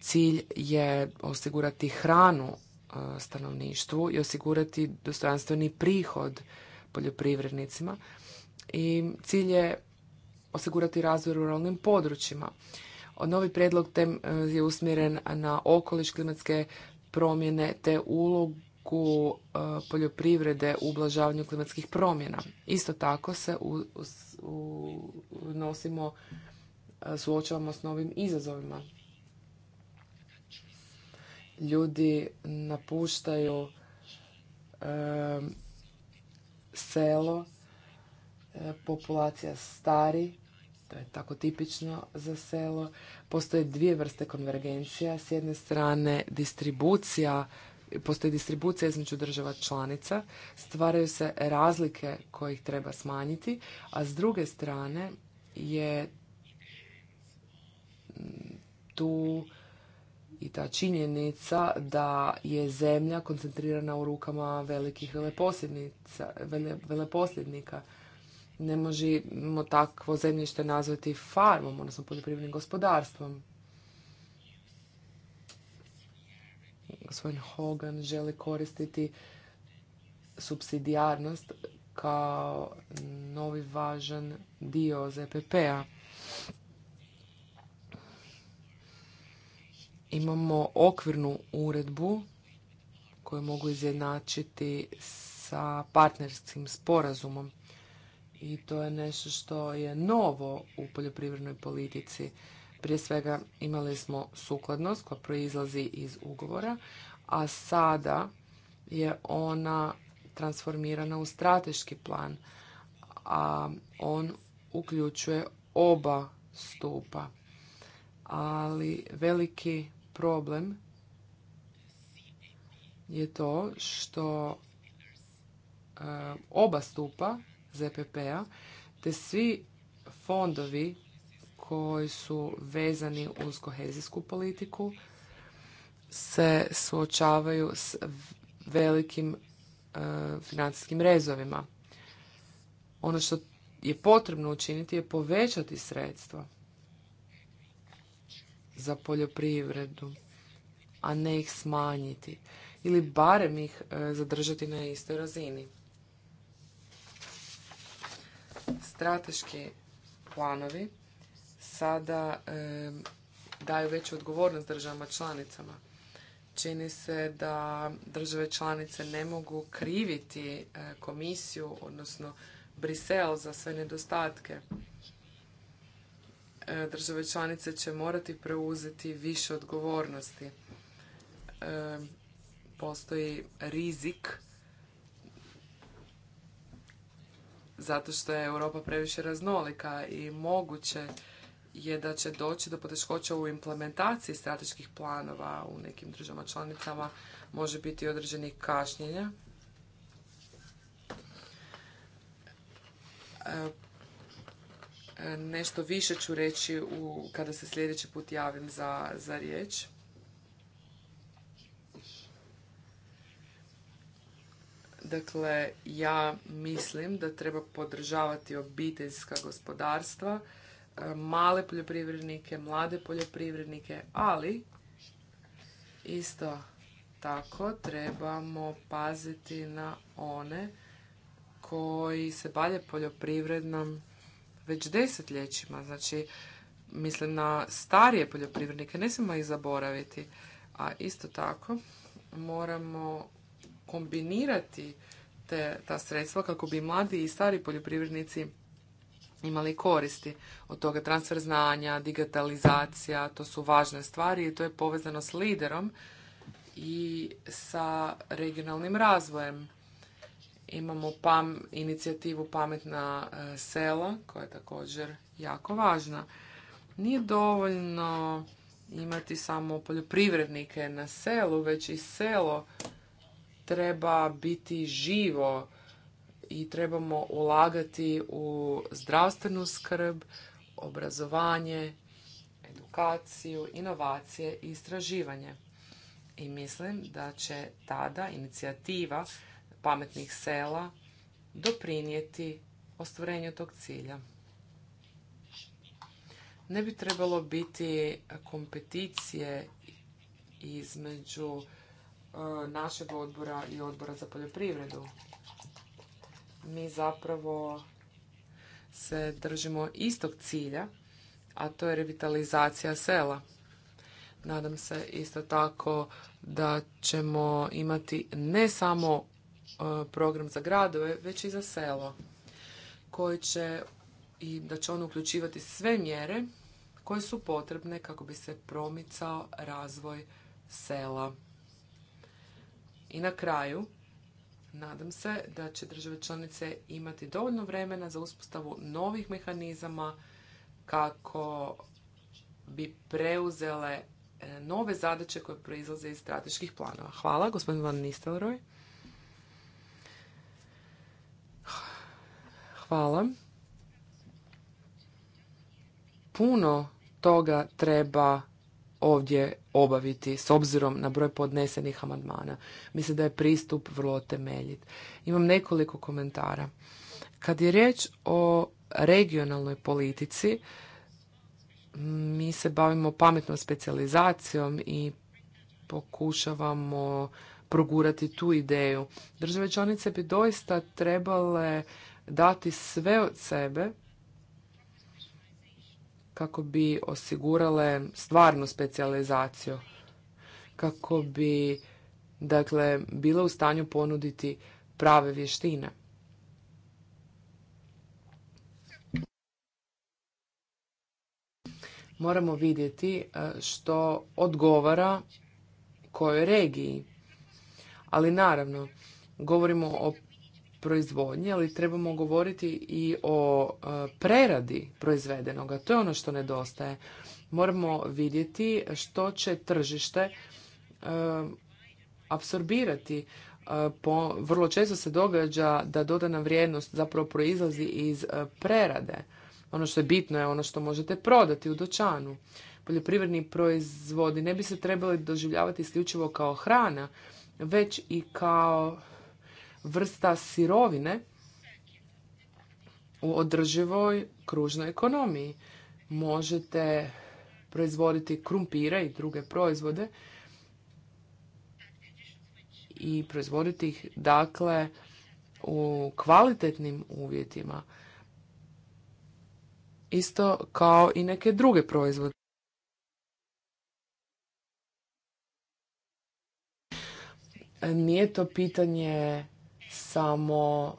Cilj je osigurati hranu e, stanovništvu i osigurati dostojanstveni prihod poljoprivrednicima i cilj je osigurati razvoj ruralnim područjima. Novi prijedlog tem e, je usmjeren na okoliš klimatske promjene te ulogu e, poljoprivrede u ublažavanju klimatskih promjena. Isto tako se unosimo, nosimo, suočavamo s novim izazovima ljudi napuštaju selo, e, populacija stari, to je tako tipično za selo. Postoje dvije vrste konvergencija. S jedne strane distribucija, postoji distribucija između država članica, stvaraju se razlike kojih treba smanjiti, a s druge strane je tu i ta činjenica da je zemlja koncentrirana u rukama velikih veleposljednika. Ne možemo takvo zemljište nazvati farmom, odnosno poljoprivrednim gospodarstvom. Gospodin Hogan želi koristiti subsidijarnost kao novi važan dio ZPP-a. imamo okvirnu uredbu koju mogu izjednačiti sa partnerskim sporazumom. I to je nešto što je novo u poljoprivrednoj politici. Prije svega imali smo sukladnost koja proizlazi iz ugovora, a sada je ona transformirana u strateški plan, a on uključuje oba stupa. Ali veliki Problem je to što eh, oba stupa ZPP-a te svi fondovi koji su vezani uz kohezijsku politiku se suočavaju s velikim eh, financijskim rezovima. Ono što je potrebno učiniti je povećati sredstva za poljoprivredu, a ne ih smanjiti ili barem ih e, zadržati na istoj razini. Strateški planovi sada e, daju veću odgovornost državama članicama. Čini se da države članice ne mogu kriviti e, komisiju, odnosno Brisel za sve nedostatke. E, države članice će morati preuzeti više odgovornosti. E, postoji rizik zato što je Europa previše raznolika i moguće je da će doći do poteškoća u implementaciji strateških planova u nekim državama članicama, može biti određenih kašnjenja. E, Nešto više ću reći u, kada se sljedeći put javim za, za riječ. Dakle, ja mislim da treba podržavati obiteljska gospodarstva, e, male poljoprivrednike, mlade poljoprivrednike, ali isto tako trebamo paziti na one koji se bave poljoprivrednom već desetljećima. Znači, mislim na starije poljoprivrednike, ne smijemo ih zaboraviti. A isto tako moramo kombinirati te, ta sredstva kako bi mladi i stari poljoprivrednici imali koristi od toga transfer znanja, digitalizacija, to su važne stvari i to je povezano s liderom i sa regionalnim razvojem. Imamo PAM, inicijativu Pametna e, sela, koja je također jako važna. Nije dovoljno imati samo poljoprivrednike na selu, već i selo treba biti živo i trebamo ulagati u zdravstvenu skrb, obrazovanje, edukaciju, inovacije i istraživanje. I mislim da će tada inicijativa pametnih sela doprinijeti ostvarenju tog cilja. Ne bi trebalo biti kompeticije između e, našeg odbora i odbora za poljoprivredu. Mi zapravo se držimo istog cilja, a to je revitalizacija sela. Nadam se isto tako da ćemo imati ne samo E, program za gradove, već i za selo, koji će i da će on uključivati sve mjere koje su potrebne kako bi se promicao razvoj sela. I na kraju, nadam se da će države članice imati dovoljno vremena za uspostavu novih mehanizama kako bi preuzele e, nove zadaće koje proizlaze iz strateških planova. Hvala, gospodin Van Nistelrooy. Hvala. Puno toga treba ovdje obaviti s obzirom na broj podnesenih amandmana. Mislim da je pristup vrlo temeljit. Imam nekoliko komentara. Kad je riječ o regionalnoj politici, mi se bavimo pametnom specijalizacijom i pokušavamo progurati tu ideju. Države članice bi doista trebale dati sve od sebe kako bi osigurale stvarnu specijalizaciju, kako bi dakle bile u stanju ponuditi prave vještine. Moramo vidjeti e, što odgovara kojoj regiji. Ali naravno, govorimo o proizvodnje, ali trebamo govoriti i o e, preradi proizvedenoga. To je ono što nedostaje. Moramo vidjeti što će tržište e, apsorbirati. E, vrlo često se događa da dodana vrijednost zapravo proizlazi iz prerade. Ono što je bitno je ono što možete prodati u doćanu. Poljoprivredni proizvodi ne bi se trebali doživljavati isključivo kao hrana, već i kao vrsta sirovine u održivoj kružnoj ekonomiji. Možete proizvoditi krumpire i druge proizvode i proizvoditi ih dakle u kvalitetnim uvjetima. Isto kao i neke druge proizvode. Nije to pitanje samo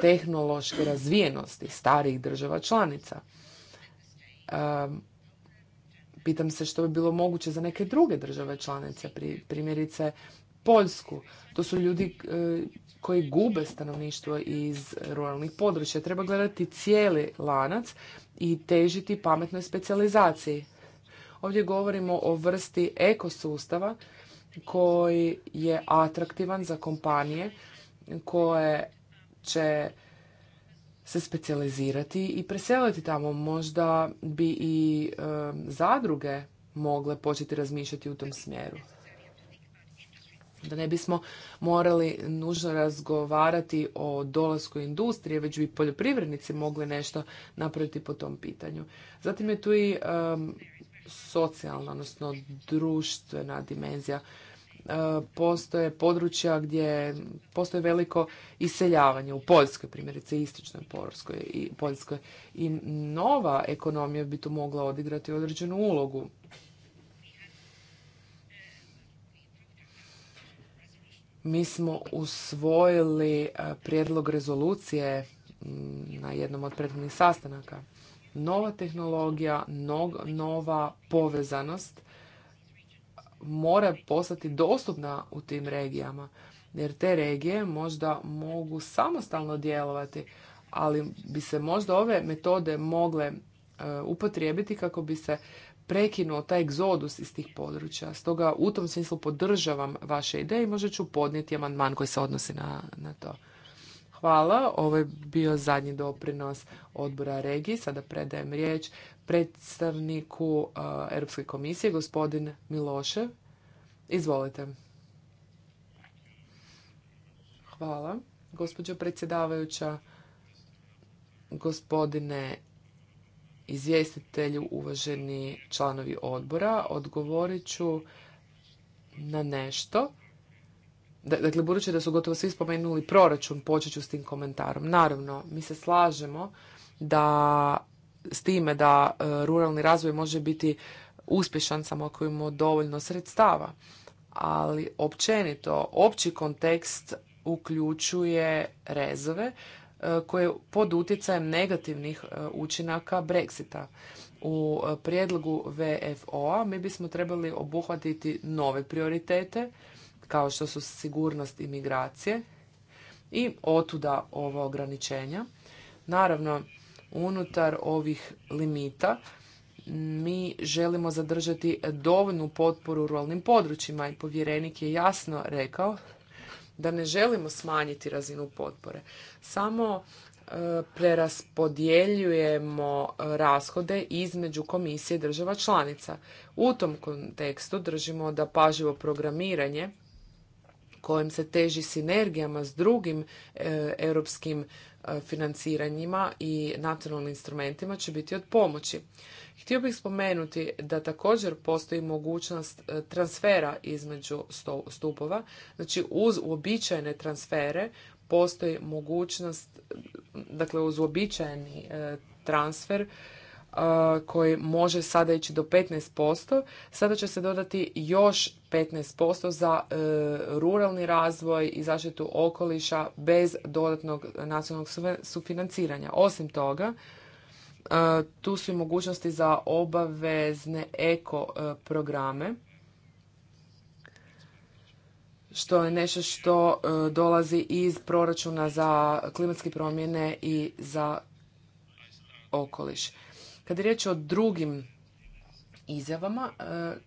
tehnološke razvijenosti starih država članica. Pitam se što bi bilo moguće za neke druge države članice, primjerice Poljsku. To su ljudi e, koji gube stanovništvo iz ruralnih područja. Treba gledati cijeli lanac i težiti pametnoj specijalizaciji. Ovdje govorimo o vrsti ekosustava koji je atraktivan za kompanije koje će se specijalizirati i preseliti tamo. Možda bi i zadruge mogle početi razmišljati u tom smjeru. Da ne bismo morali nužno razgovarati o dolasku industrije, već bi poljoprivrednici mogli nešto napraviti po tom pitanju. Zatim je tu i socijalna, odnosno društvena dimenzija. E, postoje područja gdje postoje veliko iseljavanje u Poljskoj, primjerice istočnoj Poljskoj i Poljskoj. I nova ekonomija bi tu mogla odigrati određenu ulogu. Mi smo usvojili e, prijedlog rezolucije mm, na jednom od prethodnih sastanaka. Nova tehnologija, nova povezanost mora postati dostupna u tim regijama jer te regije možda mogu samostalno djelovati, ali bi se možda ove metode mogle e, upotrijebiti kako bi se prekinuo taj egzodus iz tih područja. Stoga u tom smislu podržavam vaše ideje i možda ću podnijeti amandman koji se odnosi na, na to. Hvala. Ovo je bio zadnji doprinos odbora regiji. Sada predajem riječ predstavniku e, Europske komisije, gospodin Milošev. Izvolite. Hvala. Gospođo predsjedavajuća, gospodine izvjestitelju, uvaženi članovi odbora, odgovorit ću na nešto. Dakle, budući da su gotovo svi spomenuli proračun, počet ću s tim komentarom. Naravno, mi se slažemo da s time da e, ruralni razvoj može biti uspješan sam ako imamo dovoljno sredstava. Ali općenito, opći kontekst uključuje rezove e, koje pod utjecajem negativnih e, učinaka Brexita. U e, prijedlogu VFO-a mi bismo trebali obuhvatiti nove prioritete kao što su sigurnost i migracije i otuda ova ograničenja. Naravno, unutar ovih limita mi želimo zadržati dovoljnu potporu ruralnim područjima i povjerenik je jasno rekao da ne želimo smanjiti razinu potpore. Samo e, preraspodjeljujemo rashode između komisije država članica. U tom kontekstu držimo da pažljivo programiranje kojim se teži sinergijama s drugim e, europskim e, financiranjima i nacionalnim instrumentima će biti od pomoći. Htio bih spomenuti da također postoji mogućnost e, transfera između stupova, znači uz uobičajene transfere postoji mogućnost, dakle uz uobičajeni e, transfer e, koji može sada ići do 15%, sada će se dodati još 15% za ruralni razvoj i zaštitu okoliša bez dodatnog nacionalnog sufinanciranja. Osim toga, E, tu su i mogućnosti za obavezne eko e, programe što je nešto što e, dolazi iz proračuna za klimatske promjene i za okoliš. Kad je riječ o drugim izjavama,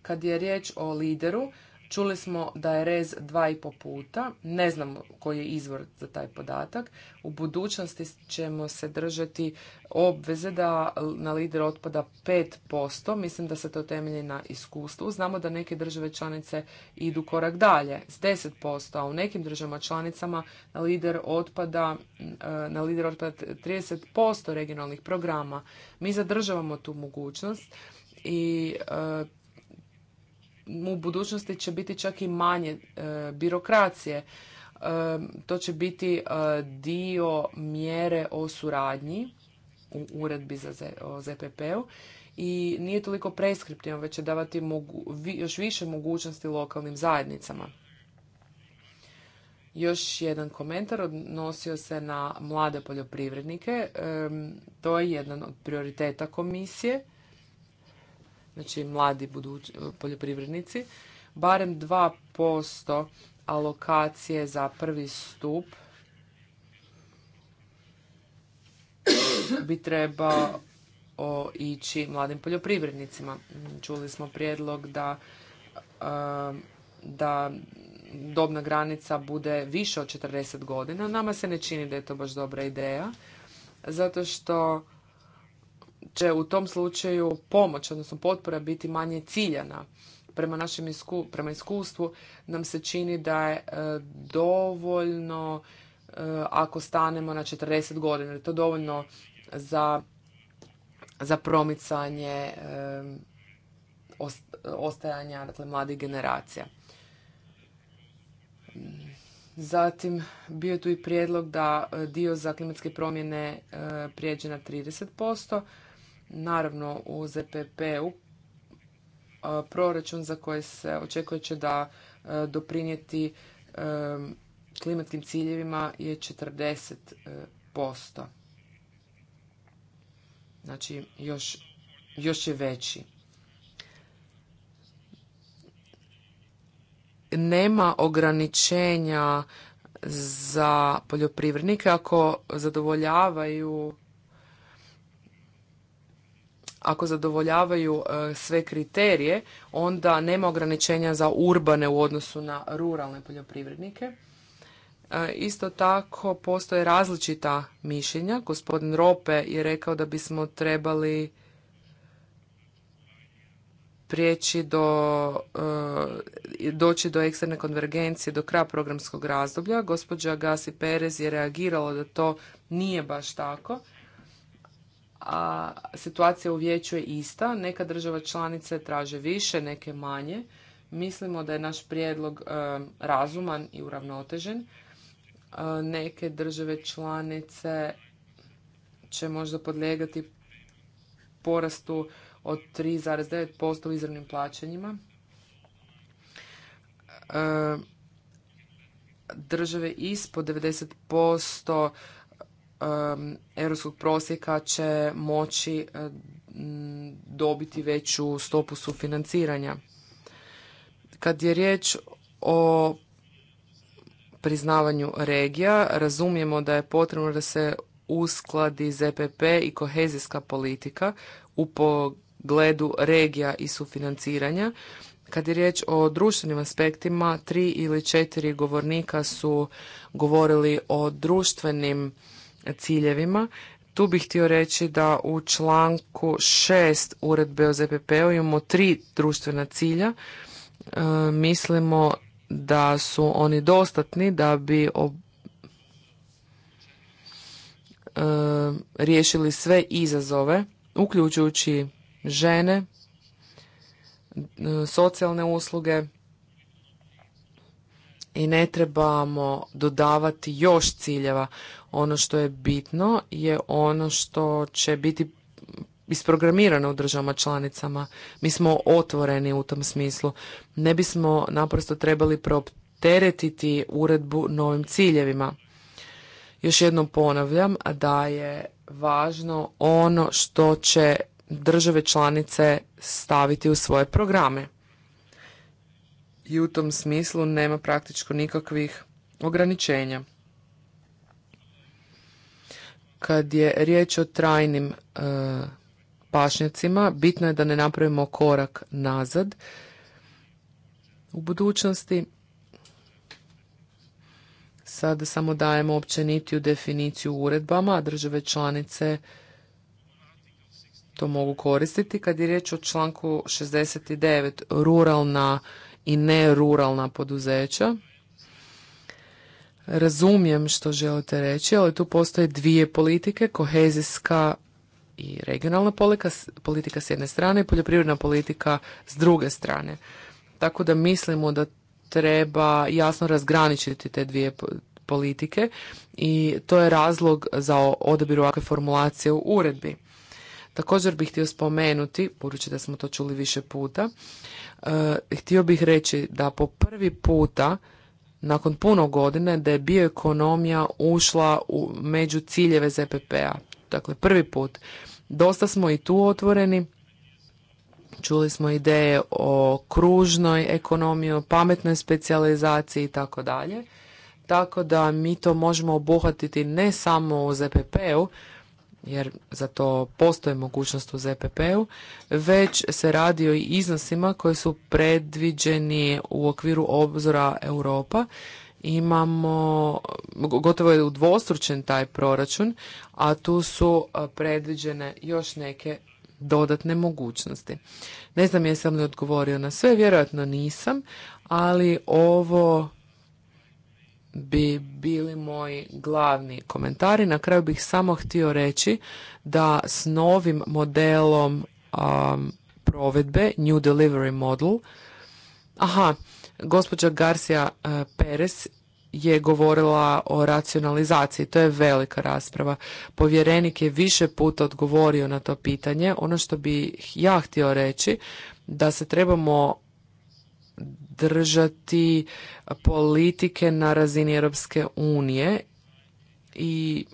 kad je riječ o lideru, Čuli smo da je rez dva i po puta, ne znam koji je izvor za taj podatak. U budućnosti ćemo se držati obveze da na lider otpada 5%, mislim da se to temelji na iskustvu. Znamo da neke države članice idu korak dalje s 10%, a u nekim državama članicama na lider otpada, eh, na lider otpada 30% regionalnih programa. Mi zadržavamo tu mogućnost i eh, u budućnosti će biti čak i manje e, birokracije. E, to će biti e, dio mjere o suradnji u uredbi za ZPP-u i nije toliko preskriptivno, već će davati mogu, još više mogućnosti lokalnim zajednicama. Još jedan komentar odnosio se na mlade poljoprivrednike. To je jedan od prioriteta komisije znači mladi budući, poljoprivrednici, barem 2% alokacije za prvi stup bi trebao o ići mladim poljoprivrednicima. Čuli smo prijedlog da, um, da dobna granica bude više od 40 godina. Nama se ne čini da je to baš dobra ideja, zato što će u tom slučaju pomoć, odnosno potpora biti manje ciljana. Prema našem isku, prema iskustvu nam se čini da je e, dovoljno e, ako stanemo na 40 godina, je to dovoljno za, za promicanje e, ostajanja dakle, mladih generacija. Zatim bio tu i prijedlog da dio za klimatske promjene prijeđe na 30%. Naravno, e u ZPP-u e, proračun za koji se očekuje će da e, doprinijeti klimatskim ciljevima je 40%. Znači, još, još je veći. Nema ograničenja za poljoprivrednike ako zadovoljavaju ako zadovoljavaju e, sve kriterije, onda nema ograničenja za urbane u odnosu na ruralne poljoprivrednike. E, isto tako postoje različita mišljenja. Gospodin Rope je rekao da bismo trebali prijeći do, e, doći do eksterne konvergencije do kraja programskog razdoblja. Gospođa Gasi Perez je reagirala da to nije baš tako a situacija u vijeću je ista. Neka država članice traže više, neke manje. Mislimo da je naš prijedlog e, razuman i uravnotežen. E, neke države članice će možda podlijegati porastu od 3,9% u izravnim plaćanjima. E, države ispod 90% europskog prosjeka će moći dobiti veću stopu sufinanciranja. Kad je riječ o priznavanju regija, razumijemo da je potrebno da se uskladi ZPP i kohezijska politika u pogledu regija i sufinanciranja. Kad je riječ o društvenim aspektima, tri ili četiri govornika su govorili o društvenim ciljevima. Tu bih htio reći da u članku 6 uredbe o ZPP-u imamo tri društvena cilja. E, mislimo da su oni dostatni da bi ob... E, riješili sve izazove, uključujući žene, e, socijalne usluge i ne trebamo dodavati još ciljeva. Ono što je bitno je ono što će biti isprogramirano u državama članicama. Mi smo otvoreni u tom smislu. Ne bismo naprosto trebali propteretiti uredbu novim ciljevima. Još jednom ponavljam da je važno ono što će države članice staviti u svoje programe. I u tom smislu nema praktičko nikakvih ograničenja. Kad je riječ o trajnim e, pašnjacima, bitno je da ne napravimo korak nazad u budućnosti. Sada samo dajemo općenitiju definiciju uredbama, a države članice to mogu koristiti. Kad je riječ o članku 69, ruralna i neruralna poduzeća, Razumijem što želite reći, ali tu postoje dvije politike, kohezijska i regionalna politika, s jedne strane i poljoprivredna politika s druge strane. Tako da mislimo da treba jasno razgraničiti te dvije politike i to je razlog za odabir ovakve formulacije u uredbi. Također bih htio spomenuti, budući da smo to čuli više puta, e, htio bih reći da po prvi puta nakon puno godine da je bioekonomija ušla u među ciljeve ZPP-a. Dakle, prvi put. Dosta smo i tu otvoreni. Čuli smo ideje o kružnoj ekonomiji, o pametnoj specijalizaciji i tako dalje. Tako da mi to možemo obuhvatiti ne samo u ZPP-u, jer za to postoji mogućnost u ZPP-u, već se radi o iznosima koji su predviđeni u okviru obzora Europa. Imamo, gotovo je udvostručen taj proračun, a tu su predviđene još neke dodatne mogućnosti. Ne znam jesam li odgovorio na sve, vjerojatno nisam, ali ovo bi bili moji glavni komentari. Na kraju bih samo htio reći da s novim modelom provedbe, New Delivery Model, aha, gospođa Garcia e, Perez je govorila o racionalizaciji. To je velika rasprava. Povjerenik je više puta odgovorio na to pitanje. Ono što bih ja htio reći, da se trebamo držati politike na razini Europske unije i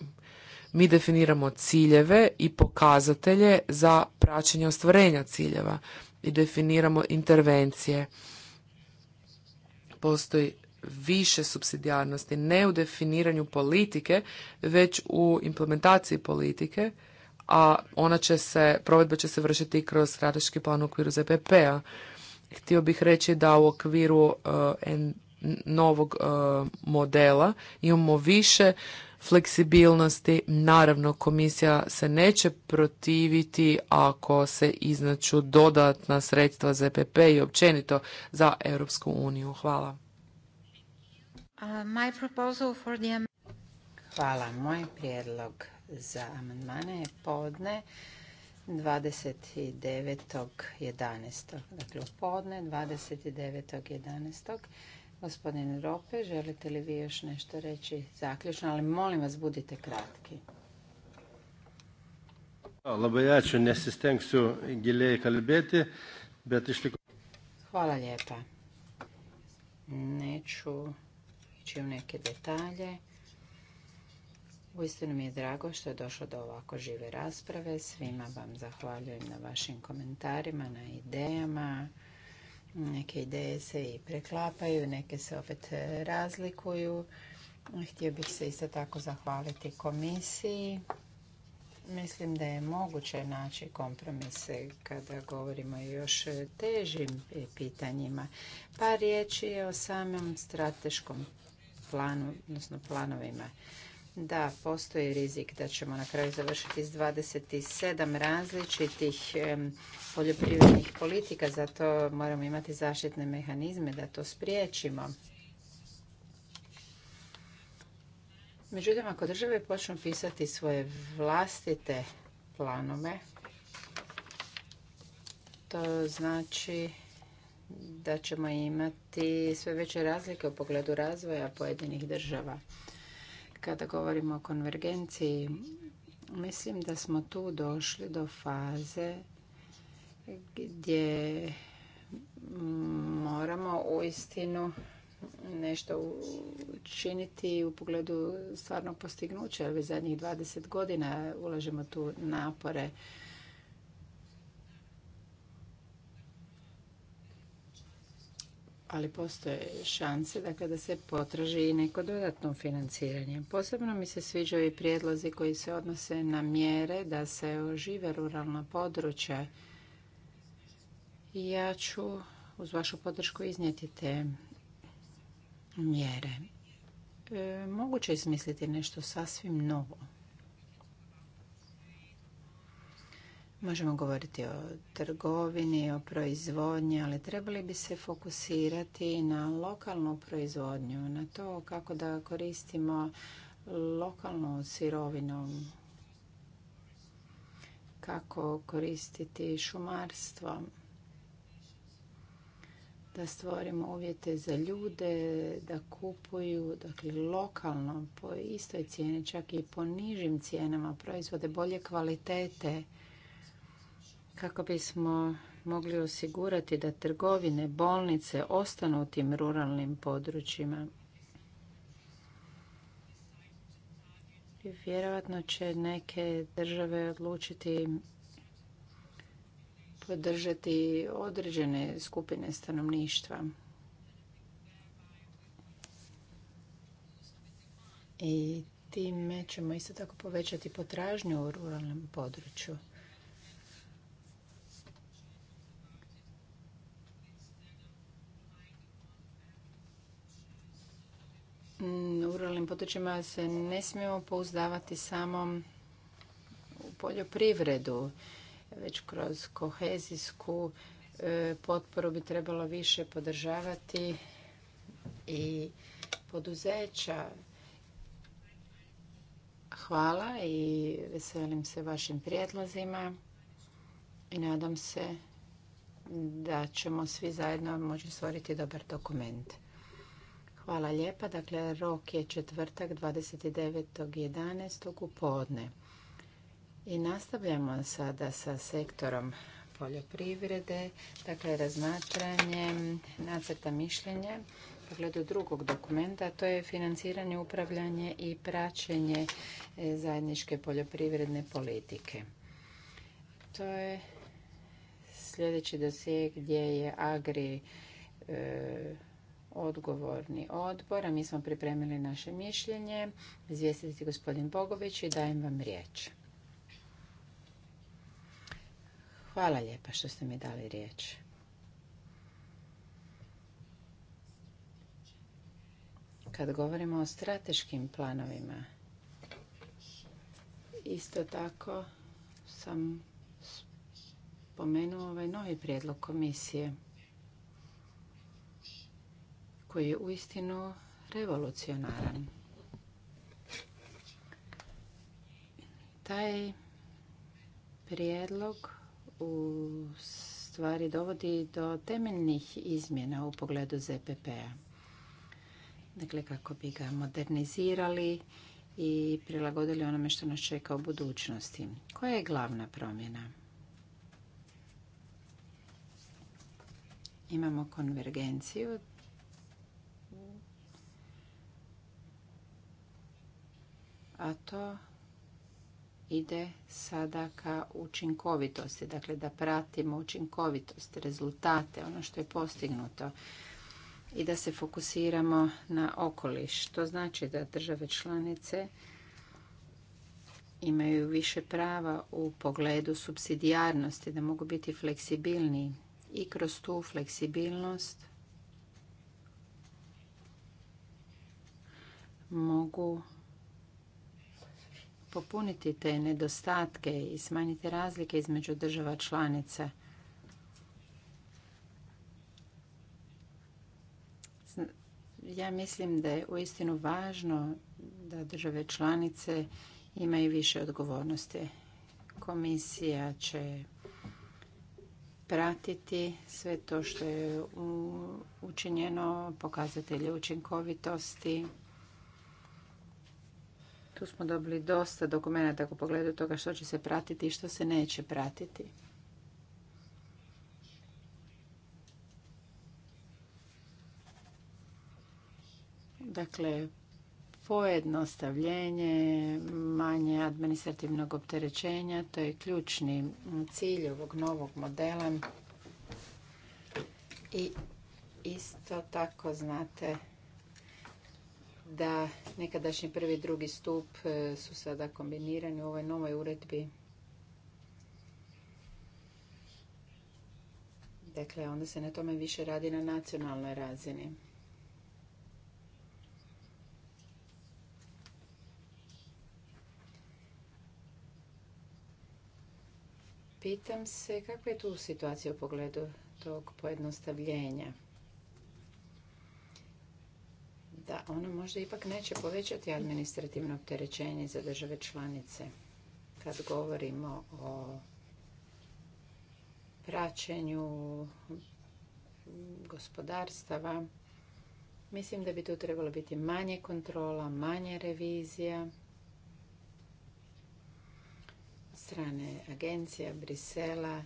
mi definiramo ciljeve i pokazatelje za praćenje ostvarenja ciljeva i definiramo intervencije. Postoji više subsidijarnosti ne u definiranju politike, već u implementaciji politike, a ona će se, provedba će se vršiti kroz strateški plan u okviru ZPP-a htio bih reći da u okviru e, novog e, modela imamo više fleksibilnosti. Naravno, komisija se neće protiviti ako se iznaču dodatna sredstva za EPP i općenito za Europsku uniju. Hvala. My proposal for the... Hvala. Moj prijedlog za amandmane je podne 29.11. Dakle, u podne 29.11. Gospodin Rope, želite li vi još nešto reći zaključno, ali molim vas budite kratki. Labai ačiū, nesistengsiu giliai kalbėti, bet iš Hvala lijepa. Neću ići u neke detalje. Uistinu mi je drago što je došlo do ovako žive rasprave. Svima vam zahvaljujem na vašim komentarima, na idejama. Neke ideje se i preklapaju, neke se opet razlikuju. Htio bih se isto tako zahvaliti komisiji. Mislim da je moguće naći kompromise kada govorimo o još težim pitanjima. Pa riječi je o samom strateškom planu, odnosno planovima. Da, postoji rizik da ćemo na kraju završiti s 27 različitih poljoprivrednih politika, zato moramo imati zaštitne mehanizme da to spriječimo. Međutim, ako države počnu pisati svoje vlastite planove, to znači da ćemo imati sve veće razlike u pogledu razvoja pojedinih država. Kada govorimo o konvergenciji, mislim da smo tu došli do faze gdje moramo uistinu nešto učiniti u pogledu stvarnog postignuća. Već zadnjih 20 godina ulažemo tu napore ali postoje šanse dakle, da kada se potraži i neko dodatno financiranje. Posebno mi se sviđaju i prijedlozi koji se odnose na mjere da se ožive ruralna područja. Ja ću uz vašu podršku iznijeti te mjere. E, moguće je smisliti nešto sasvim novo. Možemo govoriti o trgovini, o proizvodnji, ali trebali bi se fokusirati na lokalnu proizvodnju, na to kako da koristimo lokalnu sirovinu, kako koristiti šumarstvo, da stvorimo uvjete za ljude, da kupuju dakle, lokalno po istoj cijeni, čak i po nižim cijenama proizvode bolje kvalitete kako bismo mogli osigurati da trgovine, bolnice ostanu u tim ruralnim područjima. Vjerojatno će neke države odlučiti podržati određene skupine stanovništva. I time ćemo isto tako povećati potražnju u ruralnom području. Mm, u ruralnim područjima se ne smijemo pouzdavati samo u poljoprivredu, već kroz kohezijsku e, potporu bi trebalo više podržavati i poduzeća. Hvala i veselim se vašim prijedlozima i nadam se da ćemo svi zajedno moći stvoriti dobar dokument. Hvala lijepa. Dakle, rok je četvrtak 29.11. u podne. I nastavljamo sada sa sektorom poljoprivrede, dakle razmatranjem nacrta mišljenja pogledu drugog dokumenta, to je financiranje, upravljanje i praćenje e, zajedničke poljoprivredne politike. To je sljedeći dosijek gdje je Agri e, odgovorni odbor, a mi smo pripremili naše mišljenje. Izvijestiti gospodin Bogović i dajem vam riječ. Hvala lijepa što ste mi dali riječ. Kad govorimo o strateškim planovima, isto tako sam spomenuo ovaj novi prijedlog komisije koji je uistinu revolucionaran. Taj prijedlog u stvari dovodi do temeljnih izmjena u pogledu ZPP-a. Dakle, kako bi ga modernizirali i prilagodili onome što nas čeka u budućnosti. Koja je glavna promjena? Imamo konvergenciju a to ide sada ka učinkovitosti, dakle da pratimo učinkovitost, rezultate, ono što je postignuto i da se fokusiramo na okoliš. To znači da države članice imaju više prava u pogledu subsidijarnosti, da mogu biti fleksibilni i kroz tu fleksibilnost mogu popuniti te nedostatke i smanjiti razlike između država članica. Ja mislim da je uistinu važno da države članice imaju više odgovornosti. Komisija će pratiti sve to što je učinjeno, pokazatelje učinkovitosti, tu smo dobili dosta dokumenta u pogledu toga što će se pratiti i što se neće pratiti. Dakle, pojednostavljenje, manje administrativnog opterećenja, to je ključni cilj ovog novog modela. I isto tako znate da nekadašnji prvi i drugi stup e, su sada kombinirani u ovoj novoj uredbi. Dakle, onda se na tome više radi na nacionalnoj razini. Pitam se kakva je tu situacija u pogledu tog pojednostavljenja da ono možda ipak neće povećati administrativno opterećenje za države članice kad govorimo o praćenju gospodarstava. Mislim da bi tu trebalo biti manje kontrola, manje revizija strane agencija Brisela.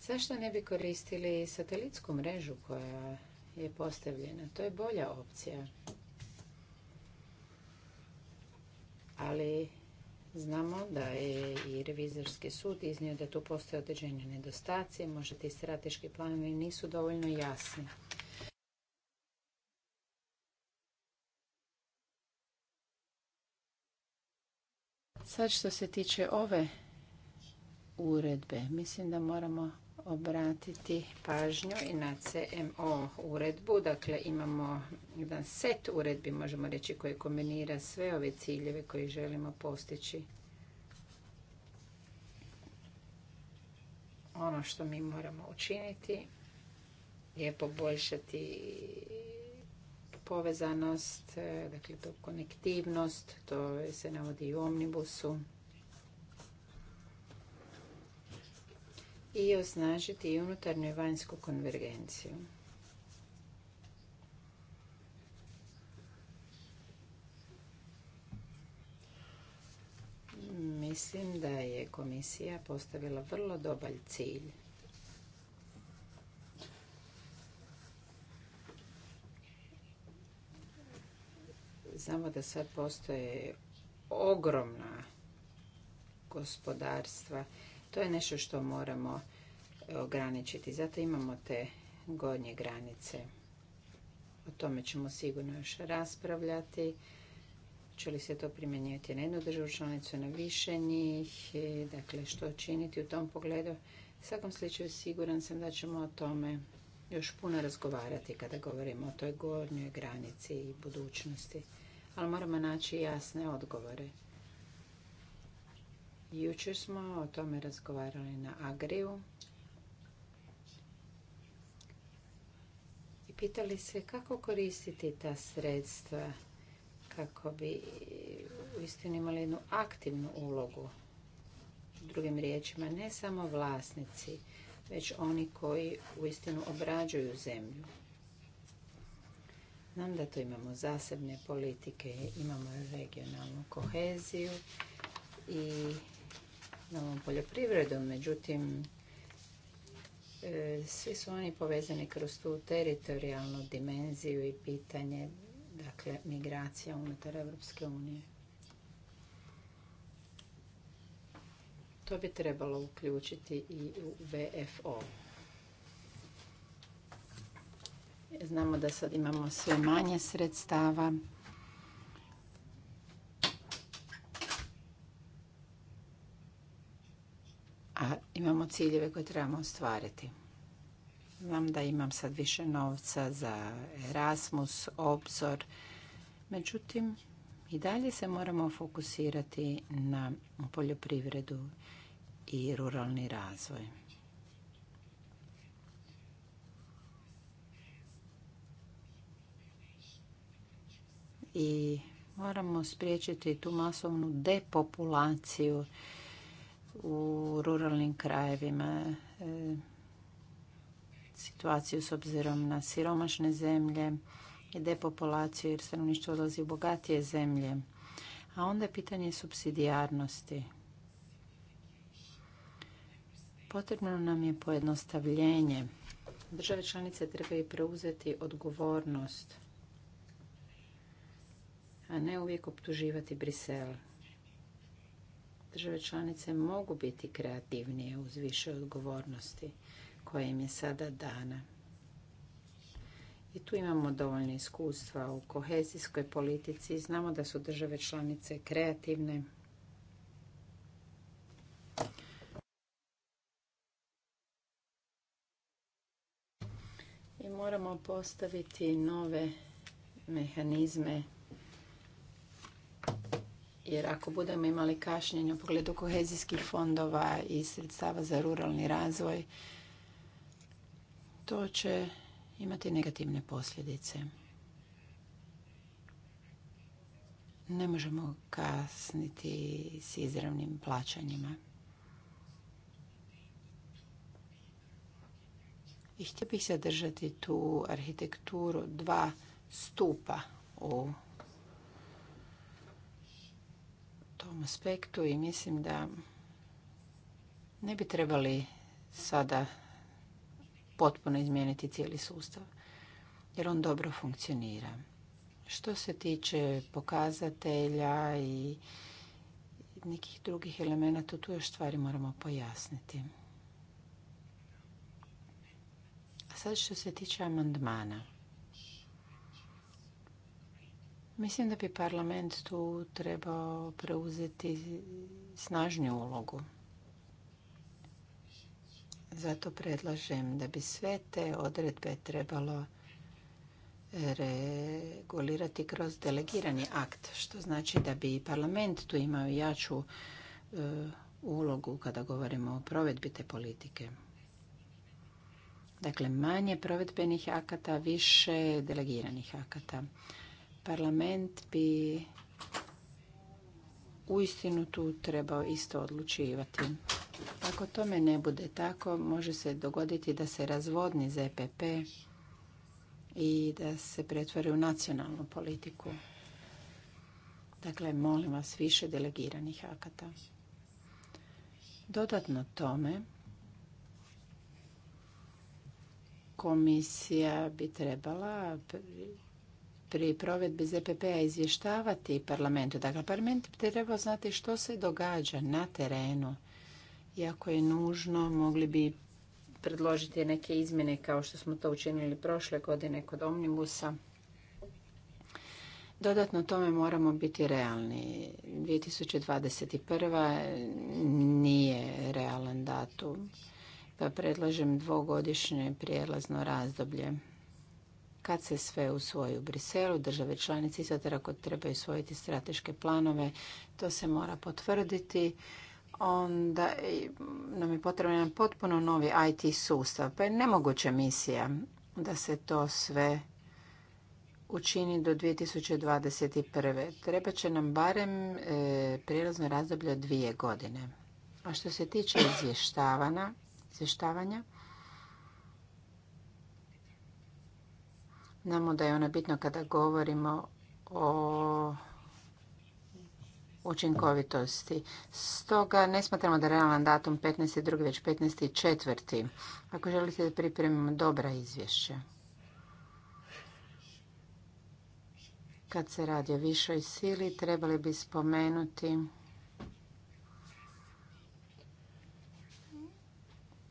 Zašto ne bi koristili satelitsku mrežu koja je postavljena. To je bolja opcija. Ali znamo da je i revizorski sud iznio da tu postoje određene nedostacije, možda ti strateški planovi nisu dovoljno jasni. Sad što se tiče ove uredbe, mislim da moramo obratiti pažnju i na CMO uredbu. Dakle, imamo jedan set uredbi, možemo reći, koji kombinira sve ove ciljeve koje želimo postići. Ono što mi moramo učiniti je poboljšati povezanost, dakle, to konektivnost, to se navodi i u omnibusu. i osnažiti i unutarnju i vanjsku konvergenciju. Mislim da je komisija postavila vrlo dobar cilj. Znamo da sad postoje ogromna gospodarstva to je nešto što moramo ograničiti. Zato imamo te gornje granice. O tome ćemo sigurno još raspravljati. Če li se to primjenjivati na jednu državu članicu, na više njih? E, dakle, što činiti u tom pogledu? U svakom slučaju siguran sam da ćemo o tome još puno razgovarati kada govorimo o toj gornjoj granici i budućnosti. Ali moramo naći jasne odgovore. Jučer smo o tome razgovarali na Agriju. I pitali se kako koristiti ta sredstva kako bi uistinu imali jednu aktivnu ulogu. Drugim riječima, ne samo vlasnici, već oni koji uistinu obrađuju zemlju. Znam da to imamo zasebne politike, imamo regionalnu koheziju i novom poljoprivredom, međutim e, svi su oni povezani kroz tu teritorijalnu dimenziju i pitanje dakle migracija unutar Evropske unije. To bi trebalo uključiti i u VFO. Znamo da sad imamo sve manje sredstava imamo ciljeve koje trebamo ostvariti. Znam da imam sad više novca za Erasmus, obzor. Međutim, i dalje se moramo fokusirati na poljoprivredu i ruralni razvoj. I moramo spriječiti tu masovnu depopulaciju u ruralnim krajevima e, situaciju s obzirom na siromašne zemlje i depopulaciju jer stanovništvo odlazi u bogatije zemlje. A onda je pitanje subsidijarnosti. Potrebno nam je pojednostavljenje. Države članice trebaju preuzeti odgovornost, a ne uvijek optuživati Brisel. Države članice mogu biti kreativnije uz više odgovornosti koje im je sada dana. I tu imamo dovoljno iskustva u kohezijskoj politici. Znamo da su države članice kreativne. I moramo postaviti nove mehanizme jer ako budemo imali kašnjenje u pogledu kohezijskih fondova i sredstava za ruralni razvoj, to će imati negativne posljedice. Ne možemo kasniti s izravnim plaćanjima. I htio bih sadržati tu arhitekturu dva stupa u tom aspektu i mislim da ne bi trebali sada potpuno izmijeniti cijeli sustav jer on dobro funkcionira. Što se tiče pokazatelja i nekih drugih elemenata, tu još stvari moramo pojasniti. A sad što se tiče amandmana. Mislim da bi parlament tu trebao preuzeti snažnju ulogu. Zato predlažem da bi sve te odredbe trebalo regulirati kroz delegirani akt, što znači da bi parlament tu imao jaču e, ulogu kada govorimo o provedbi te politike. Dakle, manje provedbenih akata, više delegiranih akata parlament bi uistinu tu trebao isto odlučivati. Ako tome ne bude tako, može se dogoditi da se razvodni ZPP i da se pretvori u nacionalnu politiku. Dakle, molim vas više delegiranih akata. Dodatno tome, komisija bi trebala pri provedbi ZPP-a izvještavati parlamentu. Dakle, parlament treba znati što se događa na terenu. Iako je nužno, mogli bi predložiti neke izmjene kao što smo to učinili prošle godine kod Omnibusa. Dodatno tome moramo biti realni. 2021. nije realan datum, pa predlažem dvogodišnje prijelazno razdoblje kad se sve usvoji u Briselu, države članice sad ako trebaju usvojiti strateške planove, to se mora potvrditi onda nam je potreban jedan potpuno novi IT sustav. Pa je nemoguća misija da se to sve učini do 2021. Treba će nam barem e, prijelazno razdoblje dvije godine. A što se tiče izvještavanja, Znamo da je ona bitno kada govorimo o učinkovitosti. Stoga ne smatramo da je realan datum 15. već 15. Ako želite da pripremimo dobra izvješća. Kad se radi o višoj sili, trebali bi spomenuti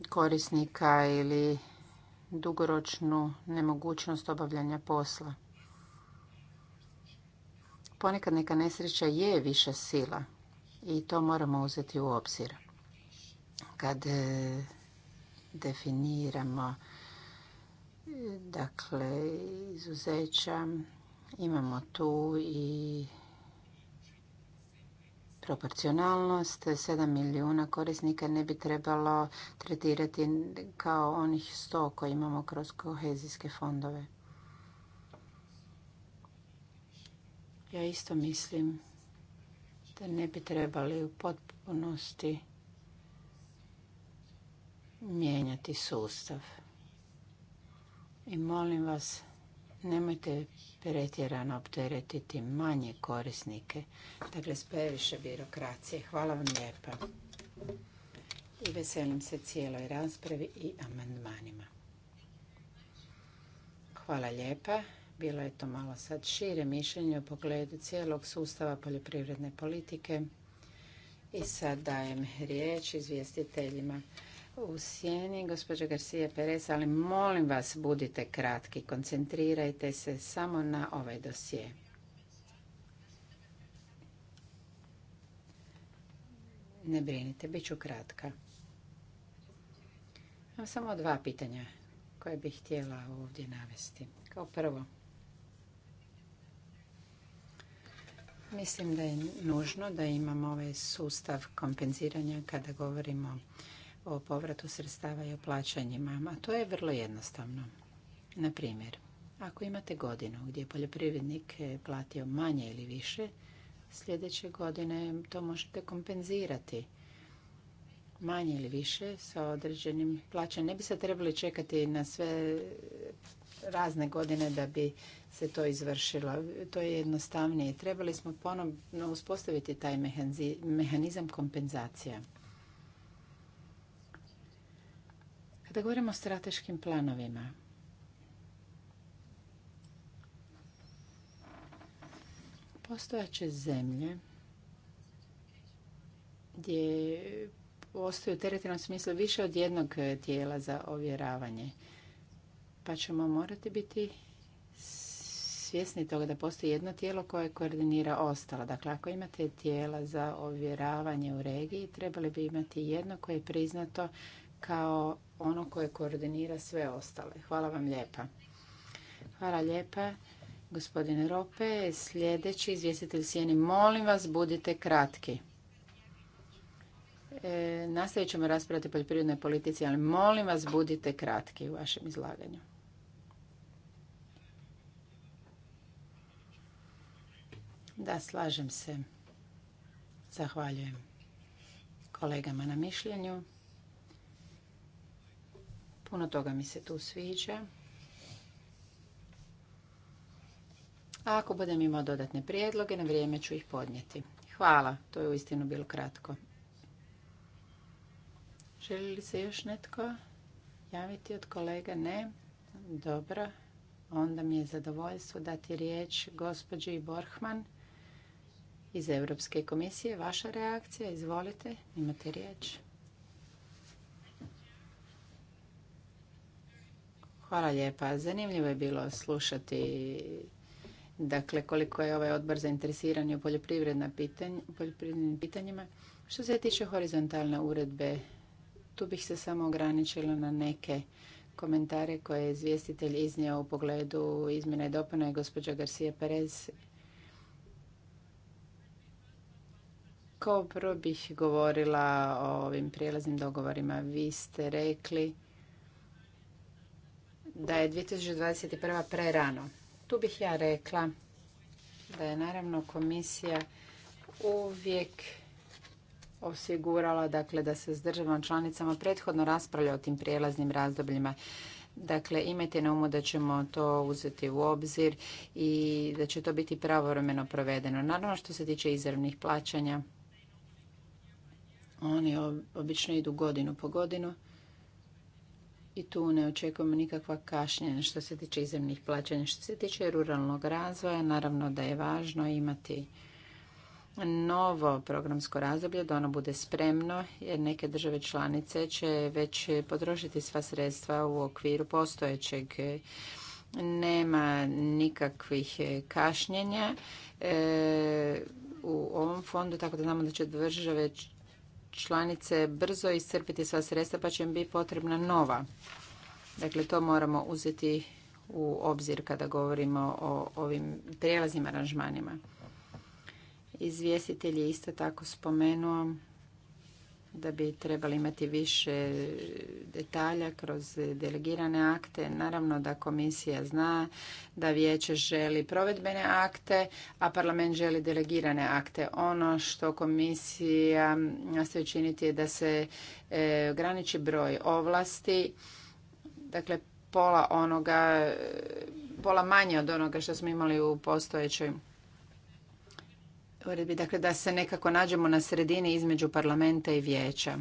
korisnika ili dugoročnu nemogućnost obavljanja posla. Ponekad neka nesreća je više sila i to moramo uzeti u obzir. Kad e, definiramo e, dakle izuzeća imamo tu i proporcionalnost. 7 milijuna korisnika ne bi trebalo tretirati kao onih 100 koje imamo kroz kohezijske fondove. Ja isto mislim da ne bi trebali u potpunosti mijenjati sustav. I molim vas, nemojte pretjerano opteretiti manje korisnike. Dakle, s previše birokracije. Hvala vam lijepa. I veselim se cijeloj raspravi i amandmanima. Hvala lijepa. Bilo je to malo sad šire mišljenje u pogledu cijelog sustava poljoprivredne politike. I sad dajem riječ izvjestiteljima u sjeni, gospođo Garcia Perez, ali molim vas budite kratki, koncentrirajte se samo na ovaj dosje. Ne brinite, bit ću kratka. Imam samo dva pitanja koje bih htjela ovdje navesti. Kao prvo, mislim da je nužno da imamo ovaj sustav kompenziranja kada govorimo o o povratu sredstava i o plaćanjima, a to je vrlo jednostavno. Na primjer, ako imate godinu gdje je poljoprivrednik eh, platio manje ili više, sljedeće godine to možete kompenzirati manje ili više sa određenim plaćanjem. Ne bi se trebali čekati na sve razne godine da bi se to izvršilo. To je jednostavnije. Trebali smo ponovno uspostaviti taj mehanizam kompenzacija. Kada govorimo o strateškim planovima, postojaće zemlje gdje postoji u teritorijalnom smislu više od jednog tijela za ovjeravanje. Pa ćemo morati biti svjesni toga da postoji jedno tijelo koje koordinira ostalo. Dakle, ako imate tijela za ovjeravanje u regiji, trebali bi imati jedno koje je priznato kao ono koje koordinira sve ostale. Hvala vam lijepa. Hvala lijepa. Gospodine Rope, sljedeći izvjestitelj Sjeni, molim vas budite kratki. E, nastavit ćemo raspravljati o politici, ali molim vas budite kratki u vašem izlaganju. Da, slažem se. Zahvaljujem kolegama na mišljenju. Puno toga mi se tu sviđa. A ako budem imao dodatne prijedloge, na vrijeme ću ih podnijeti. Hvala, to je uistinu bilo kratko. Želi li se još netko javiti od kolega? Ne. Dobro. Onda mi je zadovoljstvo dati riječ gospođi Borhman iz Europske komisije. Vaša reakcija, izvolite, imate riječ. Hvala lijepa. Zanimljivo je bilo slušati dakle koliko je ovaj odbor zainteresiran u poljoprivrednim pitanjima. Što se tiče horizontalne uredbe, tu bih se samo ograničila na neke komentare koje je izvjestitelj iznio u pogledu izmjena i dopuna gospođa Garcia Perez. Kao prvo bih govorila o ovim prijelaznim dogovorima. Vi ste rekli da je 2021. prerano. Tu bih ja rekla da je naravno komisija uvijek osigurala dakle, da se s državom članicama prethodno raspravlja o tim prijelaznim razdobljima. Dakle, imajte na umu da ćemo to uzeti u obzir i da će to biti pravovremeno provedeno. Naravno što se tiče izravnih plaćanja, oni obično idu godinu po godinu i tu ne očekujemo nikakva kašnjenja što se tiče izemnih plaćanja. Što se tiče ruralnog razvoja, naravno da je važno imati novo programsko razdoblje, da ono bude spremno, jer neke države članice će već potrošiti sva sredstva u okviru postojećeg nema nikakvih kašnjenja e, u ovom fondu, tako da znamo da će države članice brzo iscrpiti sva sredstva pa će im biti potrebna nova. Dakle, to moramo uzeti u obzir kada govorimo o ovim prijelaznim aranžmanima. Izvjestitelj je isto tako spomenuo da bi trebali imati više detalja kroz delegirane akte. Naravno da komisija zna da vijeće želi provedbene akte, a parlament želi delegirane akte. Ono što komisija nastoji činiti je da se e, ograniči broj ovlasti, dakle pola onoga, pola manje od onoga što smo imali u postojećoj uredbi, dakle da se nekako nađemo na sredini između parlamenta i vijeća.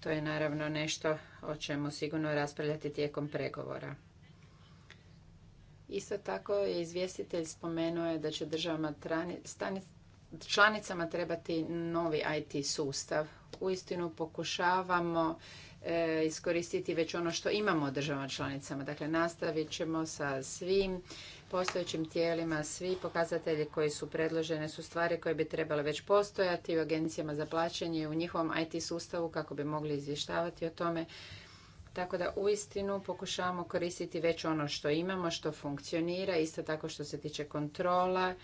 To je naravno nešto o čemu sigurno raspravljati tijekom pregovora. Isto tako je izvjestitelj spomenuo je da će državama članicama trebati novi IT sustav. Uistinu pokušavamo e, iskoristiti već ono što imamo u državama članicama. Dakle, nastavit ćemo sa svim postojećim tijelima svi pokazatelji koji su predložene su stvari koje bi trebale već postojati u agencijama za plaćanje i u njihovom IT sustavu kako bi mogli izvještavati o tome. Tako da uistinu pokušavamo koristiti već ono što imamo, što funkcionira, isto tako što se tiče kontrola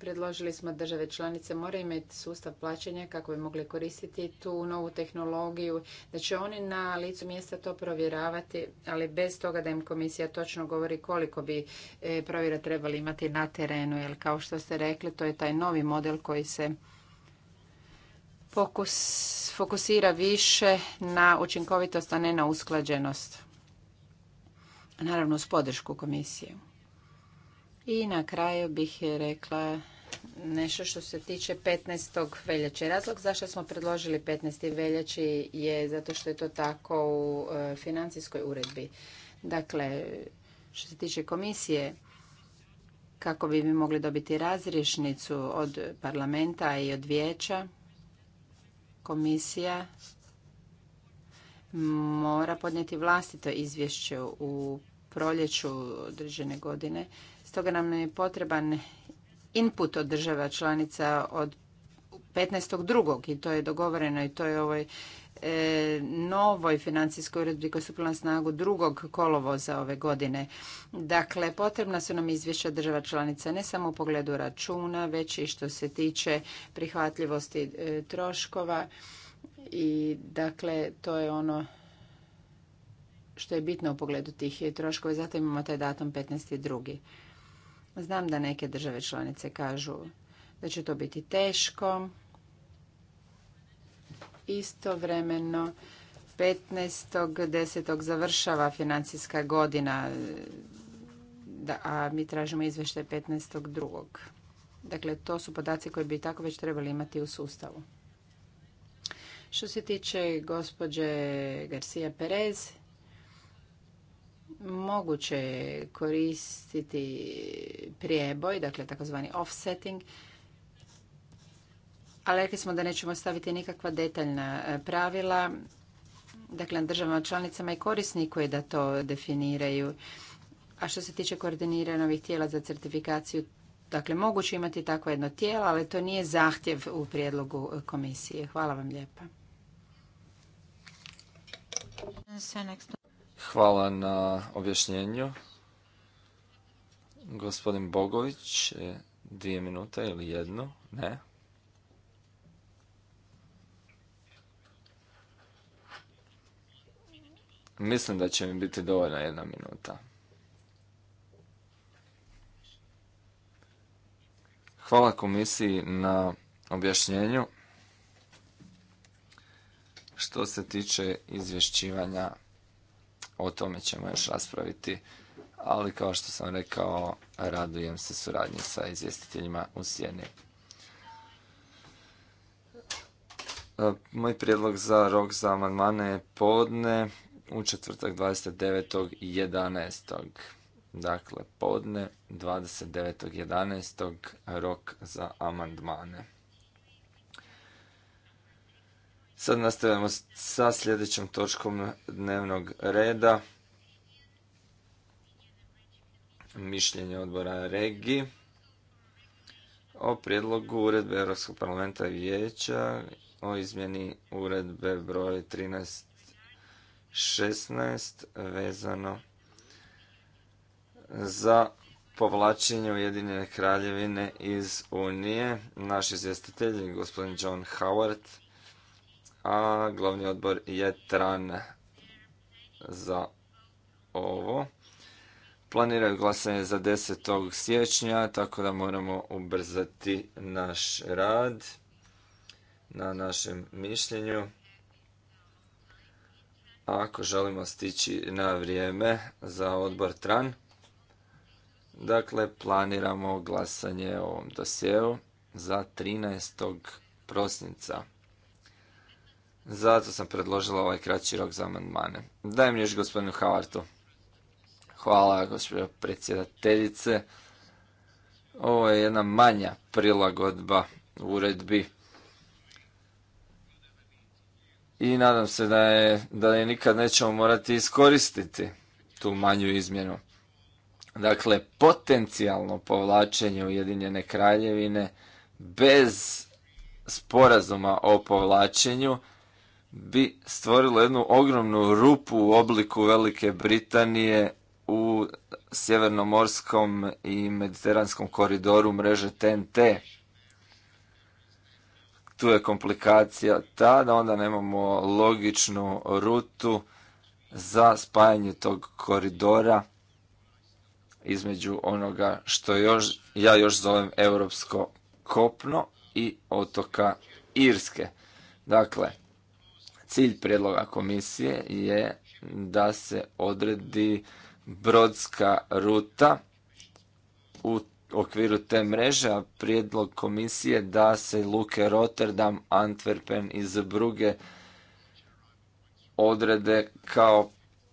Predložili smo države članice moraju imati sustav plaćanja kako bi mogli koristiti tu novu tehnologiju, da će oni na licu mjesta to provjeravati, ali bez toga da im komisija točno govori koliko bi e, provjera trebali imati na terenu. Jer kao što ste rekli, to je taj novi model koji se fokusira više na učinkovitost, a ne na usklađenost. Naravno, uz podršku komisije. I na kraju bih rekla nešto što se tiče 15. veljače. Razlog zašto smo predložili 15. veljači je zato što je to tako u e, financijskoj uredbi. Dakle, što se tiče komisije, kako bi mi mogli dobiti razrišnicu od parlamenta i od vijeća, komisija mora podnijeti vlastito izvješće u proljeću određene godine Stoga nam je potreban input od država članica od 15.2. i to je dogovoreno i to je ovoj e, novoj financijskoj uredbi koja su snagu drugog kolovoza ove godine. Dakle, potrebna su nam izvješća država članica ne samo u pogledu računa, već i što se tiče prihvatljivosti e, troškova i dakle, to je ono što je bitno u pogledu tih troškova i zato imamo taj datum 15.2. Znam da neke države članice kažu da će to biti teško. Istovremeno 15.10. završava financijska godina, a mi tražimo izvještaj 15.2. Dakle, to su podaci koje bi tako već trebali imati u sustavu. Što se tiče gospođe Garcia Perez, moguće je koristiti prijeboj, dakle takozvani offsetting, ali rekli smo da nećemo staviti nikakva detaljna e, pravila, dakle na državama članicama i korisniku je da to definiraju. A što se tiče koordiniranog tijela za certifikaciju, dakle moguće imati tako jedno tijelo, ali to nije zahtjev u prijedlogu e, komisije. Hvala vam lijepa. Hvala na objašnjenju. Gospodin Bogović, e, dvije minuta ili jednu? Ne. Mislim da će mi biti dovoljna jedna minuta. Hvala komisiji na objašnjenju što se tiče izvješćivanja o tome ćemo još raspraviti, ali kao što sam rekao, radujem se suradnji sa izvjestiteljima u Sjeni. E, moj prijedlog za rok za amandmane je podne u četvrtak 29.11. Dakle, podne 29.11. rok za amandmane. Sad nastavljamo sa sljedećom točkom dnevnog reda. Mišljenje odbora Regi o prijedlogu uredbe Europskog parlamenta i vijeća o izmjeni uredbe broj 13.16 vezano za povlačenje Ujedinjene kraljevine iz Unije. Naš izvjestitelj je gospodin John Howard a glavni odbor je tran za ovo. Planiraju glasanje za 10. siječnja, tako da moramo ubrzati naš rad na našem mišljenju. ako želimo stići na vrijeme za odbor TRAN, dakle planiramo glasanje o ovom dosjeu za 13. prosinca. Zato sam predložila ovaj kraći rok za amandmane. Dajem još gospodinu Havartu. Hvala gospođo predsjedateljice. Ovo je jedna manja prilagodba uredbi. I nadam se da je, da je nikad nećemo morati iskoristiti tu manju izmjenu. Dakle, potencijalno povlačenje Ujedinjene kraljevine bez sporazuma o povlačenju bi stvorilo jednu ogromnu rupu u obliku Velike Britanije u sjevernomorskom i mediteranskom koridoru mreže TNT. Tu je komplikacija ta da onda nemamo logičnu rutu za spajanje tog koridora između onoga što još, ja još zovem europsko kopno i otoka Irske. Dakle, Cilj prijedloga komisije je da se odredi brodska ruta u okviru te mreže, a prijedlog komisije da se luke Rotterdam, Antwerpen i Zbruge odrede kao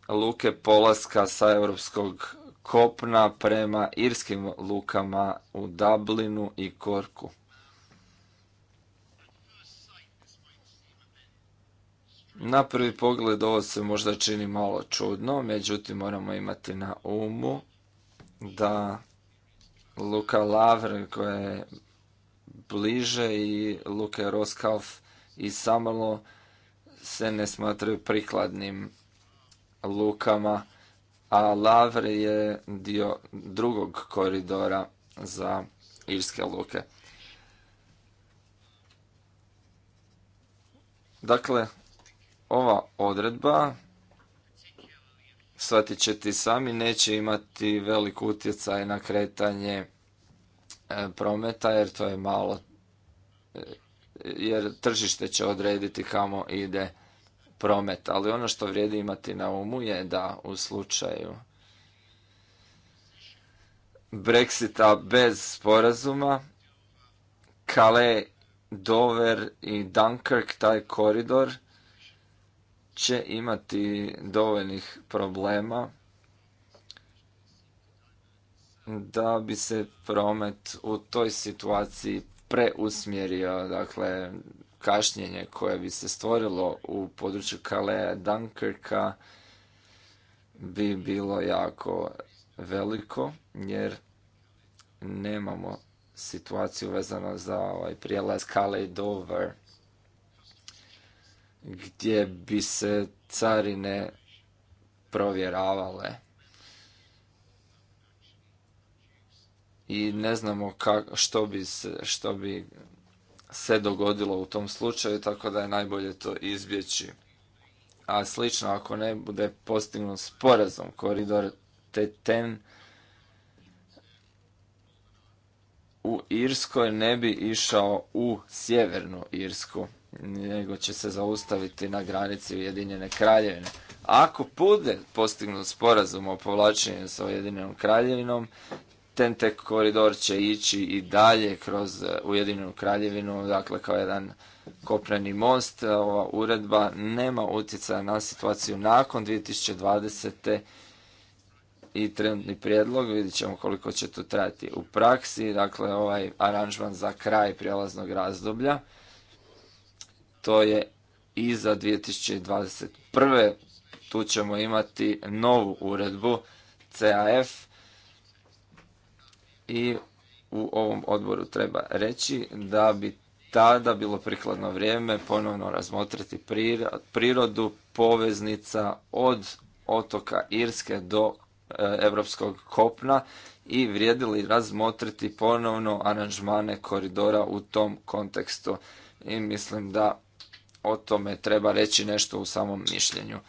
luke polaska sa europskog kopna prema irskim lukama u Dublinu i Korku. Na prvi pogled ovo se možda čini malo čudno, međutim moramo imati na umu da Luka Lavre koja je bliže i Luke Roskauf i Samalo se ne smatraju prikladnim lukama, a Lavre je dio drugog koridora za irske luke. Dakle, ova odredba shvatit će ti sami, neće imati velik utjecaj na kretanje e, prometa jer to je malo e, jer tržište će odrediti kamo ide promet, ali ono što vrijedi imati na umu je da u slučaju Brexita bez sporazuma Calais, Dover i Dunkirk, taj koridor, će imati dovoljnih problema da bi se promet u toj situaciji preusmjerio, dakle kašnjenje koje bi se stvorilo u području Kaleja Dunkerka bi bilo jako veliko jer nemamo situaciju vezano za ovaj prijelaz Kalej Dover gdje bi se carine provjeravale. I ne znamo što, bi se, što bi se dogodilo u tom slučaju, tako da je najbolje to izbjeći. A slično, ako ne bude postignut sporazum koridor t u Irskoj ne bi išao u sjevernu Irsku nego će se zaustaviti na granici Ujedinjene kraljevine. Ako bude postignut sporazum o povlačenju sa Ujedinjenom kraljevinom, tek koridor će ići i dalje kroz e, Ujedinjenu kraljevinu, dakle kao jedan kopreni most. E, ova uredba nema utjecaja na situaciju nakon 2020. i trenutni prijedlog, vidjet ćemo koliko će to trajati u praksi, dakle ovaj aranžman za kraj prijelaznog razdoblja to je i za 2021. Tu ćemo imati novu uredbu CAF i u ovom odboru treba reći da bi tada bilo prikladno vrijeme ponovno razmotriti prirodu poveznica od otoka Irske do europskog kopna i vrijedili razmotriti ponovno aranžmane koridora u tom kontekstu. I mislim da o tome treba reći nešto u samom mišljenju.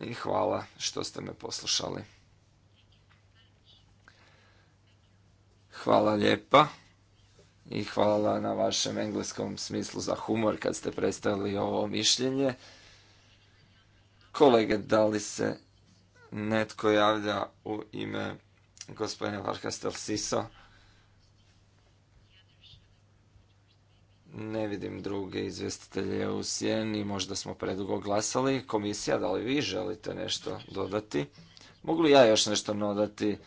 I hvala što ste me poslušali. Hvala lijepa i hvala na vašem engleskom smislu za humor kad ste predstavili ovo mišljenje. Kolege, da li se netko javlja u ime gospodina Varka Siso? Ne vidim druge izvjestitelje u sjeni, možda smo predugo glasali. Komisija, da li vi želite nešto dodati? Mogu li ja još nešto dodati?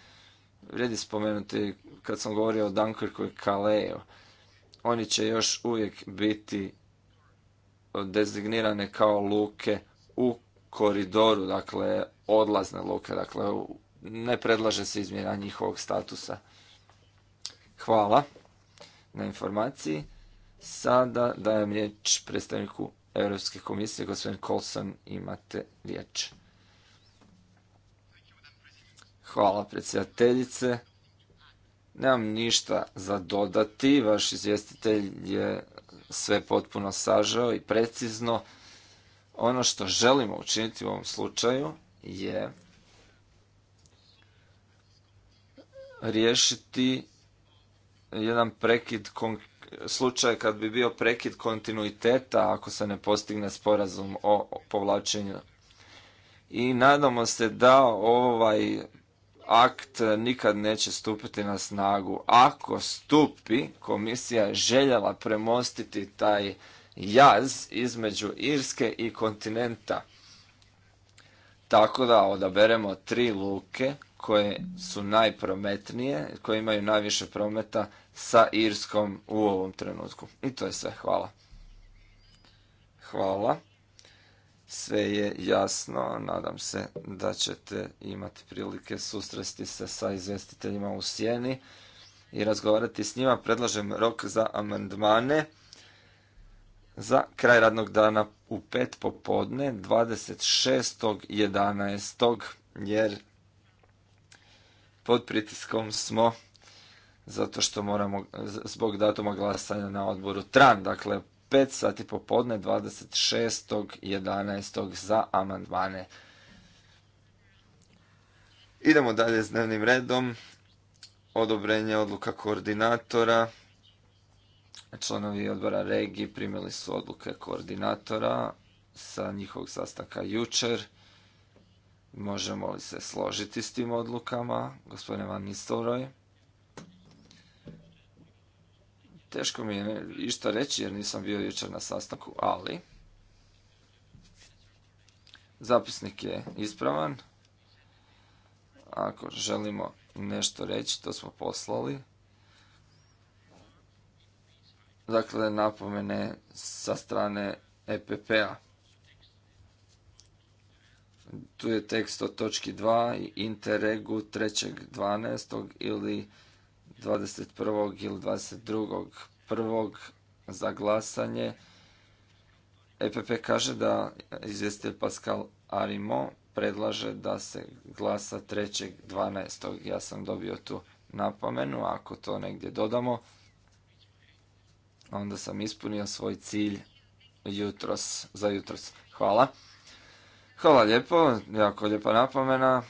Vrijedi spomenuti kad sam govorio o Dunkirku i Kaleju. Oni će još uvijek biti dezignirane kao luke u koridoru, dakle odlazne luke, dakle ne predlaže se izmjena njihovog statusa. Hvala na informaciji. Sada dajem riječ predstavniku Europske komisije, gospodin Colson, imate riječ. Hvala predsjedateljice. Nemam ništa za dodati, vaš izvjestitelj je sve potpuno sažao i precizno. Ono što želimo učiniti u ovom slučaju je riješiti jedan prekid slučaj kad bi bio prekid kontinuiteta ako se ne postigne sporazum o povlačenju. I nadamo se da ovaj akt nikad neće stupiti na snagu. Ako stupi, komisija željela premostiti taj jaz između Irske i kontinenta. Tako da odaberemo tri luke koje su najprometnije, koje imaju najviše prometa sa Irskom u ovom trenutku. I to je sve. Hvala. Hvala. Sve je jasno. Nadam se da ćete imati prilike susresti se sa izvjestiteljima u sjeni i razgovarati s njima. Predlažem rok za amandmane za kraj radnog dana u pet popodne 26.11. jer pod pritiskom smo zato što moramo zbog datuma glasanja na odboru TRAN, dakle 5 sati popodne 26.11. za amandmane. Idemo dalje s dnevnim redom. Odobrenje odluka koordinatora. Članovi odbora regiji primili su odluke koordinatora sa njihovog sastanka jučer. Možemo li se složiti s tim odlukama, gospodine Van Nistelrooy? Teško mi je išta reći jer nisam bio jučer na sastanku, ali zapisnik je ispravan. Ako želimo nešto reći, to smo poslali. Dakle, napomene sa strane EPP-a. Tu je tekst od točki 2 i Interregu 3.12. ili 21. ili 22. prvog za glasanje. EPP kaže da izvjestitelj Pascal Arimo predlaže da se glasa 12. Ja sam dobio tu napomenu, ako to negdje dodamo, onda sam ispunio svoj cilj jutros, za jutros. Hvala. Hvala lijepo, jako lijepa napomena.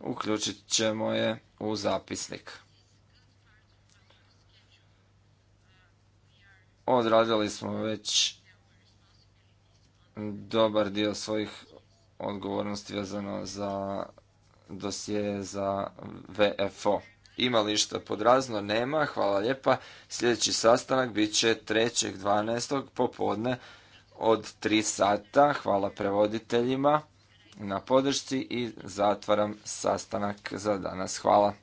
Uključit ćemo je u zapisnik. Odradili smo već dobar dio svojih odgovornosti vezano za dosije za VFO. Ima li što podrazno? Nema. Hvala lijepa. Sljedeći sastanak bit će 3.12. popodne od 3 sata. Hvala prevoditeljima na podršci i zatvaram sastanak za danas. Hvala.